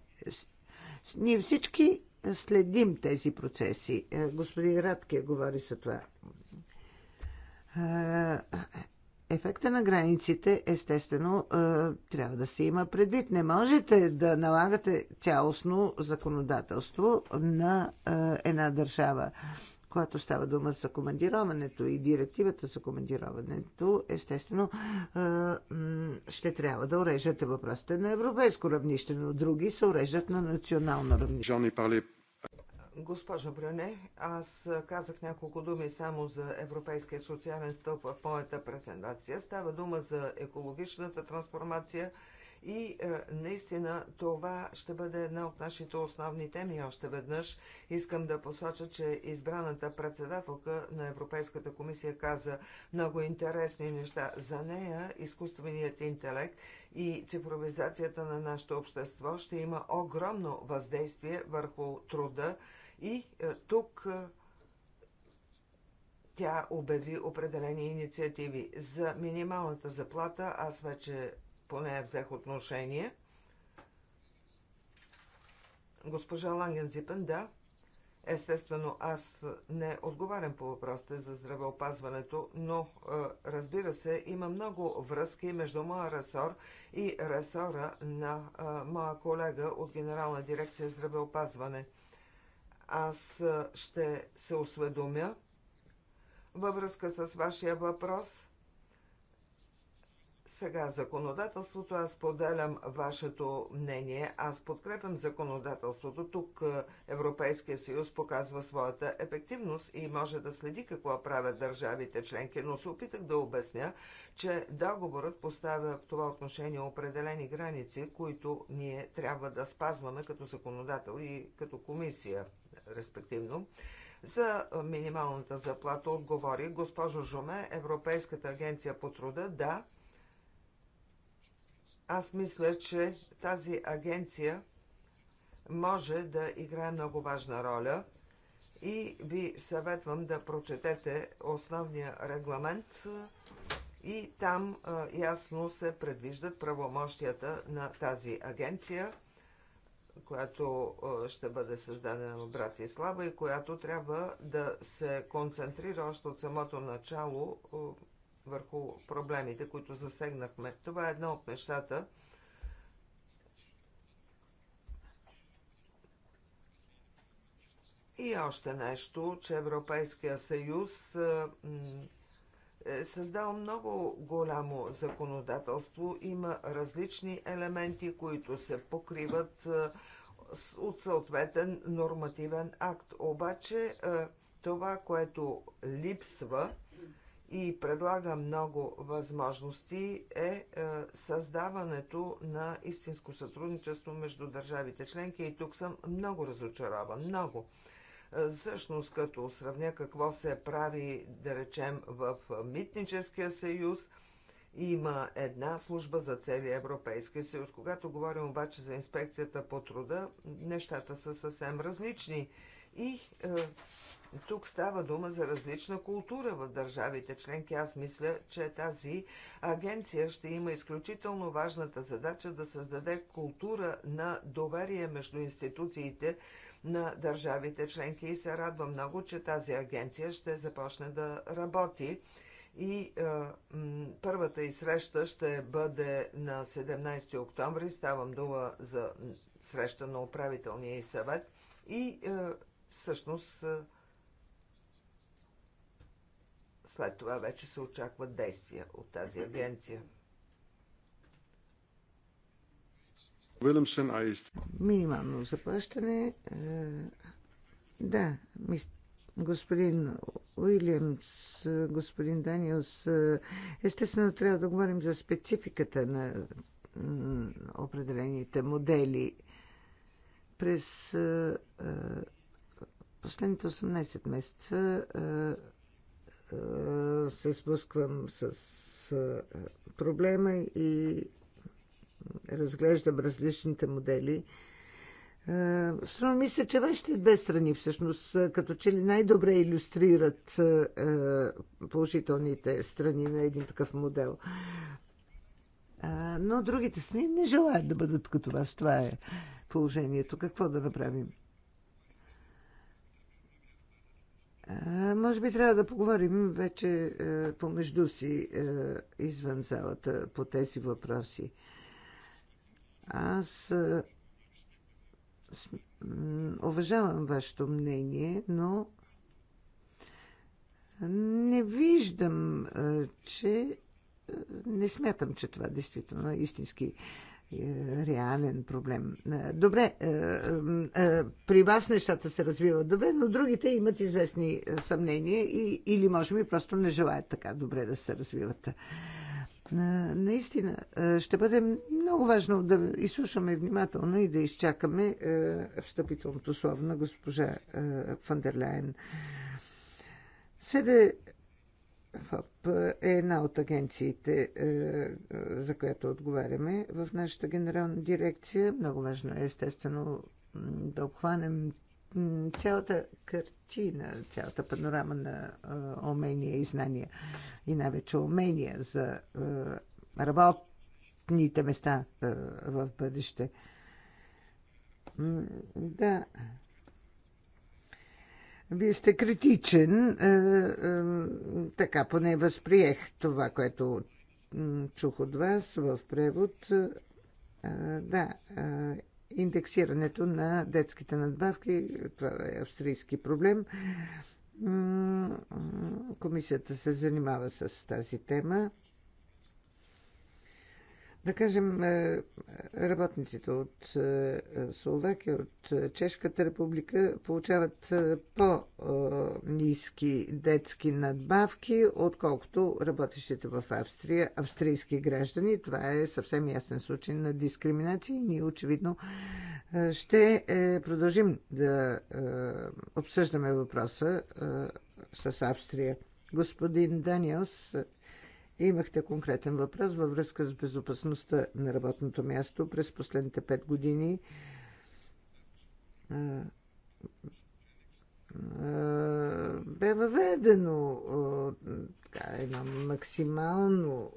Ние всички следим тези процеси. Е, господин Радке говори за това ефекта на границите, естествено, е, трябва да се има предвид. Не можете да налагате цялостно законодателство на е, една държава. Когато става дума за командироването и директивата за командироването, естествено, е, ще трябва да уреждате въпросите на европейско равнище, но други се уреждат на национално равнище. Госпожо Брюне, аз казах няколко думи само за Европейския социален стълб в моята презентация. Става дума за екологичната трансформация и е, наистина това ще бъде една от нашите основни теми още веднъж. Искам да посоча, че избраната председателка на Европейската комисия каза много интересни неща за нея. Изкуственият интелект и цифровизацията на нашето общество ще има огромно въздействие върху труда, и е, тук е, тя обяви определени инициативи. За минималната заплата аз вече по нея взех отношение. Госпожа Ланген-Зипен, да. Естествено, аз не отговарям по въпросите за здравеопазването, но е, разбира се, има много връзки между моя ресор и ресора на моя колега от Генерална дирекция здравеопазване – аз ще се осведомя във връзка с вашия въпрос сега законодателството, аз поделям вашето мнение, аз подкрепям законодателството. Тук е, Европейския съюз показва своята ефективност и може да следи какво правят държавите членки, но се опитах да обясня, че договорът поставя в това отношение определени граници, които ние трябва да спазваме като законодател и като комисия, респективно. За минималната заплата отговори госпожо Жоме, Европейската агенция по труда, да, аз мисля, че тази агенция може да играе много важна роля и ви съветвам да прочетете основния регламент и там ясно се предвиждат правомощията на тази агенция, която ще бъде създадена в Братислава и която трябва да се концентрира още от самото начало върху проблемите, които засегнахме. Това е едно от нещата, И още нещо, че Европейския съюз е създал много голямо законодателство. Има различни елементи, които се покриват от съответен нормативен акт. Обаче това, което липсва, и предлага много възможности е, е създаването на истинско сътрудничество между държавите членки и тук съм много разочарован, много. Е, всъщност, като сравня какво се прави, да речем, в Митническия съюз, има една служба за целия Европейски съюз. Когато говорим обаче за инспекцията по труда, нещата са съвсем различни. И е, тук става дума за различна култура в държавите членки. Аз мисля, че тази агенция ще има изключително важната задача да създаде култура на доверие между институциите на държавите членки и се радва много, че тази агенция ще започне да работи. И е, първата и среща ще бъде на 17 октомври. Ставам дума за среща на управителния и съвет. И е, всъщност е, след това вече се очакват действия от тази агенция. Минимално заплащане. Е, да, господин Уилямс, господин Даниелс, е, естествено трябва да говорим за спецификата на определените модели. През е, последните 18 месеца е, се спусквам с е, проблема и разглеждам различните модели. Е, струва ми се, че вашите две страни всъщност като че ли най-добре иллюстрират положителните страни на един такъв модел. Но другите страни не желаят да бъдат като вас. Това е положението. Какво да направим? Може би трябва да поговорим вече е, помежду си е, извън залата по тези въпроси. Аз е, уважавам вашето мнение, но не виждам, че не смятам, че това действително е истински е, реален проблем. Е, добре, е, при вас нещата се развиват добре, но другите имат известни съмнения и, или може би просто не желаят така добре да се развиват. Наистина, ще бъде много важно да изслушаме внимателно и да изчакаме встъпителното слово на госпожа Фандерляйен. Седе ХОП е една от агенциите, е, е, за която отговаряме в нашата генерална дирекция. Много важно е, естествено, да обхванем цялата картина, цялата панорама на е, умения и знания и най-вече умения за работните места в бъдеще. Да, вие сте критичен, е, е, така поне възприех това, което чух от вас в превод. Е, да, индексирането на детските надбавки, това е австрийски проблем. Комисията се занимава с тази тема да кажем, е, работниците от е, Словакия, от е, Чешката република получават по-низки детски надбавки, отколкото работещите в Австрия, австрийски граждани. Това е съвсем ясен случай на дискриминация и ние очевидно ще продължим да обсъждаме въпроса с Австрия. Господин Даниелс Имахте конкретен въпрос във връзка с безопасността на работното място през последните 5 години. Бе въведено така, едно максимално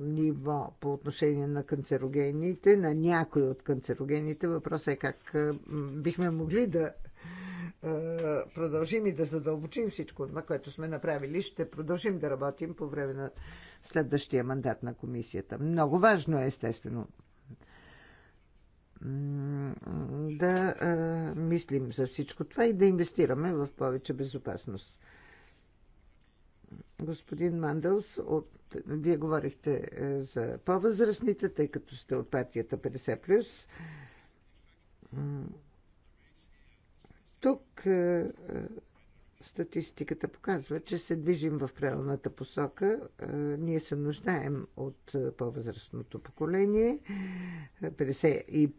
ниво по отношение на канцерогените, на някои от канцерогените. Въпросът е как бихме могли да е, продължим и да задълбочим всичко това, което сме направили, ще продължим да работим по време на следващия мандат на комисията. Много важно е, естествено, да а, е, мислим за всичко това и да инвестираме в повече безопасност. Господин Мандълс, от... вие говорихте е, за по-възрастните, тъй като сте от партията 50+. Тук е, е, статистиката показва, че се движим в правилната посока. Е, ние се нуждаем от по-възрастното поколение. 50 и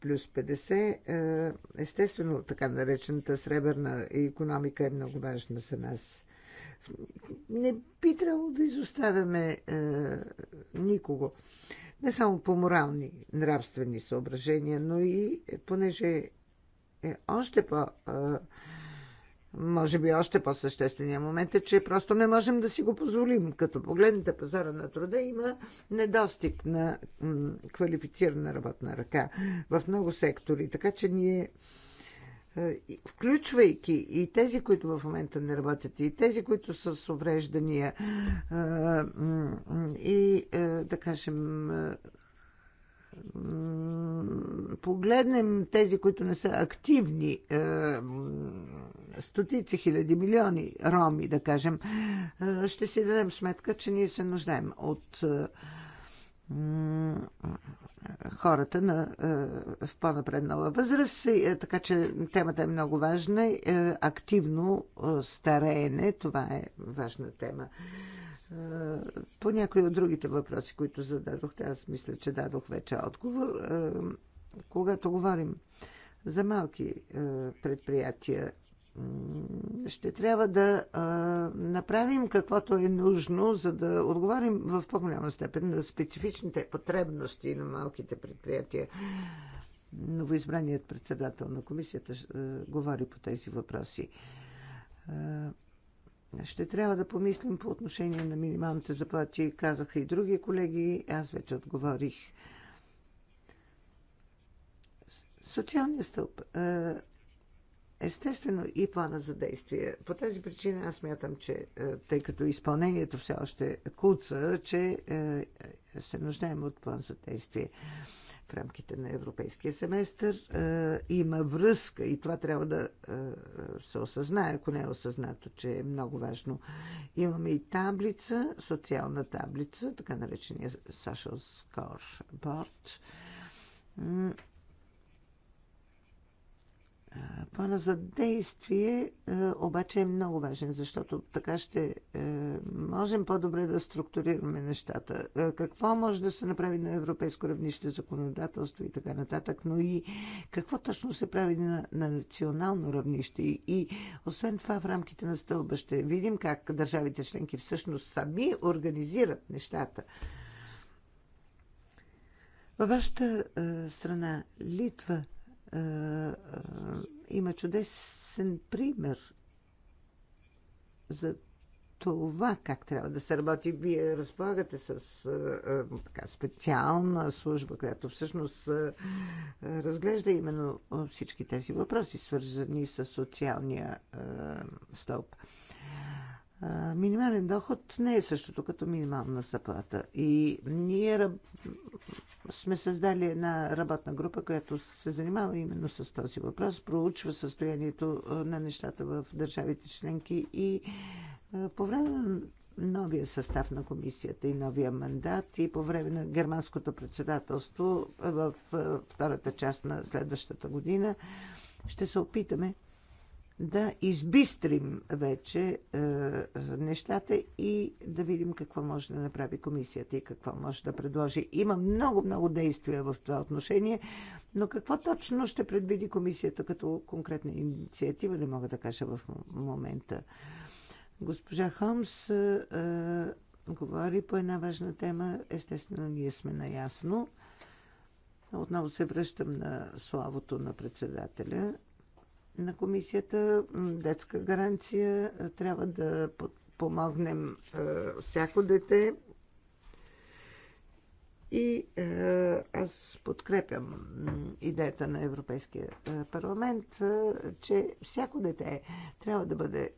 плюс 50. Естествено, така наречената сребърна економика е много важна за нас. Не би трябвало да изоставяме никого. Не само по морални, нравствени съображения, но и понеже е още по... Може би още по-съществения момент е, че просто не можем да си го позволим. Като погледнете пазара на труда, има недостиг на квалифицирана работна ръка в много сектори. Така че ние включвайки и тези, които в момента не работят, и тези, които са с увреждания, и да кажем погледнем тези, които не са активни, е, стотици хиляди, милиони роми, да кажем, е, ще си дадем сметка, че ние се нуждаем от е, хората на, е, в по-напреднала възраст, е, така че темата е много важна. Е, активно стареене, това е важна тема. По някои от другите въпроси, които зададохте, аз мисля, че дадох вече отговор. Когато говорим за малки предприятия ще трябва да а, направим каквото е нужно, за да отговорим в по-голяма степен на специфичните потребности на малките предприятия. Новоизбраният председател на комисията а, говори по тези въпроси. А, ще трябва да помислим по отношение на минималните заплати, казаха и други колеги, аз вече отговорих. Социалният стълб. А, Естествено и плана за действие. По тази причина аз мятам, че е, тъй като изпълнението все още куца, че е, се нуждаем от план за действие в рамките на европейския семестър. Е, има връзка и това трябва да се осъзнае, ако не е осъзнато, че е много важно. Имаме и таблица, социална таблица, така наречения social Board. Плана за действие е, обаче е много важен, защото така ще е, можем по-добре да структурираме нещата. Е, какво може да се направи на европейско равнище, законодателство и така нататък, но и какво точно се прави на, на национално равнище. И освен това, в рамките на стълба ще видим как държавите членки всъщност сами организират нещата. Във вашата страна, Литва, е, е, има чудесен пример за това как трябва да се работи. Вие разполагате с а, е, така, специална служба, която всъщност а, разглежда именно всички тези въпроси, свързани с социалния а, стълб минимален доход не е същото като минимална заплата. И ние раб... сме създали една работна група, която се занимава именно с този въпрос, проучва състоянието на нещата в държавите членки и по време на новия състав на комисията и новия мандат и по време на германското председателство в втората част на следващата година ще се опитаме да избистрим вече е, е, нещата и да видим какво може да направи комисията и какво може да предложи. Има много-много действия в това отношение, но какво точно ще предвиди комисията като конкретна инициатива, не мога да кажа в момента. Госпожа Холмс е, е, говори по една важна тема. Естествено, ние сме наясно. Отново се връщам на славото на председателя на комисията, детска гаранция, трябва да помогнем всяко дете. И аз подкрепям идеята на Европейския парламент, че всяко дете трябва да бъде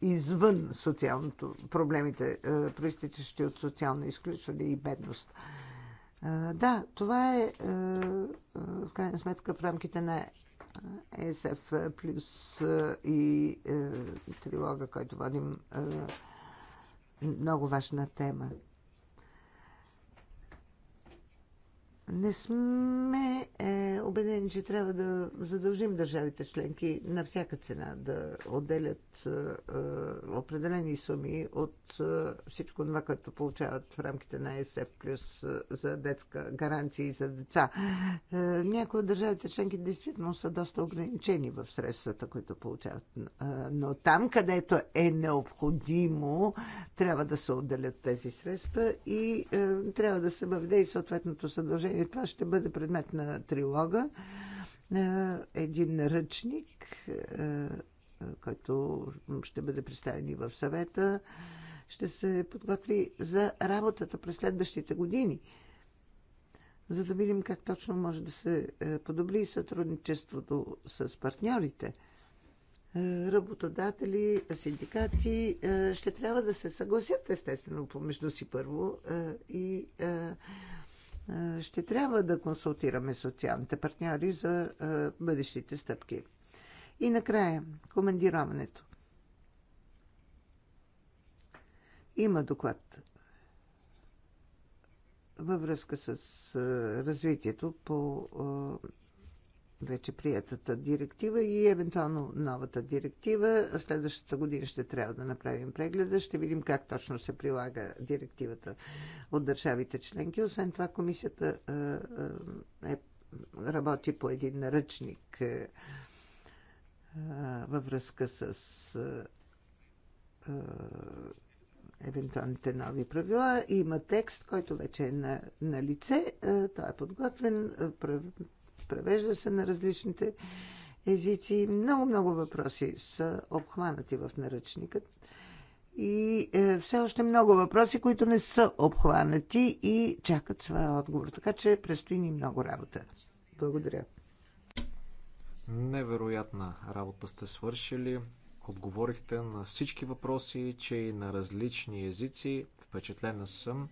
извън социалното, проблемите, проистичащи от социално изключване и бедност. Да, това е, е, е в крайна сметка в рамките на е, ЕСФ плюс и трилога, който водим много важна тема. не сме е, убедени, че трябва да задължим държавите членки на всяка цена да отделят е, е определени суми от е, всичко това, което получават в рамките на ЕСФ плюс е, за детска гаранция и за деца. Е, някои от държавите членки действително са доста ограничени в средствата, които получават. Е, но там, където е необходимо, трябва да се отделят тези средства и е, трябва да се въведе и съответното съдължение и това ще бъде предмет на трилога. Е, един ръчник, е, който ще бъде представен и в съвета, ще се подготви за работата през следващите години, за да видим как точно може да се е, подобри сътрудничеството с партньорите работодатели, синдикати ще трябва да се съгласят, естествено, помежду си първо и ще трябва да консултираме социалните партньори за бъдещите стъпки. И накрая, командироването. Има доклад във връзка с развитието по вече приятата директива и евентуално новата директива. Следващата година ще трябва да направим прегледа. Ще видим как точно се прилага директивата от държавите членки. Освен това, комисията е, работи по един наръчник е, във връзка с е, евентуалните нови правила. Има текст, който вече е на, на лице. Той е подготвен превежда се на различните езици. Много-много въпроси са обхванати в наръчникът. И е, все още много въпроси, които не са обхванати и чакат своя отговор. Така че предстои ни много работа. Благодаря. Невероятна работа сте свършили. Отговорихте на всички въпроси, че и на различни езици. Впечатлена съм.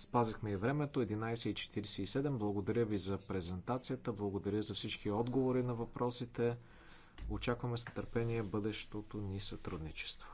Спазихме и времето 11.47. Благодаря ви за презентацията. Благодаря за всички отговори на въпросите. Очакваме с търпение бъдещото ни сътрудничество.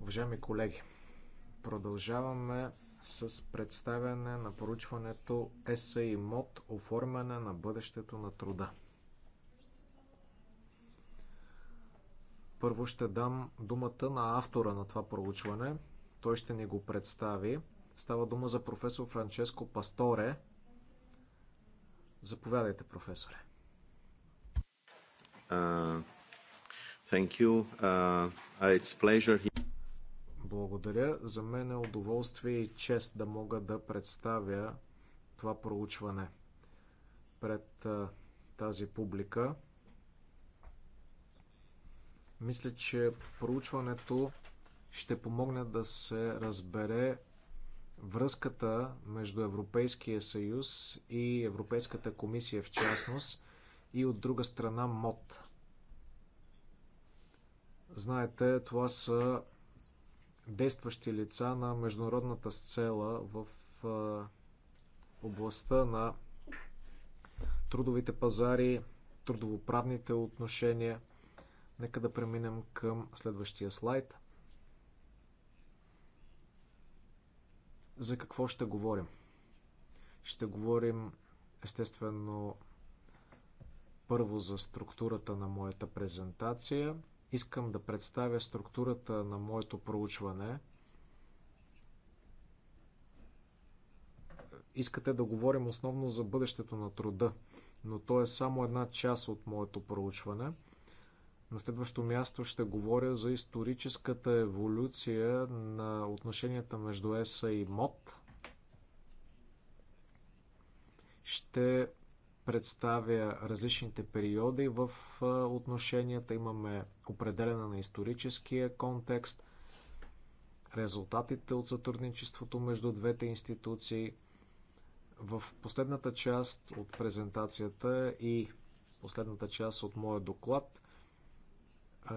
Уважаеми колеги, продължаваме с представяне на поручването ЕСА и МОД оформяне на бъдещето на труда. Първо ще дам думата на автора на това проучване. Той ще ни го представи. Става дума за професор Франческо Пасторе. Заповядайте, професоре. Thank you. Uh, uh it's pleasure. Благодаря. За мен е удоволствие и чест да мога да представя това проучване пред тази публика. Мисля, че проучването ще помогне да се разбере връзката между Европейския съюз и Европейската комисия в частност и от друга страна МОД. Знаете, това са действащи лица на международната сцела в областта на трудовите пазари, трудовоправните отношения. Нека да преминем към следващия слайд. За какво ще говорим? Ще говорим естествено първо за структурата на моята презентация – Искам да представя структурата на моето проучване. Искате да говорим основно за бъдещето на труда, но то е само една част от моето проучване. На следващо място ще говоря за историческата еволюция на отношенията между ЕСА и МОД. Ще представя различните периоди в отношенията. Имаме определена на историческия контекст, резултатите от сътрудничеството между двете институции. В последната част от презентацията и последната част от моя доклад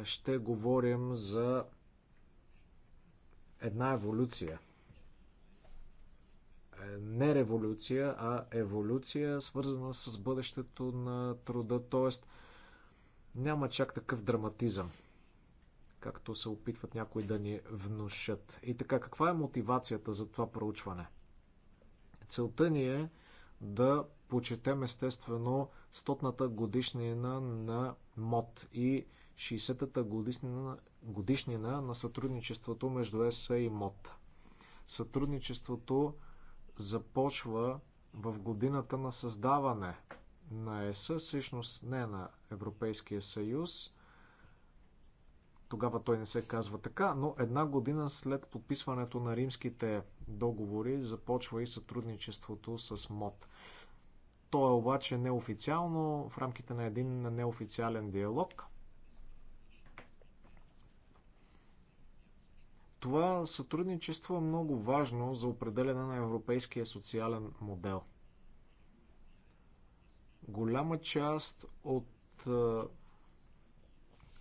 ще говорим за една еволюция е не революция, а еволюция, свързана с бъдещето на труда, Тоест, няма чак такъв драматизъм, както се опитват някои да ни внушат. И така, каква е мотивацията за това проучване? Целта ни е да почетем естествено стотната годишнина на МОД и 60-та годишнина, годишнина на сътрудничеството между ЕСА и МОД. Сътрудничеството започва в годината на създаване на ЕС, всъщност не на Европейския съюз. Тогава той не се казва така, но една година след подписването на римските договори започва и сътрудничеството с МОД. То е обаче неофициално, в рамките на един неофициален диалог – Това сътрудничество е много важно за определене на европейския социален модел. Голяма част от е,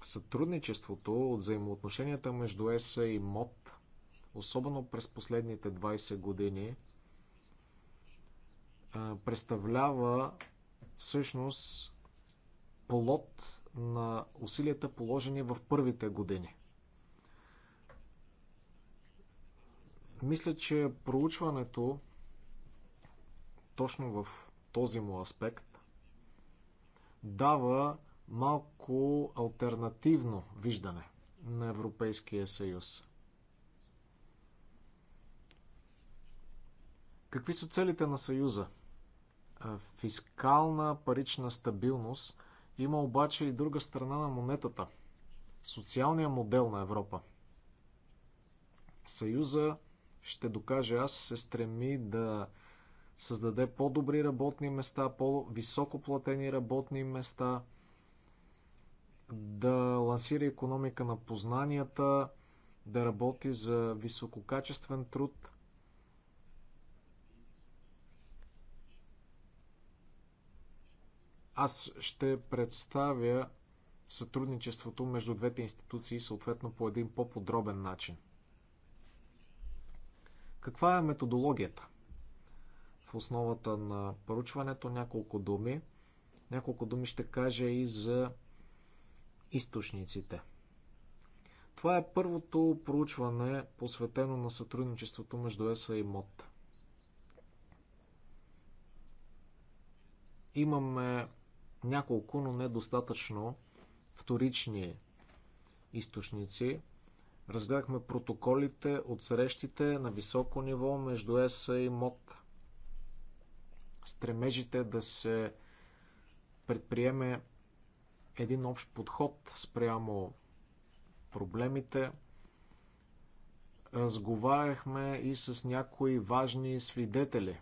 сътрудничеството, от взаимоотношенията между ЕСА и МОД, особено през последните 20 години, е, представлява всъщност плод на усилията положени в първите години Мисля, че проучването точно в този му аспект дава малко альтернативно виждане на Европейския съюз. Какви са целите на съюза? Фискална парична стабилност има обаче и друга страна на монетата. Социалния модел на Европа. Съюза ще докажа аз, се стреми да създаде по-добри работни места, по-високо платени работни места, да лансира економика на познанията, да работи за висококачествен труд. Аз ще представя сътрудничеството между двете институции съответно по един по-подробен начин. Каква е методологията? В основата на поручването няколко думи. Няколко думи ще кажа и за източниците. Това е първото проучване, посветено на сътрудничеството между ЕСА и МОД. Имаме няколко, но недостатъчно вторични източници. Разгледахме протоколите от срещите на високо ниво между ЕСА и МОД. Стремежите да се предприеме един общ подход спрямо проблемите. Разговаряхме и с някои важни свидетели.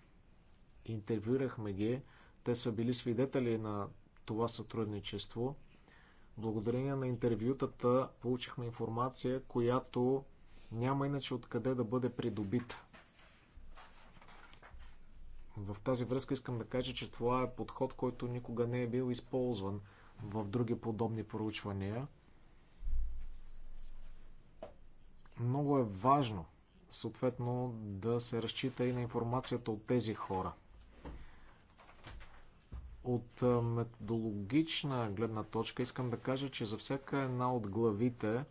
Интервюирахме ги. Те са били свидетели на това сътрудничество. Благодарение на интервютата получихме информация, която няма иначе откъде да бъде придобита. В тази връзка искам да кажа, че това е подход, който никога не е бил използван в други подобни проучвания. Много е важно, съответно, да се разчита и на информацията от тези хора. От методологична гледна точка искам да кажа, че за всяка една от главите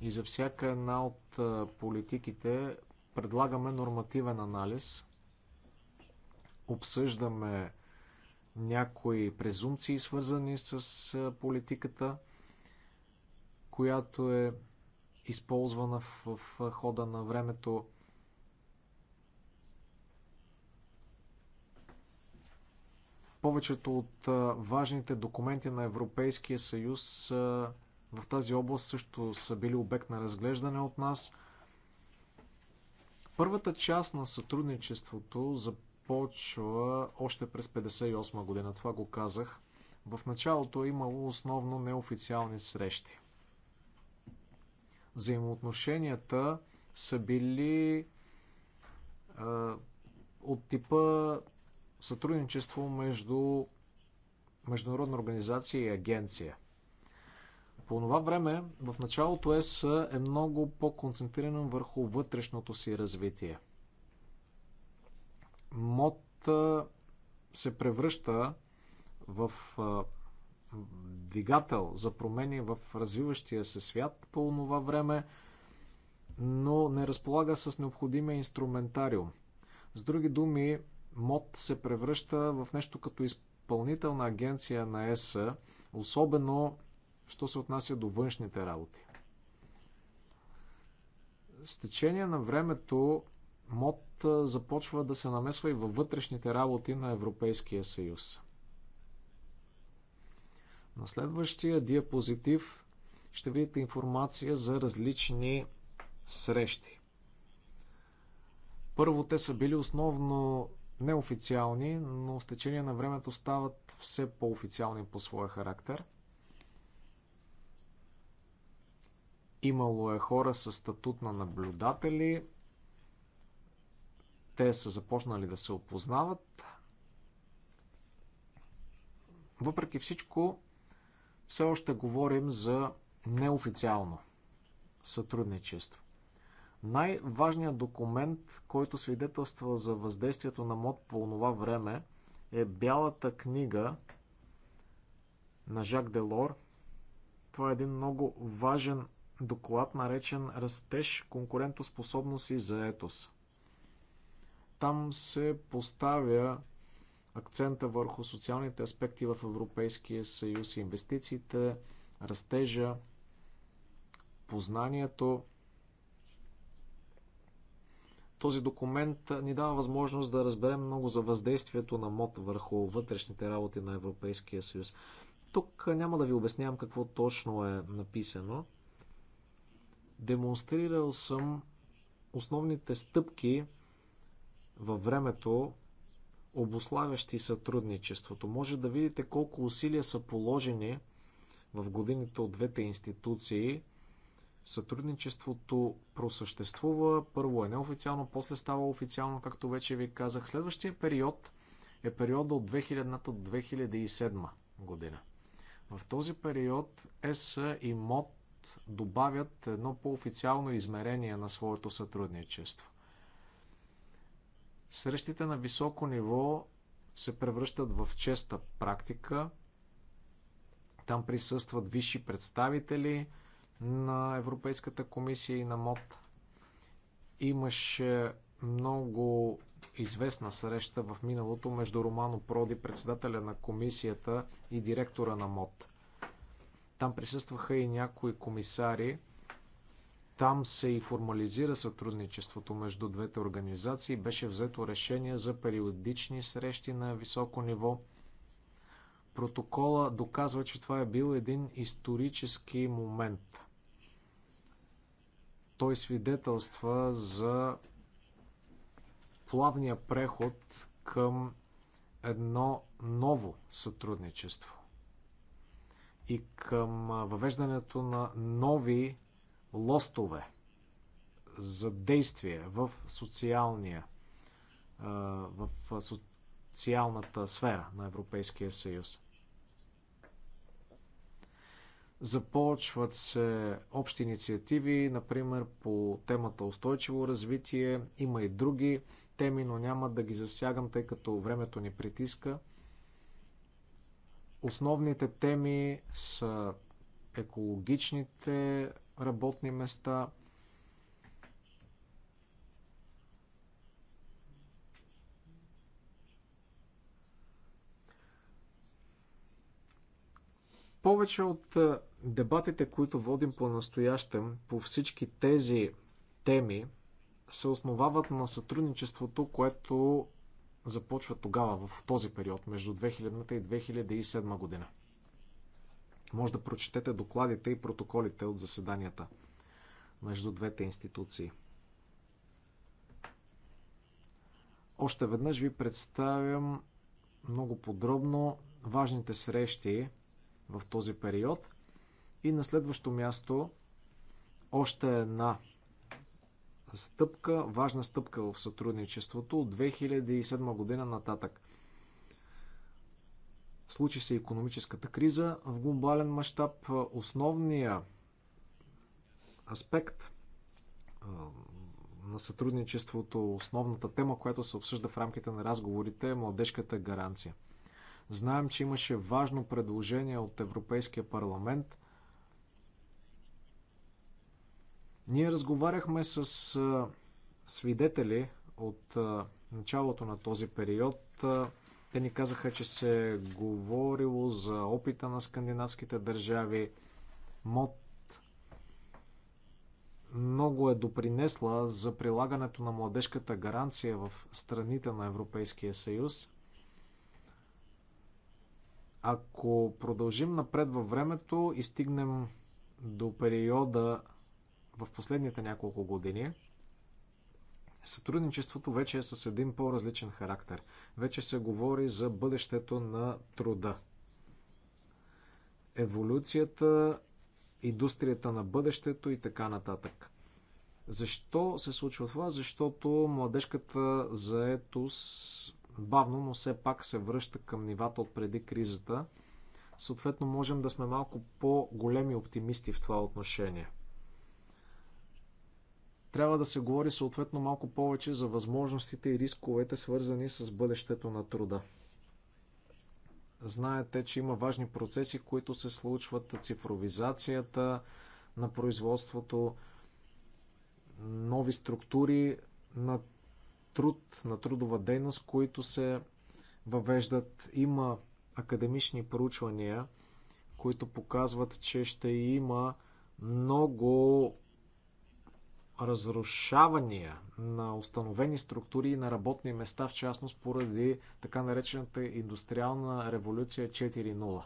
и за всяка една от политиките предлагаме нормативен анализ, обсъждаме някои презумпции, свързани с политиката, която е използвана в хода на времето. Повечето от важните документи на Европейския съюз в тази област също са били обект на разглеждане от нас. Първата част на сътрудничеството започва още през 1958 година. Това го казах. В началото е имало основно неофициални срещи. Взаимоотношенията са били е, от типа сътрудничество между международна организация и агенция. По това време, в началото ЕС е много по-концентриран върху вътрешното си развитие. МОД се превръща в двигател за промени в развиващия се свят по това време, но не разполага с необходимия инструментариум. С други думи, МОД се превръща в нещо като изпълнителна агенция на ЕС, особено що се отнася до външните работи. С течение на времето МОД започва да се намесва и във вътрешните работи на Европейския съюз. На следващия диапозитив ще видите информация за различни срещи. Първо, те са били основно неофициални, но с течение на времето стават все по-официални по своя характер. Имало е хора с статут на наблюдатели. Те са започнали да се опознават. Въпреки всичко, все още говорим за неофициално сътрудничество. Най-важният документ, който свидетелства за въздействието на МОД по това време, е Бялата книга на Жак Делор. Това е един много важен доклад, наречен Растеж, конкурентоспособност и заетост. Там се поставя акцента върху социалните аспекти в Европейския съюз, инвестициите, растежа, познанието, този документ ни дава възможност да разберем много за въздействието на МОД върху вътрешните работи на Европейския съюз. Тук няма да ви обяснявам какво точно е написано. Демонстрирал съм основните стъпки във времето, обославящи сътрудничеството. Може да видите колко усилия са положени в годините от двете институции – Сътрудничеството просъществува. Първо е неофициално, после става официално, както вече ви казах. Следващия период е периода от 2000 до 2007 година. В този период ЕС и МОД добавят едно по-официално измерение на своето сътрудничество. Срещите на високо ниво се превръщат в честа практика. Там присъстват висши представители – на Европейската комисия и на МОД. Имаше много известна среща в миналото между Романо Проди, председателя на комисията и директора на МОД. Там присъстваха и някои комисари. Там се и формализира сътрудничеството между двете организации. Беше взето решение за периодични срещи на високо ниво – Протокола доказва, че това е бил един исторически момент. Той свидетелства за плавния преход към едно ново сътрудничество и към въвеждането на нови лостове за действие в социалния в социалната сфера на Европейския съюз. Започват се общи инициативи, например по темата устойчиво развитие. Има и други теми, но няма да ги засягам, тъй като времето ни притиска. Основните теми са екологичните работни места – Повече от дебатите, които водим по-настоящем, по всички тези теми, се основават на сътрудничеството, което започва тогава, в този период, между 2000 и 2007 година. Може да прочетете докладите и протоколите от заседанията между двете институции. Още веднъж ви представям много подробно важните срещи, в този период. И на следващо място още една стъпка, важна стъпка в сътрудничеството от 2007 година нататък. Случи се економическата криза в глобален мащаб. Основния аспект на сътрудничеството, основната тема, която се обсъжда в рамките на разговорите е младежката гаранция – Знаем, че имаше важно предложение от Европейския парламент. Ние разговаряхме с свидетели от началото на този период. Те ни казаха, че се е говорило за опита на скандинавските държави. МОД много е допринесла за прилагането на младежката гаранция в страните на Европейския съюз. Ако продължим напред във времето и стигнем до периода в последните няколко години, сътрудничеството вече е с един по-различен характер. Вече се говори за бъдещето на труда. Еволюцията, индустрията на бъдещето и така нататък. Защо се случва това? Защото младежката заетост бавно, но все пак се връща към нивата от преди кризата. Съответно, можем да сме малко по-големи оптимисти в това отношение. Трябва да се говори съответно малко повече за възможностите и рисковете, свързани с бъдещето на труда. Знаете, че има важни процеси, които се случват. Цифровизацията на производството, нови структури на труд, на трудова дейност, които се въвеждат. Има академични проучвания, които показват, че ще има много разрушавания на установени структури и на работни места, в частност поради така наречената индустриална революция 4.0.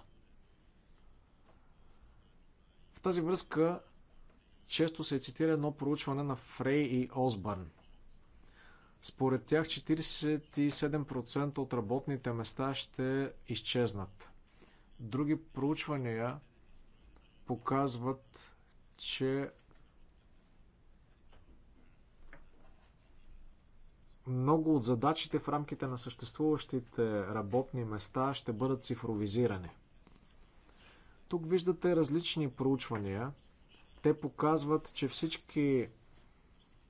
В тази връзка често се цитира едно проучване на Фрей и Осбърн. Според тях 47% от работните места ще изчезнат. Други проучвания показват, че много от задачите в рамките на съществуващите работни места ще бъдат цифровизирани. Тук виждате различни проучвания. Те показват, че всички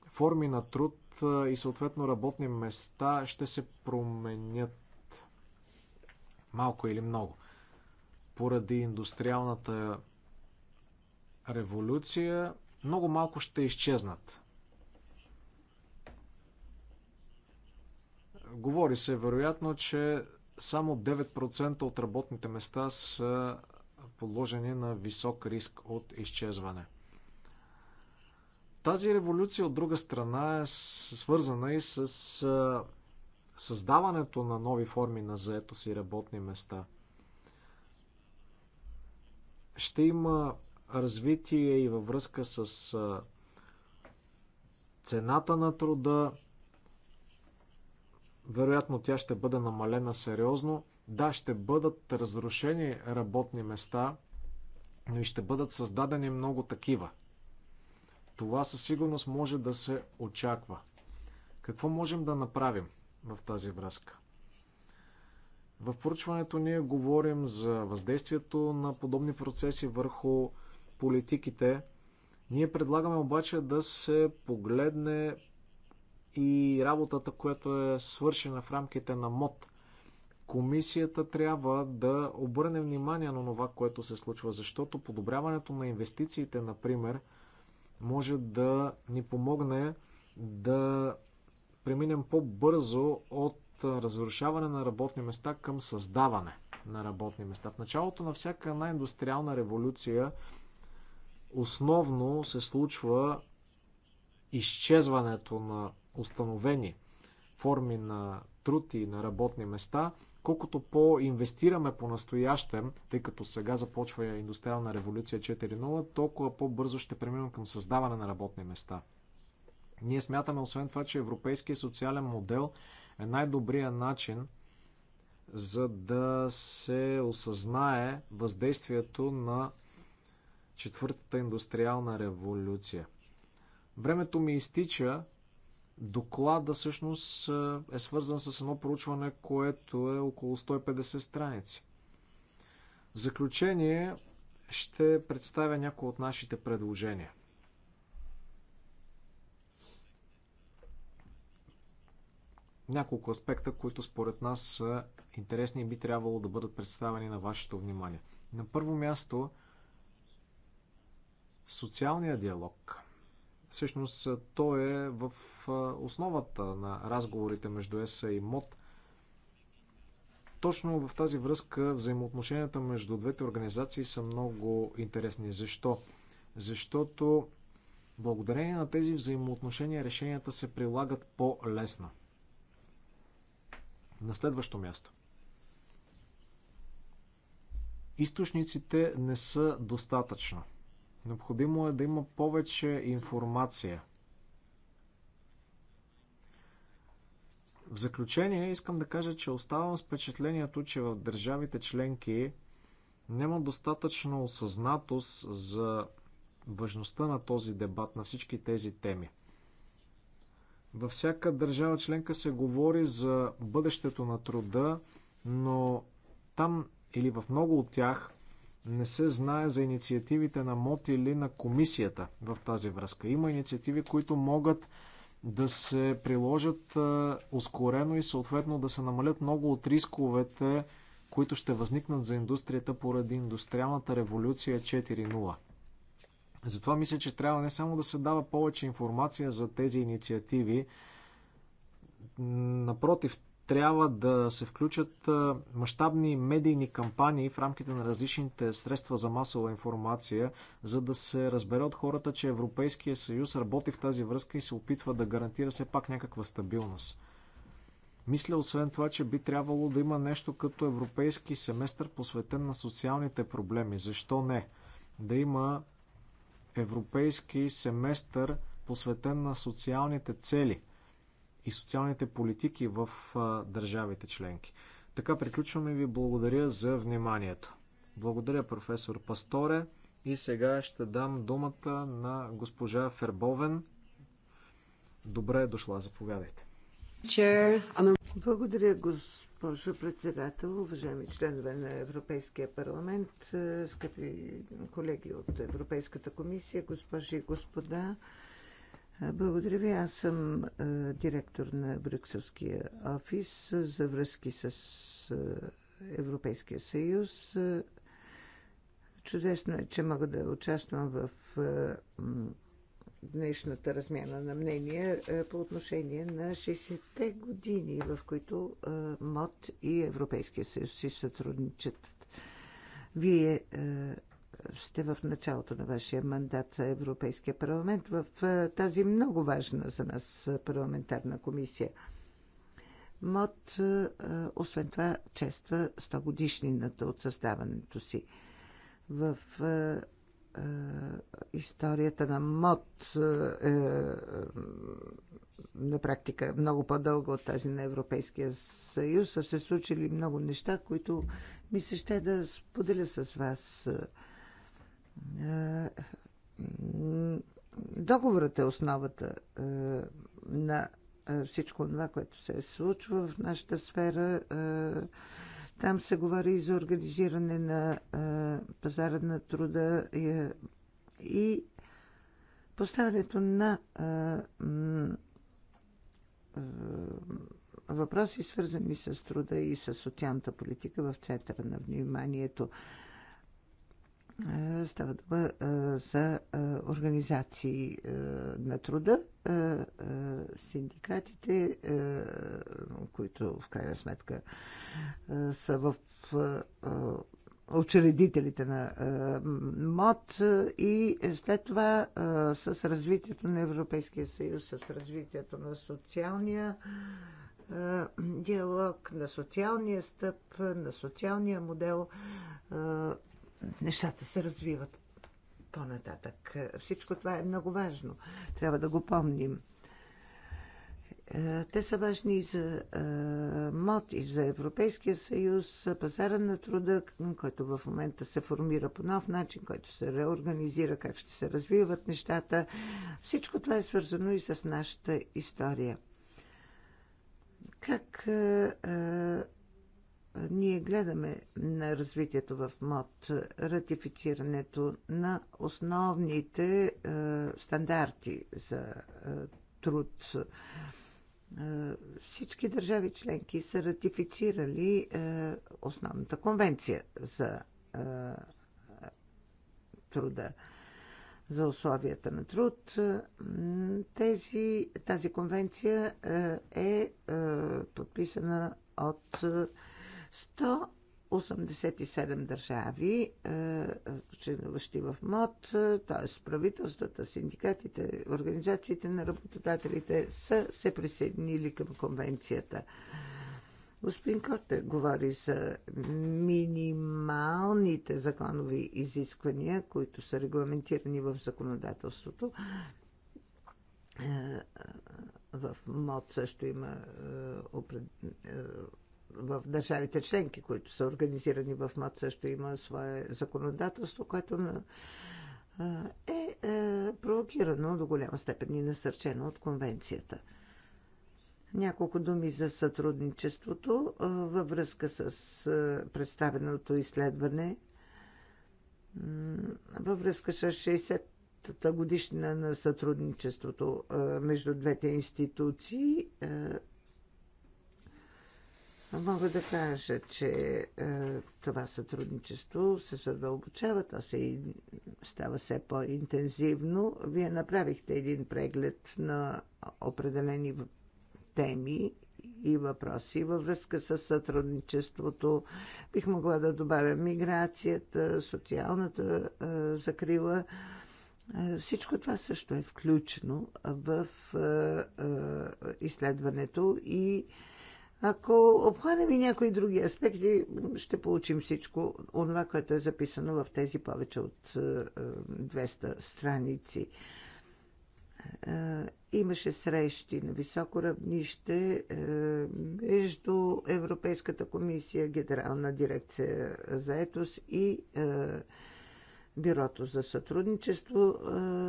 форми на труд и съответно работни места ще се променят малко или много. Поради индустриалната революция много малко ще изчезнат. Говори се вероятно, че само 9% от работните места са подложени на висок риск от изчезване – тази революция от друга страна е свързана и с създаването на нови форми на заетост и работни места. Ще има развитие и във връзка с цената на труда. Вероятно тя ще бъде намалена сериозно. Да, ще бъдат разрушени работни места, но и ще бъдат създадени много такива – това със сигурност може да се очаква. Какво можем да направим в тази връзка? В проучването ние говорим за въздействието на подобни процеси върху политиките. Ние предлагаме обаче да се погледне и работата, която е свършена в рамките на МОД. Комисията трябва да обърне внимание на това, което се случва, защото подобряването на инвестициите, например, може да ни помогне да преминем по-бързо от разрушаване на работни места към създаване на работни места. В началото на всяка една индустриална революция основно се случва изчезването на установени форми на труд и на работни места, колкото по-инвестираме по-настоящем, тъй като сега започва индустриална революция 4.0, толкова по-бързо ще преминем към създаване на работни места. Ние смятаме, освен това, че европейския социален модел е най-добрият начин за да се осъзнае въздействието на четвъртата индустриална революция. Времето ми изтича, Доклада всъщност е свързан с едно проучване, което е около 150 страници. В заключение ще представя някои от нашите предложения. Няколко аспекта, които според нас са интересни и би трябвало да бъдат представени на вашето внимание. На първо място, социалния диалог. Всъщност, той е в основата на разговорите между ЕСА и МОД. Точно в тази връзка взаимоотношенията между двете организации са много интересни. Защо? Защото благодарение на тези взаимоотношения решенията се прилагат по-лесно. На следващо място. Източниците не са достатъчно. Необходимо е да има повече информация В заключение искам да кажа, че оставам с впечатлението, че в държавите членки няма достатъчно осъзнатост за важността на този дебат, на всички тези теми. Във всяка държава членка се говори за бъдещето на труда, но там или в много от тях не се знае за инициативите на МОТ или на комисията в тази връзка. Има инициативи, които могат да се приложат ускорено и съответно да се намалят много от рисковете, които ще възникнат за индустрията поради индустриалната революция 4.0. Затова мисля, че трябва не само да се дава повече информация за тези инициативи, напротив, трябва да се включат мащабни медийни кампании в рамките на различните средства за масова информация, за да се разбере от хората, че Европейския съюз работи в тази връзка и се опитва да гарантира все пак някаква стабилност. Мисля освен това, че би трябвало да има нещо като европейски семестър посветен на социалните проблеми. Защо не? Да има европейски семестър посветен на социалните цели – и социалните политики в държавите членки. Така приключваме и ви благодаря за вниманието. Благодаря, професор Пасторе. И сега ще дам думата на госпожа Фербовен. Добре е дошла, заповядайте. Благодаря, госпожо председател, уважаеми членове на Европейския парламент, скъпи колеги от Европейската комисия, госпожи и господа. Благодаря ви. Аз съм директор на Брюкселския офис за връзки с Европейския съюз. Чудесно е, че мога да участвам в днешната размяна на мнения по отношение на 60-те години, в които МОД и Европейския съюз си сътрудничат. Вие сте в началото на вашия мандат за Европейския парламент в тази много важна за нас парламентарна комисия. МОД, освен това, чества 100 годишнината от създаването си. В историята на МОД е, на практика много по-дълго от тази на Европейския съюз са се случили много неща, които ми се ще да споделя с вас. Договорът е основата е, на е, всичко това, което се случва в нашата сфера. Е, там се говори и за организиране на пазара на труда и поставянето на въпроси, свързани с труда и с социалната политика в центъра на вниманието. Е, става дума е, за е, организации на труда, синдикатите, които в крайна сметка са в учредителите на МОД и след това с развитието на Европейския съюз, с развитието на социалния диалог, на социалния стъп, на социалния модел нещата се развиват по-нататък. Всичко това е много важно. Трябва да го помним. Е, те са важни и за е, МОД, и за Европейския съюз, пазара на труда, който в момента се формира по нов начин, който се реорганизира, как ще се развиват нещата. Всичко това е свързано и с нашата история. Как е, ние гледаме на развитието в МОД, ратифицирането на основните е, стандарти за е, труд. Е, всички държави членки са ратифицирали е, основната конвенция за е, труда за условията на труд. Е, тези, тази конвенция е, е подписана от е, 187 държави, е, е, членуващи в МОД, е, т.е. правителствата, синдикатите, организациите на работодателите са се присъединили към конвенцията. Господин Корте говори за минималните законови изисквания, които са регламентирани в законодателството. В МОД също има в държавите членки, които са организирани в МАД също има свое законодателство, което е, е провокирано до голяма степен и насърчено от конвенцията. Няколко думи за сътрудничеството във връзка с представеното изследване във връзка с 60-та годишна на сътрудничеството между двете институции Мога да кажа, че е, това сътрудничество се задълбочава, то се и става все по-интензивно. Вие направихте един преглед на определени теми и въпроси във връзка с сътрудничеството. Бих могла да добавя миграцията, социалната е, закрила. Е, всичко това също е включено в е, е, изследването и ако обхванем и някои други аспекти, ще получим всичко онова, което е записано в тези повече от 200 е, е, страници. Е, имаше срещи на високо равнище между Европейската комисия, Генерална дирекция за етос и Бюрото за сътрудничество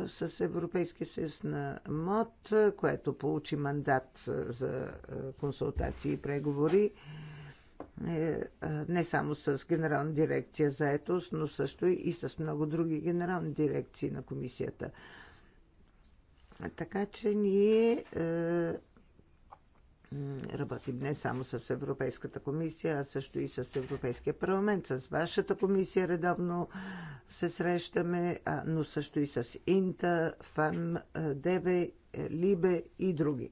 с Европейския съюз на МОД, което получи мандат за консултации и преговори е, не само с Генерална дирекция за етос, но също и с много други генерални дирекции на комисията. Така че ние е, работим не само с Европейската комисия, а също и с Европейския парламент. С вашата комисия редовно се срещаме, но също и с Инта, ФАН, ДЕВЕ, ЛИБЕ и други.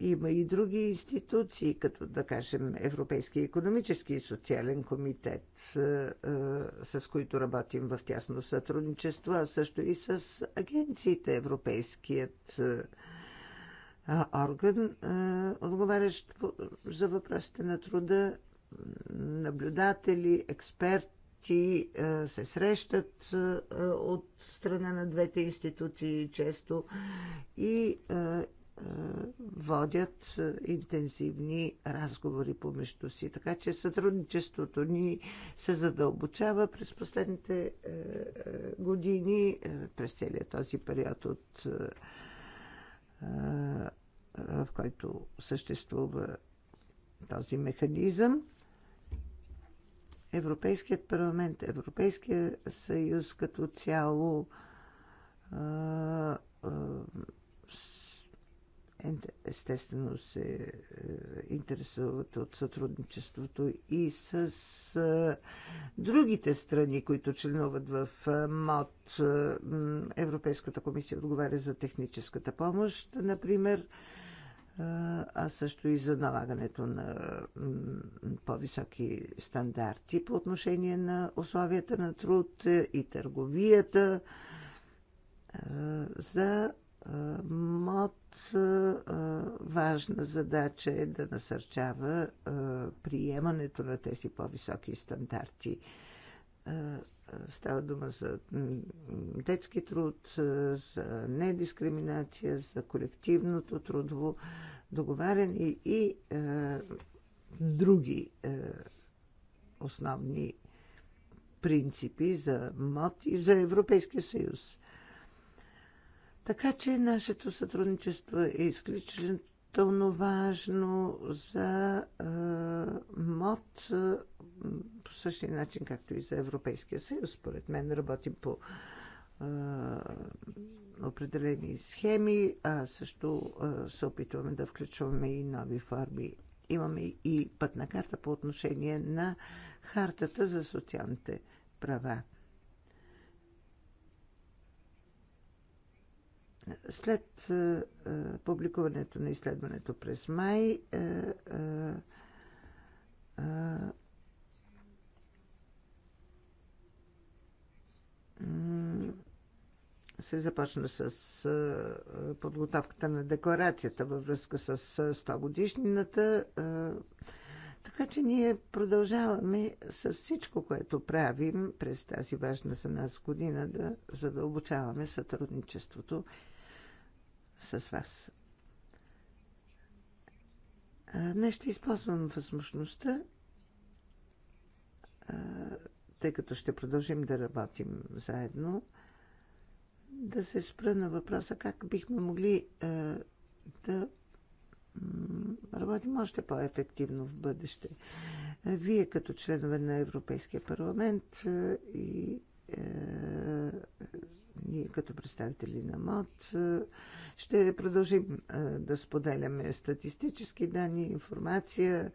Има и други институции, като да кажем Европейския економически и социален комитет, с които работим в тясно сътрудничество, а също и с агенциите Европейският орган, отговарящ за въпросите на труда. Наблюдатели, експерти се срещат от страна на двете институции често и водят интензивни разговори помежду си. Така че сътрудничеството ни се задълбочава през последните години, през целият този период от в който съществува този механизъм. Европейският парламент, Европейския съюз като цяло естествено се е, интересуват от сътрудничеството и с е, другите страни, които членуват в е, МОД. Европейската комисия отговаря за техническата помощ, например, а също и за налагането на по-високи стандарти по отношение на условията на труд и търговията за МОД важна задача е да насърчава приемането на тези по-високи стандарти. Става дума за детски труд, за недискриминация, за колективното трудово договаряне и други основни принципи за МОД и за Европейския съюз. Така че нашето сътрудничество е изключително важно за е, МОД е, по същия начин, както и за Европейския съюз. Според мен работим по е, определени схеми, а също е, се опитваме да включваме и нови форми. Имаме и пътна карта по отношение на хартата за социалните права. След е, е, публикуването на изследването през май, е, се започна с подготовката на декларацията във връзка с 100 годишнината. Така че ние продължаваме с всичко, което правим през тази важна за нас година да задълбочаваме сътрудничеството с вас. Днес ще използвам възможността, тъй като ще продължим да работим заедно, да се спра на въпроса как бихме могли да работим още по-ефективно в бъдеще. Вие като членове на Европейския парламент и ние като представители на МОД ще продължим да споделяме статистически данни, информация,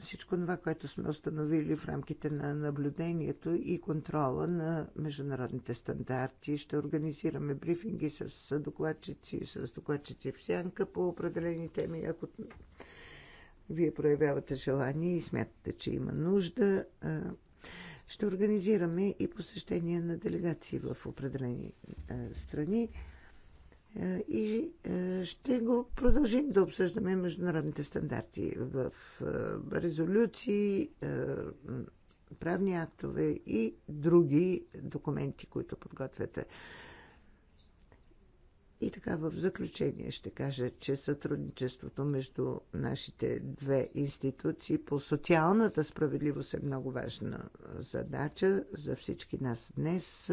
всичко това, което сме установили в рамките на наблюдението и контрола на международните стандарти. Ще организираме брифинги с докладчици, с докладчици в сянка по определени теми, ако вие проявявате желание и смятате, че има нужда ще организираме и посещения на делегации в определени е, страни е, и е, ще го продължим да обсъждаме международните стандарти в резолюции, правни актове и други документи, които подготвяте. И така, в заключение ще кажа, че сътрудничеството между нашите две институции по социалната справедливост е много важна задача за всички нас днес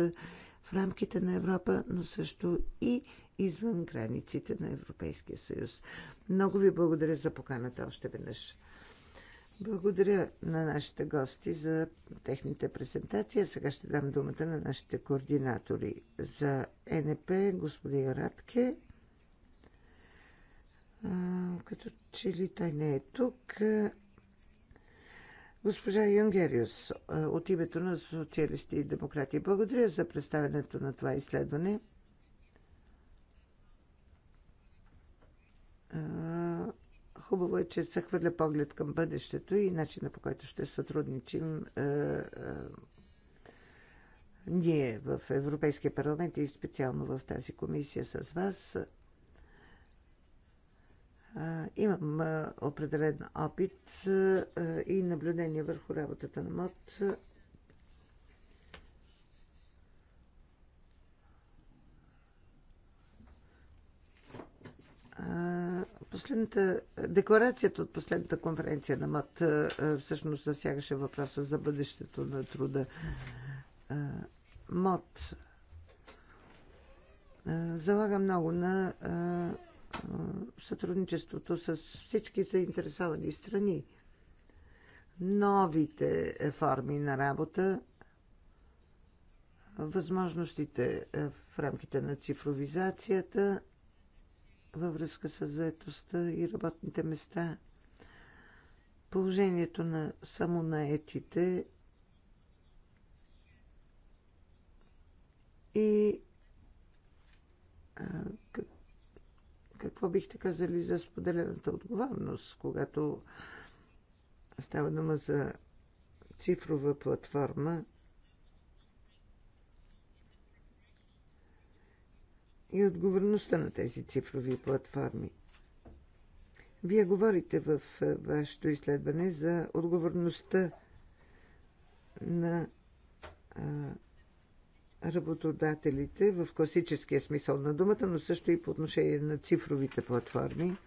в рамките на Европа, но също и извън границите на Европейския съюз. Много ви благодаря за поканата още веднъж. Благодаря на нашите гости за техните презентации. Сега ще дам думата на нашите координатори за НП, господин Радке. като че ли той не е тук, Госпожа Юнгериус, от името на социалисти и демократи, благодаря за представенето на това изследване. Хубаво е, че се хвърля поглед към бъдещето и начина по който ще сътрудничим е, е, ние в Европейския парламент и специално в тази комисия с вас. Е, имам определен опит и наблюдение върху работата на МОД Последната декларацията от последната конференция на МАТ всъщност засягаше въпроса за бъдещето на труда. МОД залага много на сътрудничеството с всички заинтересовани страни. Новите форми на работа, възможностите в рамките на цифровизацията – във връзка с заетостта и работните места. Положението на самонаетите и какво бихте казали за споделената отговорност, когато става дума за цифрова платформа, и отговорността на тези цифрови платформи. Вие говорите в е, вашето изследване за отговорността на работодателите в класическия смисъл на думата, но също и по отношение на цифровите платформи.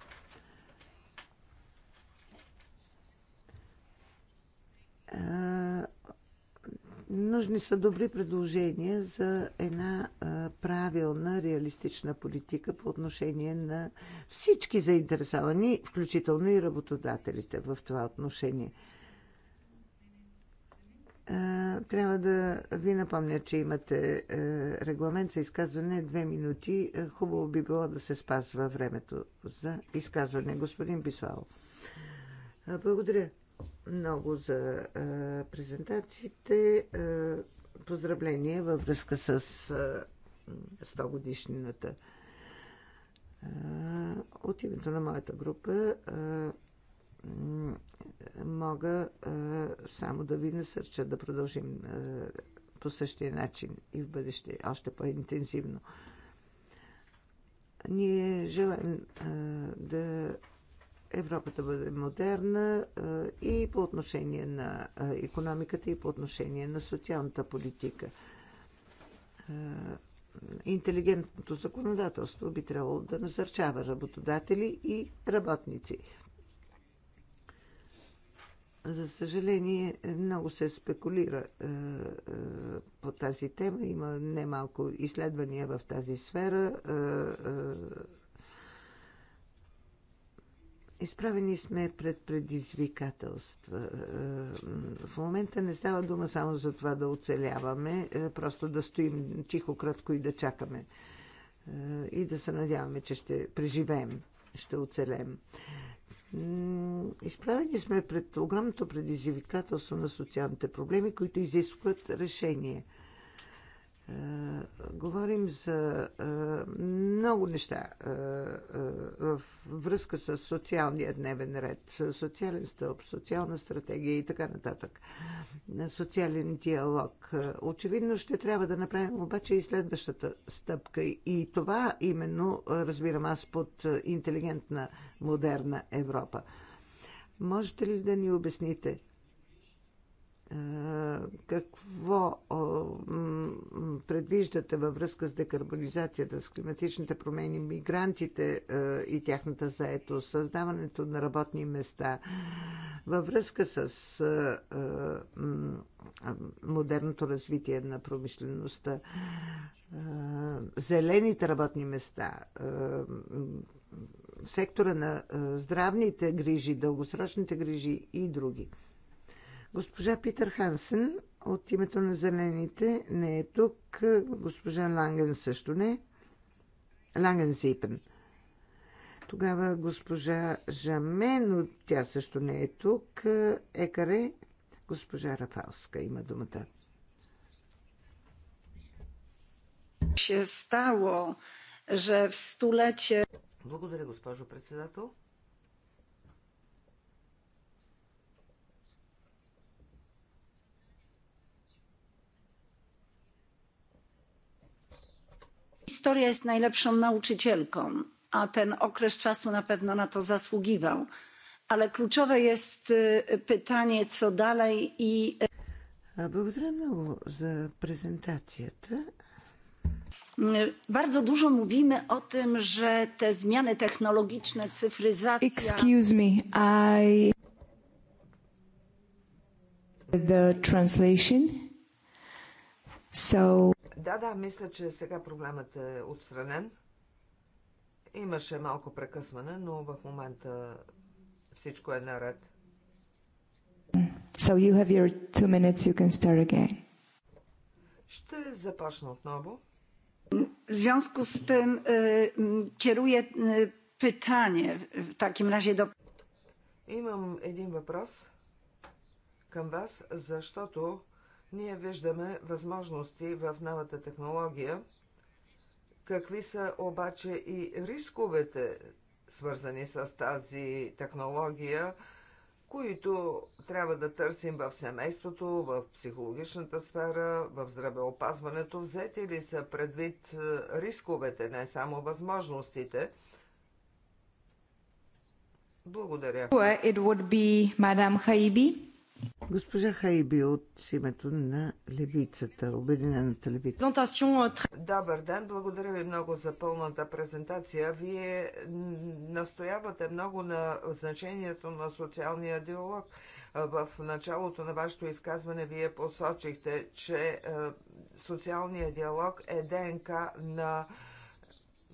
Нужни са добри предложения за една правилна, реалистична политика по отношение на всички заинтересовани, включително и работодателите в това отношение. Трябва да ви напомня, че имате регламент за изказване две минути. Хубаво би било да се спазва времето за изказване. Господин Бисуал. Благодаря много за презентациите. Поздравления във връзка с 100 годишнината. От името на моята група мога само да ви насърча да продължим по същия начин и в бъдеще още по-интензивно. Ние желаем да Европа да бъде модерна и по отношение на економиката, и по отношение на социалната политика. Интелигентното законодателство би трябвало да насърчава работодатели и работници. За съжаление, много се спекулира е, е, по тази тема. Има немалко изследвания в тази сфера. Е, Изправени сме пред предизвикателства. Е, в момента не става дума само за това да оцеляваме, е, просто да стоим тихо, кратко и да чакаме. Е, и да се надяваме, че ще преживеем, ще оцелем. Изправени сме пред огромното предизвикателство на социалните проблеми, които изискват решение. Е, говорим за е, много неща е, в връзка с социалния дневен ред, социален стълб, социална стратегия и така нататък, социален диалог. Очевидно ще трябва да направим обаче и следващата стъпка. И това именно разбирам аз под интелигентна, модерна Европа. Можете ли да ни обясните какво предвиждате във връзка с декарбонизацията, с климатичните промени, мигрантите и тяхната заетост, създаването на работни места, във връзка с модерното развитие на промишлеността, зелените работни места, сектора на здравните грижи, дългосрочните грижи и други. Госпожа Питър Хансен от името на Зелените не е тук. Госпожа Ланген също не. Ланген Зипен. Тогава госпожа Жаме, но тя също не е тук. Екаре, госпожа Рафалска има думата. Ще е стало, че в столетие... Благодаря, госпожо председател. Historia jest najlepszą nauczycielką, a ten okres czasu na pewno na to zasługiwał. Ale kluczowe jest pytanie, co dalej i. Благодаря много Bardzo dużo mówimy o tym, że te zmiany technologiczne, cyfryzacja. Excuse me, I. The translation. So. Да, да, мисля, че сега проблемът е отстранен. Имаше малко прекъсване, но в момента всичко е наред. So you have your two minutes, you can start again. Ще започна отново. W związku z tym y, e, kieruję y, e, pytanie w takim razie do. Имам един въпрос към вас, защото ние виждаме възможности в новата технология. Какви са обаче и рисковете, свързани с тази технология, които трябва да търсим в семейството, в психологичната сфера, в здравеопазването? Взети ли са предвид е, рисковете, не само възможностите? Благодаря. It would be Madame Госпожа Хайби от името на Левицата, Обединената левица. Е, Добър ден, благодаря ви много за пълната презентация. Вие настоявате много на значението на социалния диалог. Е, в началото на вашето изказване вие посочихте, че е, социалният диалог е ДНК на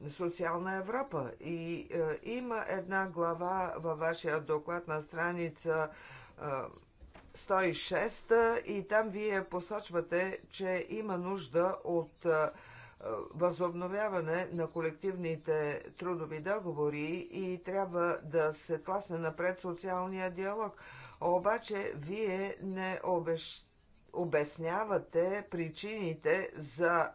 социална Европа. И има една глава във вашия доклад на страница 106 и там вие посочвате, че има нужда от възобновяване на колективните трудови договори и трябва да се тласне напред социалния диалог. Обаче вие не обещ... обяснявате причините за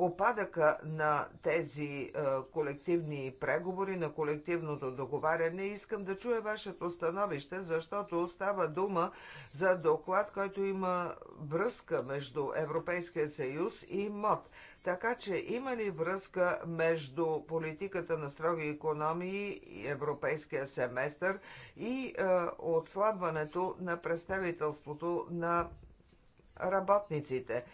опадъка на тези е, колективни преговори, на колективното договаряне. Искам да чуя вашето становище, защото става дума за доклад, който има връзка между Европейския съюз и МОД. Така че има ли връзка между политиката на строги економии, и европейския семестър и е, отслабването на представителството на работниците?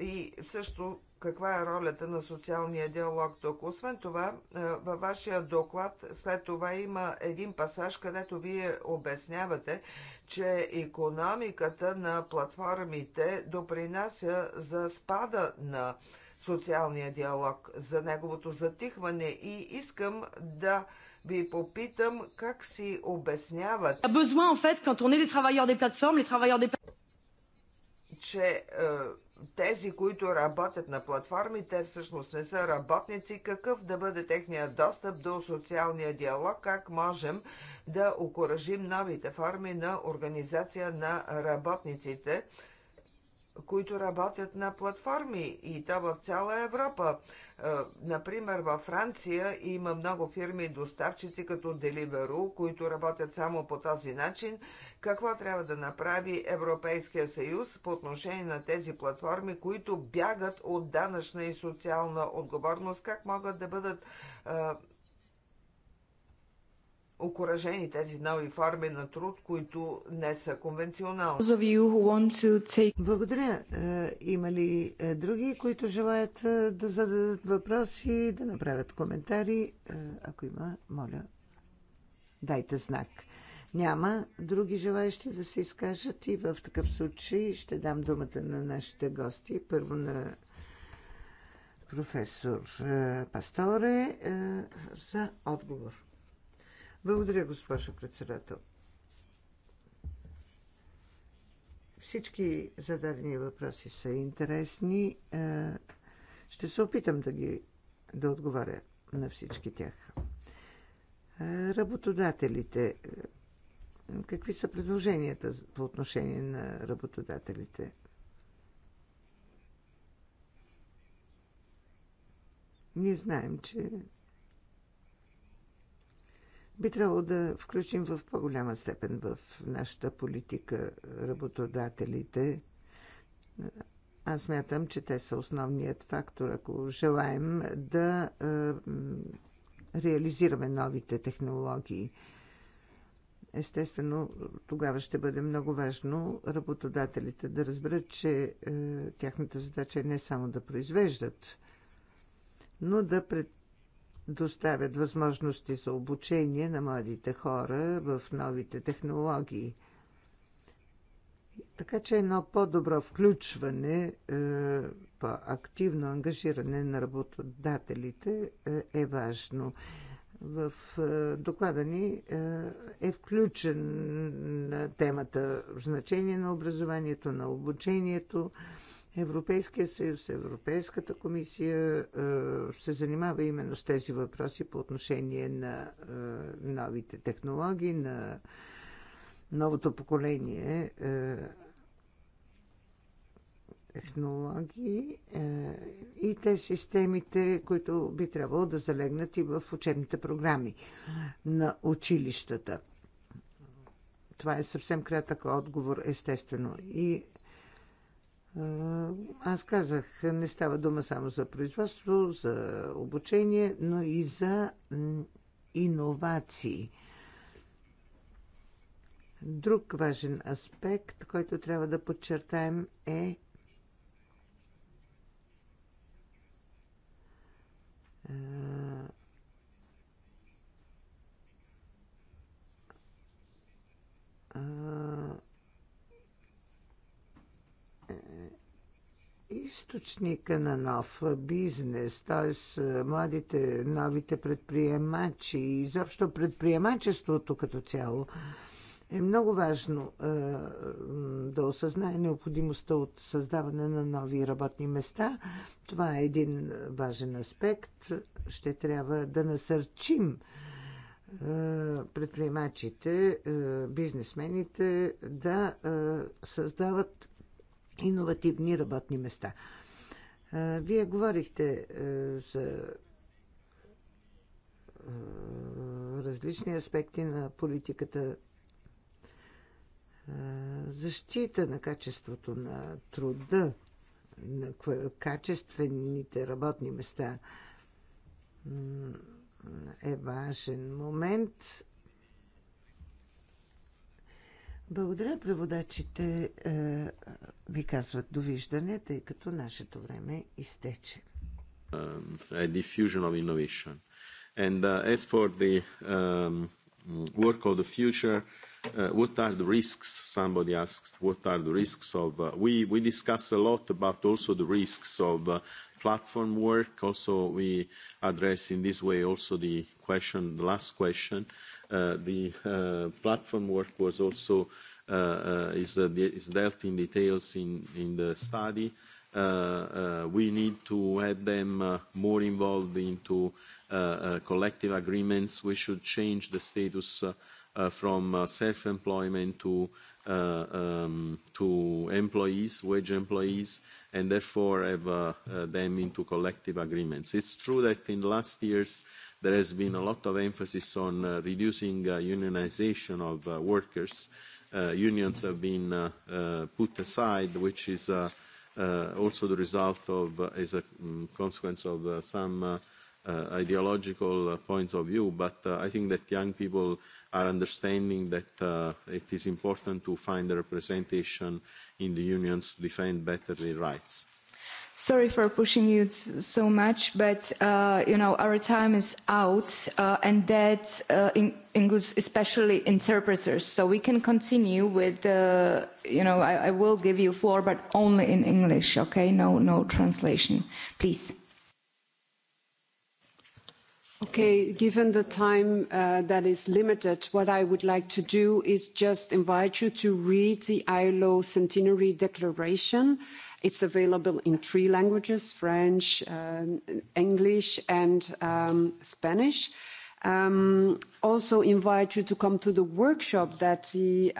И също каква е ролята на социалния диалог тук. Освен това, е, във вашия доклад след това има един пасаж, където вие обяснявате, че економиката на платформите допринася за спада на социалния диалог, за неговото затихване и искам да ви попитам как си обясняват. А besoin, en fait, quand че е, тези, които работят на платформите, всъщност не са работници, какъв да бъде техният достъп до социалния диалог, как можем да окоръжим новите форми на организация на работниците, които работят на платформи и то в цяла Европа. Е, например, във Франция има много фирми и доставчици като Deliveroo, които работят само по този начин. Какво трябва да направи Европейския съюз по отношение на тези платформи, които бягат от данъчна и социална отговорност? Как могат да бъдат е, окоръжени тези нови форми на труд, които не са конвенционални. Благодаря. Е, има ли е, други, които желаят е, да зададат въпроси, да направят коментари? Ако има, моля, дайте знак. Няма други желаящи да се изкажат и в такъв случай ще дам думата на нашите гости. Първо на професор Пасторе за отговор. Благодаря, госпожо председател. Всички зададени въпроси са интересни. Е, ще се опитам да ги да отговаря на всички тях. Е, работодателите. Е, какви са предложенията по отношение на работодателите? Ние знаем, че би трябвало да включим в по-голяма степен в нашата политика работодателите. Аз мятам, че те са основният фактор, ако желаем да реализираме новите технологии. Естествено, тогава ще бъде много важно работодателите да разберат, че е, тяхната задача е не само да произвеждат, но да пред, доставят възможности за обучение на младите хора в новите технологии. Така че едно по-добро включване, е, по-активно ангажиране на работодателите е, е важно. В е, доклада ни е включен темата значение на образованието, на обучението, Европейския съюз, Европейската комисия се занимава именно с тези въпроси по отношение на новите технологии, на новото поколение технологии и те системите, които би трябвало да залегнат и в учебните програми на училищата. Това е съвсем кратък отговор, естествено. И аз казах, не става дума само за производство, за обучение, но и за иновации. Друг важен аспект, който трябва да подчертаем е а, източника на нов бизнес, т.е. младите, новите предприемачи и изобщо предприемачеството като цяло, е много важно е, да осъзнае необходимостта от създаване на нови работни места. Това е един важен аспект. Ще трябва да насърчим предприемачите, бизнесмените да създават иновативни работни места. Вие говорихте за различни аспекти на политиката защита на качеството на труда, на качествените работни места е важен момент благодаря преводачите ви казват довиждане, тъй като нашето време изтече. A diffusion of innovation. And uh, as for the um, work of the future, uh, what are the risks? Somebody asked, what are the risks of... Uh, we, we discuss a lot about also the risks of uh, platform work. Also, we address in this way also the question, the last question. Uh, Uh, the uh, platform work was also uh, uh, is, uh, is dealt in details in, in the study. Uh, uh, we need to have them uh, more involved into uh, uh, collective agreements. We should change the status uh, uh, from uh, self-employment to uh um, to employees, wage employees, and therefore have uh, uh, them into collective agreements. It's true that in the last years There has been a lot of emphasis on uh, reducing uh, unionization of uh, workers. Uh, unions have been uh, uh, put aside, which is uh, uh, also the result of, uh, as a um, consequence of uh, some uh, uh, ideological uh, point of view, but uh, I think that young people are understanding that uh, it is important to find a representation in the unions to defend better their rights sorry for pushing you so much but uh, you know our time is out uh, and that uh, in includes especially interpreters so we can continue with the you know I, I will give you floor but only in english okay no no translation please Okay, given the time uh, that is limited, what I would like to do is just invite you to read the ILO Centenary Declaration It's available in three languages, French, English, and Spanish. also invite you to come to the workshop that the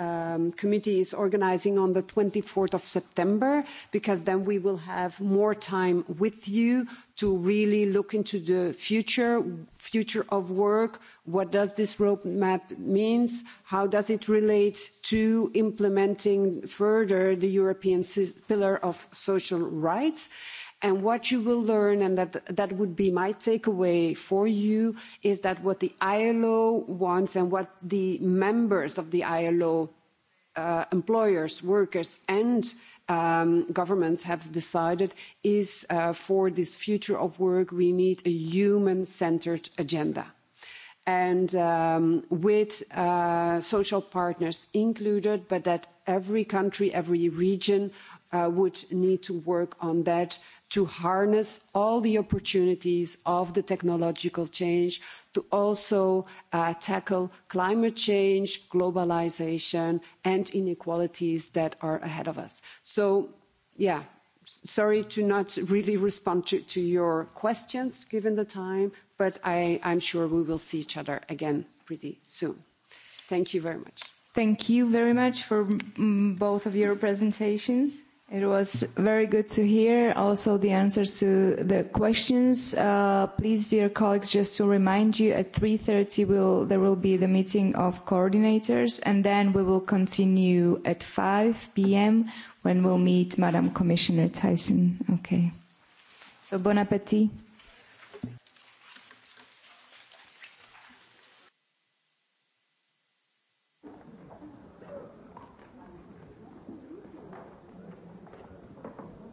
committee is organising on the 24th of September, because then we will have more time with you to really look into the future future of work what does this roadmap mean how does it relate to implementing further the european pillar of social rights and what you will learn and that that would be my takeaway for you is that what the ilo wants and what the members of the ilo employers workers and governments have decided is for this future of work we need a human centred agenda and with social partners included but that every country every region would need to work on that to harness all the opportunities of the technological change to also tackle climate change globalisation and inequalities that are ahead of us. so yeah sorry to not really respond to your questions given the time but i'm sure we will see each other again pretty soon. thank you very much. thank you very much for both of your presentations It was very good to hear also the answers to the questions. Uh, please, dear colleagues, just to remind you, at 3.30 we'll there will be the meeting of coordinators, and then we will continue at 5 p.m. when we'll meet Madam Commissioner Tyson. Okay. So bon appétit.